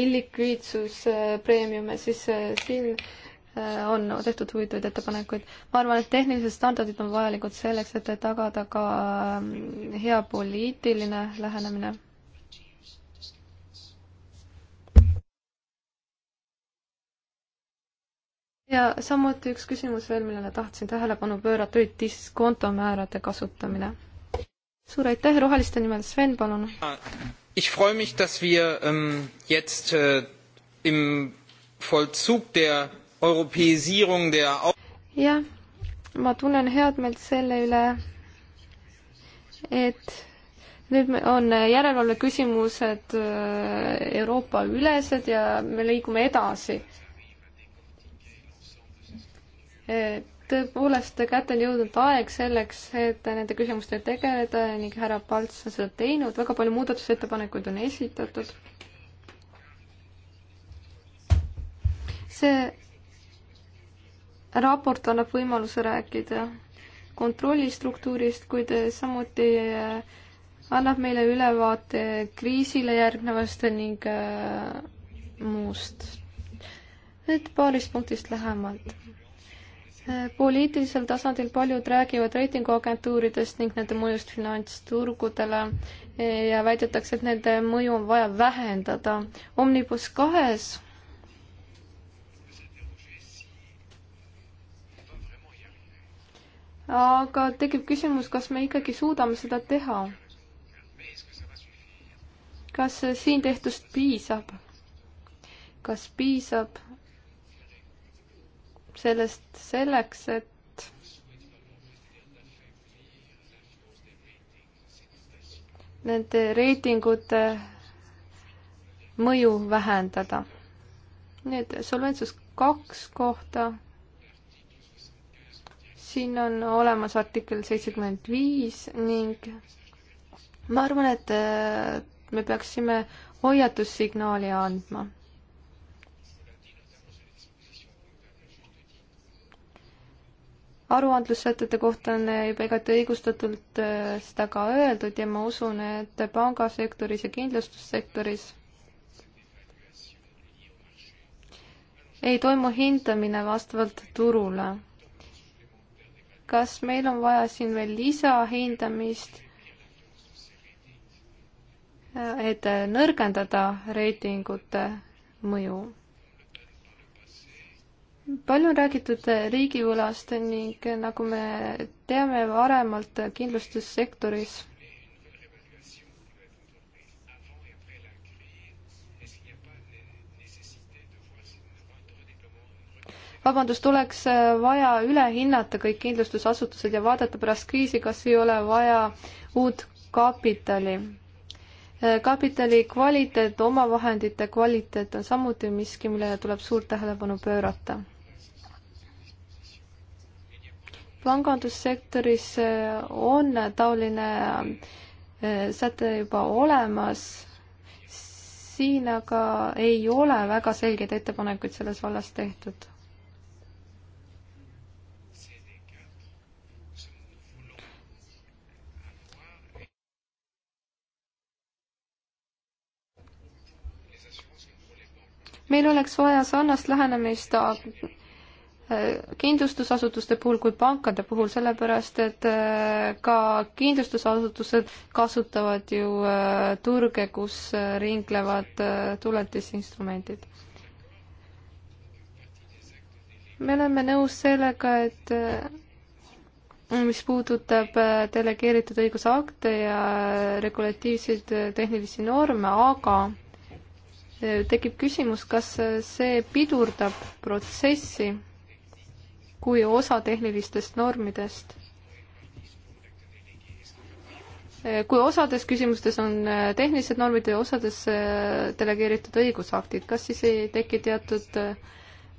illikviidsuspreemiume, siis äh, siin äh, Äh, on tehtud huvitavaid ettepanekuid. ma arvan, et tehnilised standardid on vajalikud selleks, et tagada ka ähm, hea poliitiline lähenemine. ja samuti üks küsimus veel, millele tahtsin tähelepanu pöörata, olid diskontomäärade kasutamine. suur aitäh, Roheliste nimel Sven, palun! Ich freue mich, dass wir ähm, jetzt äh, im Vollzug der Europäisierung der jah, ma tunnen head meelt selle üle, et nüüd on järelevalve küsimused äh, Euroopa ülesed ja me liigume edasi. Äh, tõepoolest, kätte on jõudnud aeg selleks, et nende küsimustega tegeleda ning härra Palts on seda teinud, väga palju muudatusettepanekuid on esitatud. see raport annab võimaluse rääkida kontrollistruktuurist, kuid samuti eh, annab meile ülevaate kriisile järgnevast ning eh, muust. nüüd paarist punktist lähemalt. Eh, poliitilisel tasandil paljud räägivad reitinguagentuuridest ning nende mõjust finantsturgudele ja väidetakse, et nende mõju on vaja vähendada. Omnibus kahes aga tekib küsimus, kas me ikkagi suudame seda teha. kas siin tehtust piisab? kas piisab sellest selleks, et nende reitingute mõju vähendada. nüüd Solventsus kaks kohta siin on olemas artikkel seitsekümmend viis ning ma arvan, et äh, me peaksime hoiatussignaali andma. aruandlussätete kohta on juba igati õigustatult äh, seda ka öeldud ja ma usun, et pangasektoris ja kindlustussektoris ei toimu hindamine vastavalt turule kas meil on vaja siin veel lisahindamist, et nõrgendada reitingute mõju? palju on räägitud riigivõlast ning nagu me teame varemalt kindlustussektoris vabandust, oleks äh, vaja üle hinnata kõik kindlustusasutused ja vaadata pärast kriisi, kas ei ole vaja uut kapitali. Äh, kapitali kvaliteet, omavahendite kvaliteet on samuti miski, millele tuleb suurt tähelepanu pöörata. pangandussektoris äh, on taoline säte juba olemas, siin aga ei ole väga selgeid ettepanekuid selles vallas tehtud meil oleks vaja sarnast lähenemist e, kindlustusasutuste puhul kui pankade puhul, sellepärast et e, ka kindlustusasutused kasutavad ju e, turge, kus ringlevad tuletisinstrumendid. me oleme nõus sellega, et mis puudutab delegeeritud õigusakte ja regulatiivseid tehnilisi norme, aga tekib küsimus, kas see pidurdab protsessi kui osa tehnilistest normidest. kui osades küsimustes on tehnilised normid ja osades äh, delegeeritud õigusaktid, kas siis ei teki teatud äh,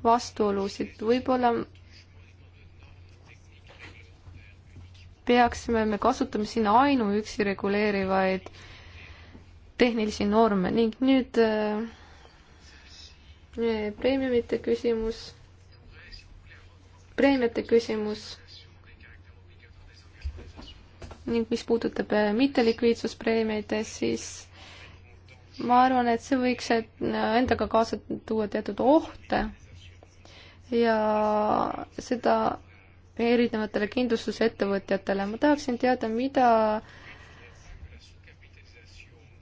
vastuolusid, võib-olla peaksime me kasutama siin ainuüksi reguleerivaid äh, tehnilisi norme ning nüüd äh, äh preemiumite küsimus, preemiate küsimus ning mis puudutab äh, mittelikviidsuspreemiaid, siis ma arvan, et see võiks äh, endaga kaasa tuua teatud ohte ja seda erinevatele kindlustusettevõtjatele. ma tahaksin teada, mida äh,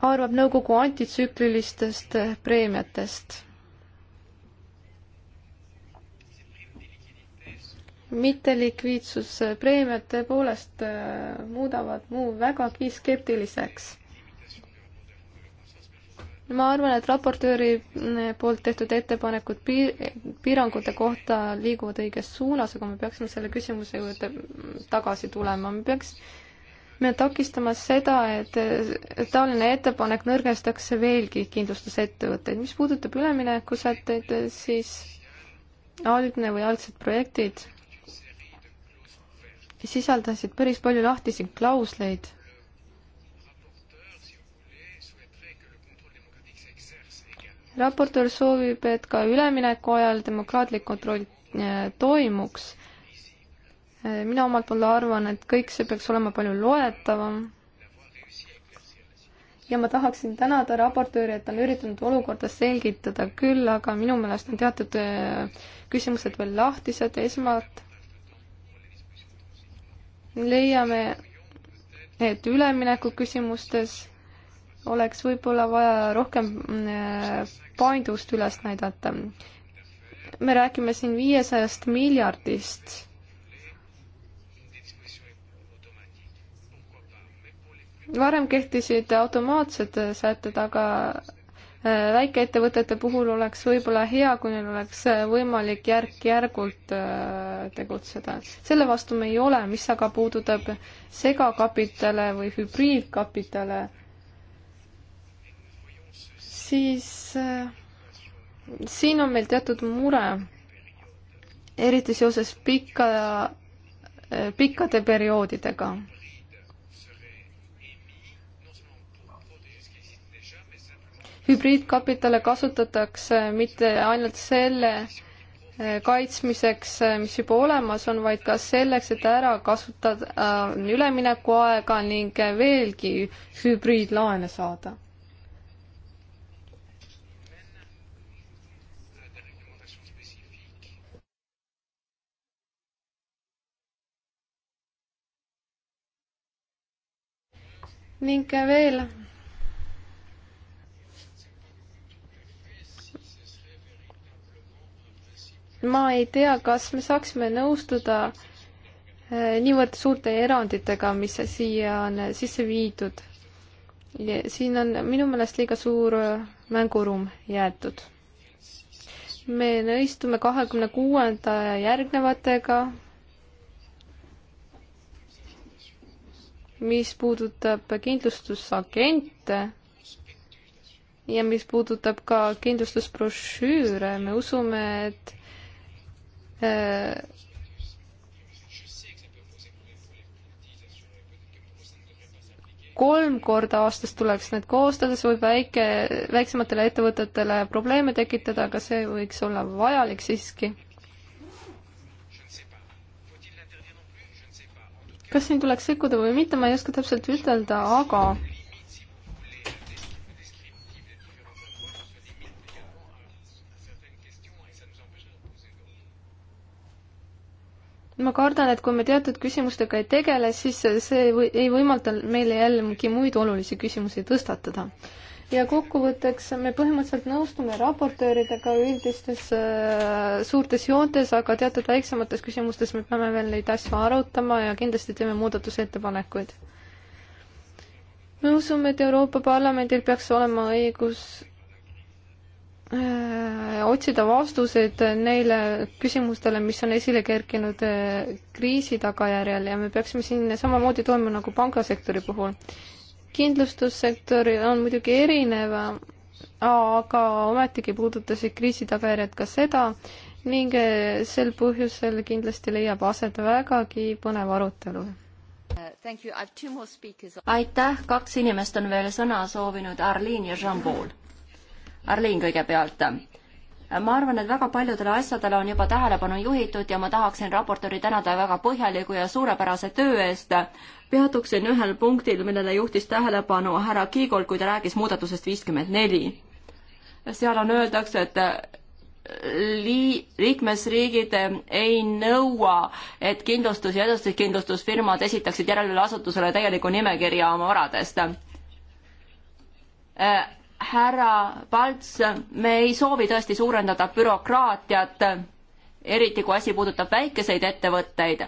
arvab nõukogu antitsüklilistest preemiatest? mittelikviidsuspreemiad tõepoolest äh, muudavad muu vägagi skeptiliseks ma arvan, et raportööri äh, poolt tehtud ettepanekud piir, piirangute kohta liiguvad õiges suunas, aga me peaksime selle küsimuse juurde tagasi tulema, me peaks me takistame seda, et taoline ettepanek nõrgestaks veelgi kindlustusettevõtteid. mis puudutab üleminekusätteid, siis algne või algsed projektid sisaldasid päris palju lahtisi klausleid. raportöör soovib, et ka ülemineku ajal demokraatlik kontroll eh, toimuks mina omalt poolt arvan, et kõik see peaks olema palju loetavam. ja ma tahaksin tänada raportööri, et ta on üritanud olukorda selgitada küll, aga minu meelest on teatud äh, küsimused veel lahtised, esmalt leiame, et ülemineku küsimustes oleks võib-olla vaja rohkem äh, paindust üles näidata. me räägime siin viiesajast miljardist varem kehtisid automaatsed sätted, aga äh, väikeettevõtete puhul oleks võib-olla hea, kui neil oleks äh, võimalik järk-järgult äh, tegutseda. selle vastu me ei ole, mis aga puudutab segakapitale või hübriidkapitale, siis siin on meil teatud mure, eriti seoses pika, pikkade perioodidega hübriidkapitale kasutatakse mitte ainult selle eh, kaitsmiseks, eh, mis juba olemas on, vaid ka selleks, et ära kasutada eh, üleminekuaega ning veelgi hübriidlaene saada. ning veel ma ei tea, kas me saaksime nõustuda eh, niivõrd suurte eranditega, mis siia on eh, sisse viidud. siin on minu meelest liiga suur eh, mänguruum jäetud. me nõistume kahekümne kuuenda ja järgnevatega, mis puudutab kindlustusagente ja mis puudutab ka kindlustusbrošüüre, me usume, et kolm korda aastas tuleks need koostada, see võib väike, väiksematele ettevõtetele probleeme tekitada, aga see võiks olla vajalik siiski. kas siin tuleks sekkuda või mitte, ma ei oska täpselt ütelda, aga ma kardan, et kui me teatud küsimustega ei tegele, siis see või, ei võimalda meile jällegi muid olulisi küsimusi tõstatada. ja kokkuvõtteks me põhimõtteliselt nõustume raportööridega üldistes äh, suurtes joontes, aga teatud väiksemates küsimustes me peame veel neid asju arutama ja kindlasti teeme muudatusettepanekuid. me usume, et Euroopa Parlamendil peaks olema õigus Äh, otsida vastuseid neile küsimustele, mis on esile kerkinud äh, kriisi tagajärjel ja me peaksime siin samamoodi toimuma nagu pangasektori puhul. kindlustussektor on muidugi erinev, aga ometigi puudutasid kriisi tagajärjed ka seda ning äh, sel põhjusel kindlasti leiab aset vägagi põnev arutelu. aitäh, kaks inimest on veel sõna soovinud, Arliin ja Jean-Paul Arliin kõigepealt. ma arvan, et väga paljudele asjadele on juba tähelepanu juhitud ja ma tahaksin raportööri tänada väga põhjaliku ja suurepärase töö eest. peatuksin ühel punktil, millele juhtis tähelepanu härra Kiigol, kui ta rääkis muudatusest viiskümmend neli. seal on, öeldakse, et lii-, liikmesriigid ei nõua, et kindlustus- ja edastuskindlustusfirmad esitaksid järelevalveasutusele täieliku nimekirja oma varadest härra Palts, me ei soovi tõesti suurendada bürokraatiat, eriti kui asi puudutab väikeseid ettevõtteid,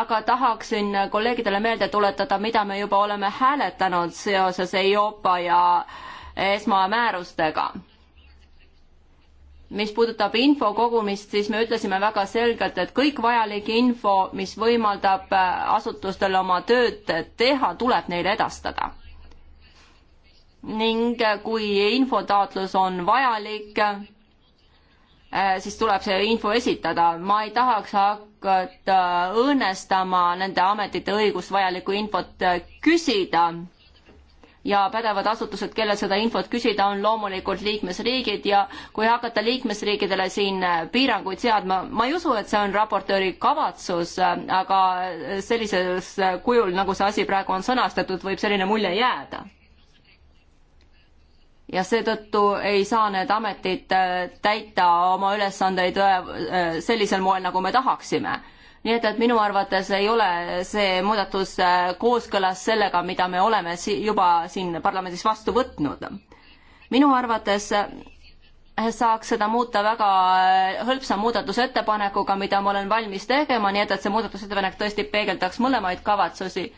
aga tahaksin kolleegidele meelde tuletada, mida me juba oleme hääletanud seoses EIOPA ja esmamäärustega. mis puudutab info kogumist, siis me ütlesime väga selgelt, et kõik vajalik info, mis võimaldab asutustel oma tööd teha, tuleb neile edastada ning kui infotaotlus on vajalik, eh, siis tuleb see info esitada. ma ei tahaks hakata õõnestama nende ametite õigust vajalikku infot eh, küsida ja pädevad asutused, kellel seda infot küsida, on loomulikult liikmesriigid ja kui hakata liikmesriikidele siin eh, piiranguid seadma, ma ei usu, et see on raportööri kavatsus, aga sellises kujul, nagu see asi praegu on sõnastatud, võib selline mulje jääda ja seetõttu ei saa need ametid äh, täita oma ülesandeid äh, äh, sellisel moel, nagu me tahaksime. nii et, et minu arvates ei ole see muudatus kooskõlas sellega, mida me oleme si juba siin parlamendis vastu võtnud. minu arvates saaks seda muuta väga hõlpsa muudatusettepanekuga, mida ma olen valmis tegema, nii et, et see muudatusettepanek tõesti peegeldaks mõlemaid kavatsusi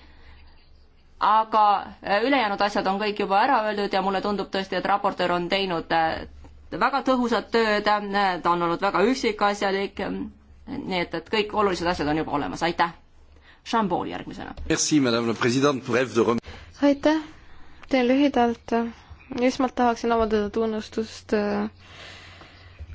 aga äh, ülejäänud asjad on kõik juba ära öeldud ja mulle tundub tõesti, et raportöör on teinud äh, väga tõhusat tööd, äh, ta on olnud väga üksikasjalik, nii et, et kõik olulised asjad on juba olemas, aitäh. Šambol järgmisena. aitäh, teen lühidalt. esmalt tahaksin avaldada tunnustust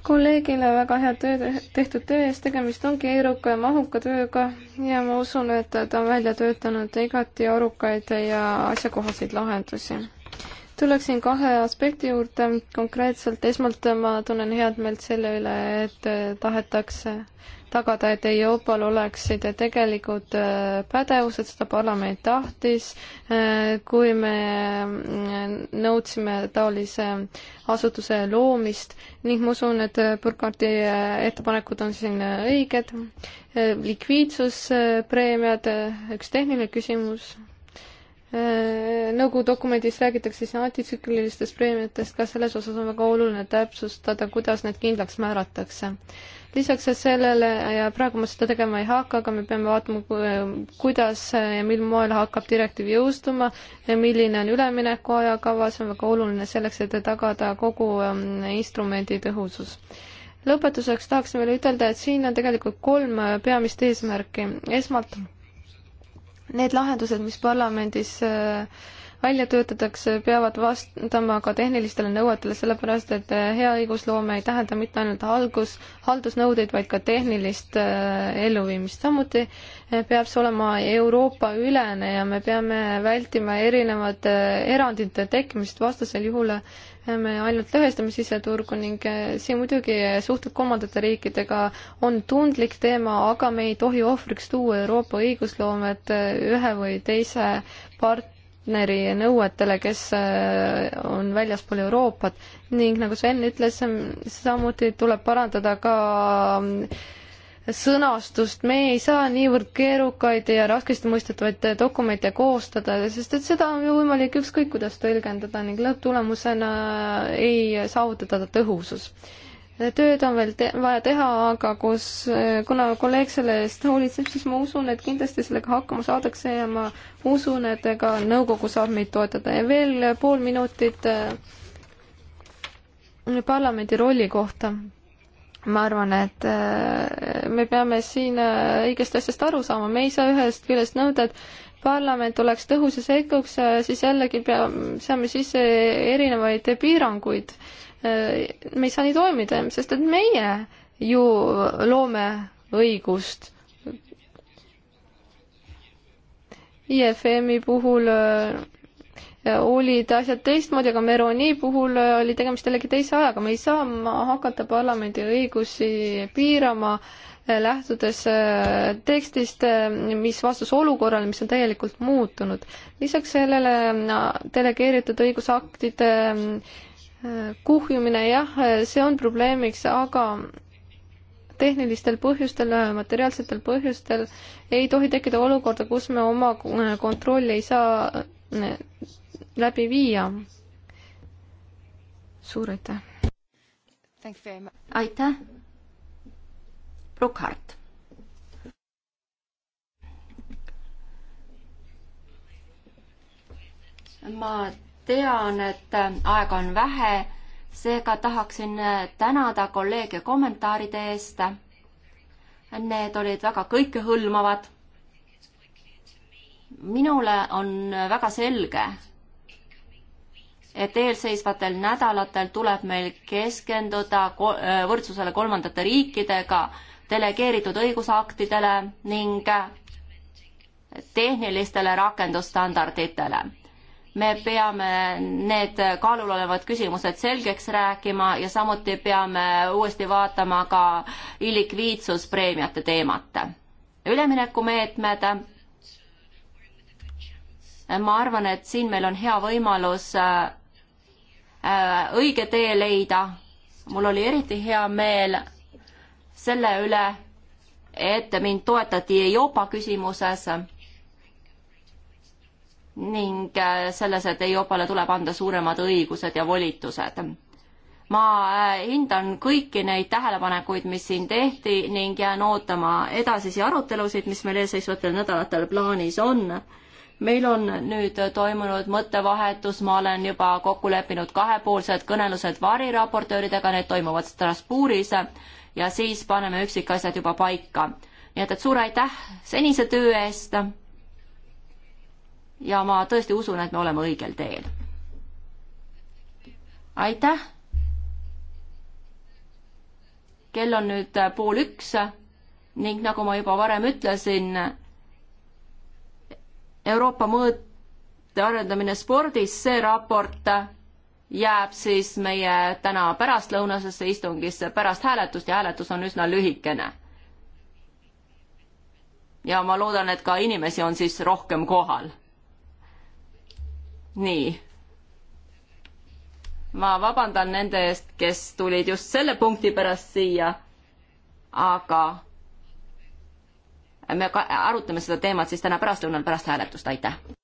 kolleegile väga hea töö, tehtud töö eest, tegemist on keeruka ja mahuka tööga ja ma usun, et ta on välja töötanud igati arukaid ja asjakohaseid lahendusi. tuleksin kahe aspekti juurde, konkreetselt esmalt ma tunnen head meelt selle üle, et tahetakse tagada, et EIOPA-l oleksid tegelikud äh, pädevused, seda parlament tahtis, äh, kui me äh, nõudsime taolise asutuse loomist ning ma usun, et Burkhardi ettepanekud on siin õiged. likviidsuspreemiad, üks tehniline küsimus nõukogu dokumendis räägitakse siis antitsüklilistest preemiatest, ka selles osas on väga oluline täpsustada, kuidas need kindlaks määratakse lisaks sellele ja praegu ma seda tegema ei hakka, aga me peame vaatama, kuidas ja mil moel hakkab direktiiv jõustuma ja milline on ülemineku ajakava, see on väga oluline selleks, et tagada kogu ähm, instrumendi tõhusus. lõpetuseks tahaksin veel ütelda, et siin on tegelikult kolm äh, peamist eesmärki. esmalt need lahendused, mis parlamendis äh, välja töötatakse, peavad vastama ka tehnilistele nõuetele, sellepärast et äh, hea õigusloome ei tähenda mitte ainult algus, haldusnõudeid, vaid ka tehnilist äh, elluviimist. samuti äh, peab see olema Euroopa-ülene ja me peame vältima erinevate erandite tekkimist, vastasel juhul me ainult lõhestame siseturgu ning see muidugi suhted kolmandate riikidega on tundlik teema, aga me ei tohi ohvriks tuua Euroopa õigusloomet ühe või teise part-, partneri nõuetele, kes äh, on väljaspool Euroopat ning nagu Sven ütles, samuti tuleb parandada ka mm, sõnastust, me ei saa niivõrd keerukaid ja raskesti mõistetavaid dokumente koostada, sest et seda on ju võimalik ükskõik kuidas tõlgendada ning lõpptulemusena äh, ei saavutada tõhusus tööd on veel te vaja teha, aga kus, kuna kolleeg selle eest hoolitseb, siis ma usun, et kindlasti sellega hakkama saadakse ja ma usun, et ka nõukogu saab meid toetada ja veel pool minutit äh, parlamendi rolli kohta. ma arvan, et äh, me peame siin äh, õigest asjast aru saama, me ei saa ühest küljest nõuda, et parlament oleks tõhus ja sekkuks, siis jällegi pea, seame sisse erinevaid piiranguid Äh, me ei saa nii toimida, sest et meie ju loome õigust. IFM-i puhul äh, olid asjad teistmoodi, aga Meroni puhul äh, oli tegemist jällegi teise ajaga, me ei saa hakata parlamendi õigusi piirama, lähtudes tekstist, mis vastus olukorrale, mis on täielikult muutunud. lisaks sellele delegeeritud õigusaktide kuhjumine, jah, see on probleemiks, aga tehnilistel põhjustel, materiaalsetel põhjustel ei tohi tekkida olukorda, kus me oma kontrolli ei saa läbi viia. suur aitäh! aitäh! Brookhart. ma tean, et äh, aega on vähe, seega tahaksin äh, tänada kolleege kommentaaride eest. Need olid väga kõikehõlmavad. minule on äh, väga selge, et eelseisvatel nädalatel tuleb meil keskenduda võrdsusele kolmandate riikidega, delegeeritud õigusaktidele ning tehnilistele rakendusstandarditele me peame need kaalul olevad küsimused selgeks rääkima ja samuti peame uuesti vaatama ka illikviidsuspreemiate teemat. üleminekumeetmed. ma arvan, et siin meil on hea võimalus äh, õige tee leida. mul oli eriti hea meel selle üle, et mind toetati Euroopa küsimuses ning äh, selles, et EIOPA-le tuleb anda suuremad õigused ja volitused. ma äh, hindan kõiki neid tähelepanekuid, mis siin tehti ning jään ootama edasisi arutelusid, mis meil eelseisvatel nädalatel plaanis on. meil on nüüd toimunud mõttevahetus, ma olen juba kokku leppinud kahepoolsed kõnelused variraportööridega, need toimuvad Strasbourgis ja siis paneme üksikasjad juba paika. nii et, et suur aitäh senise töö eest ja ma tõesti usun, et me oleme õigel teel. aitäh! kell on nüüd äh, pool üks ning nagu ma juba varem ütlesin, Euroopa mõõte arendamine spordis, see raport jääb siis meie täna pärastlõunasesse istungisse pärast hääletust ja hääletus on üsna lühikene. ja ma loodan, et ka inimesi on siis rohkem kohal nii. ma vabandan nende eest, kes tulid just selle punkti pärast siia, aga me arutame seda teemat siis täna pärastlõunal pärast hääletust, aitäh!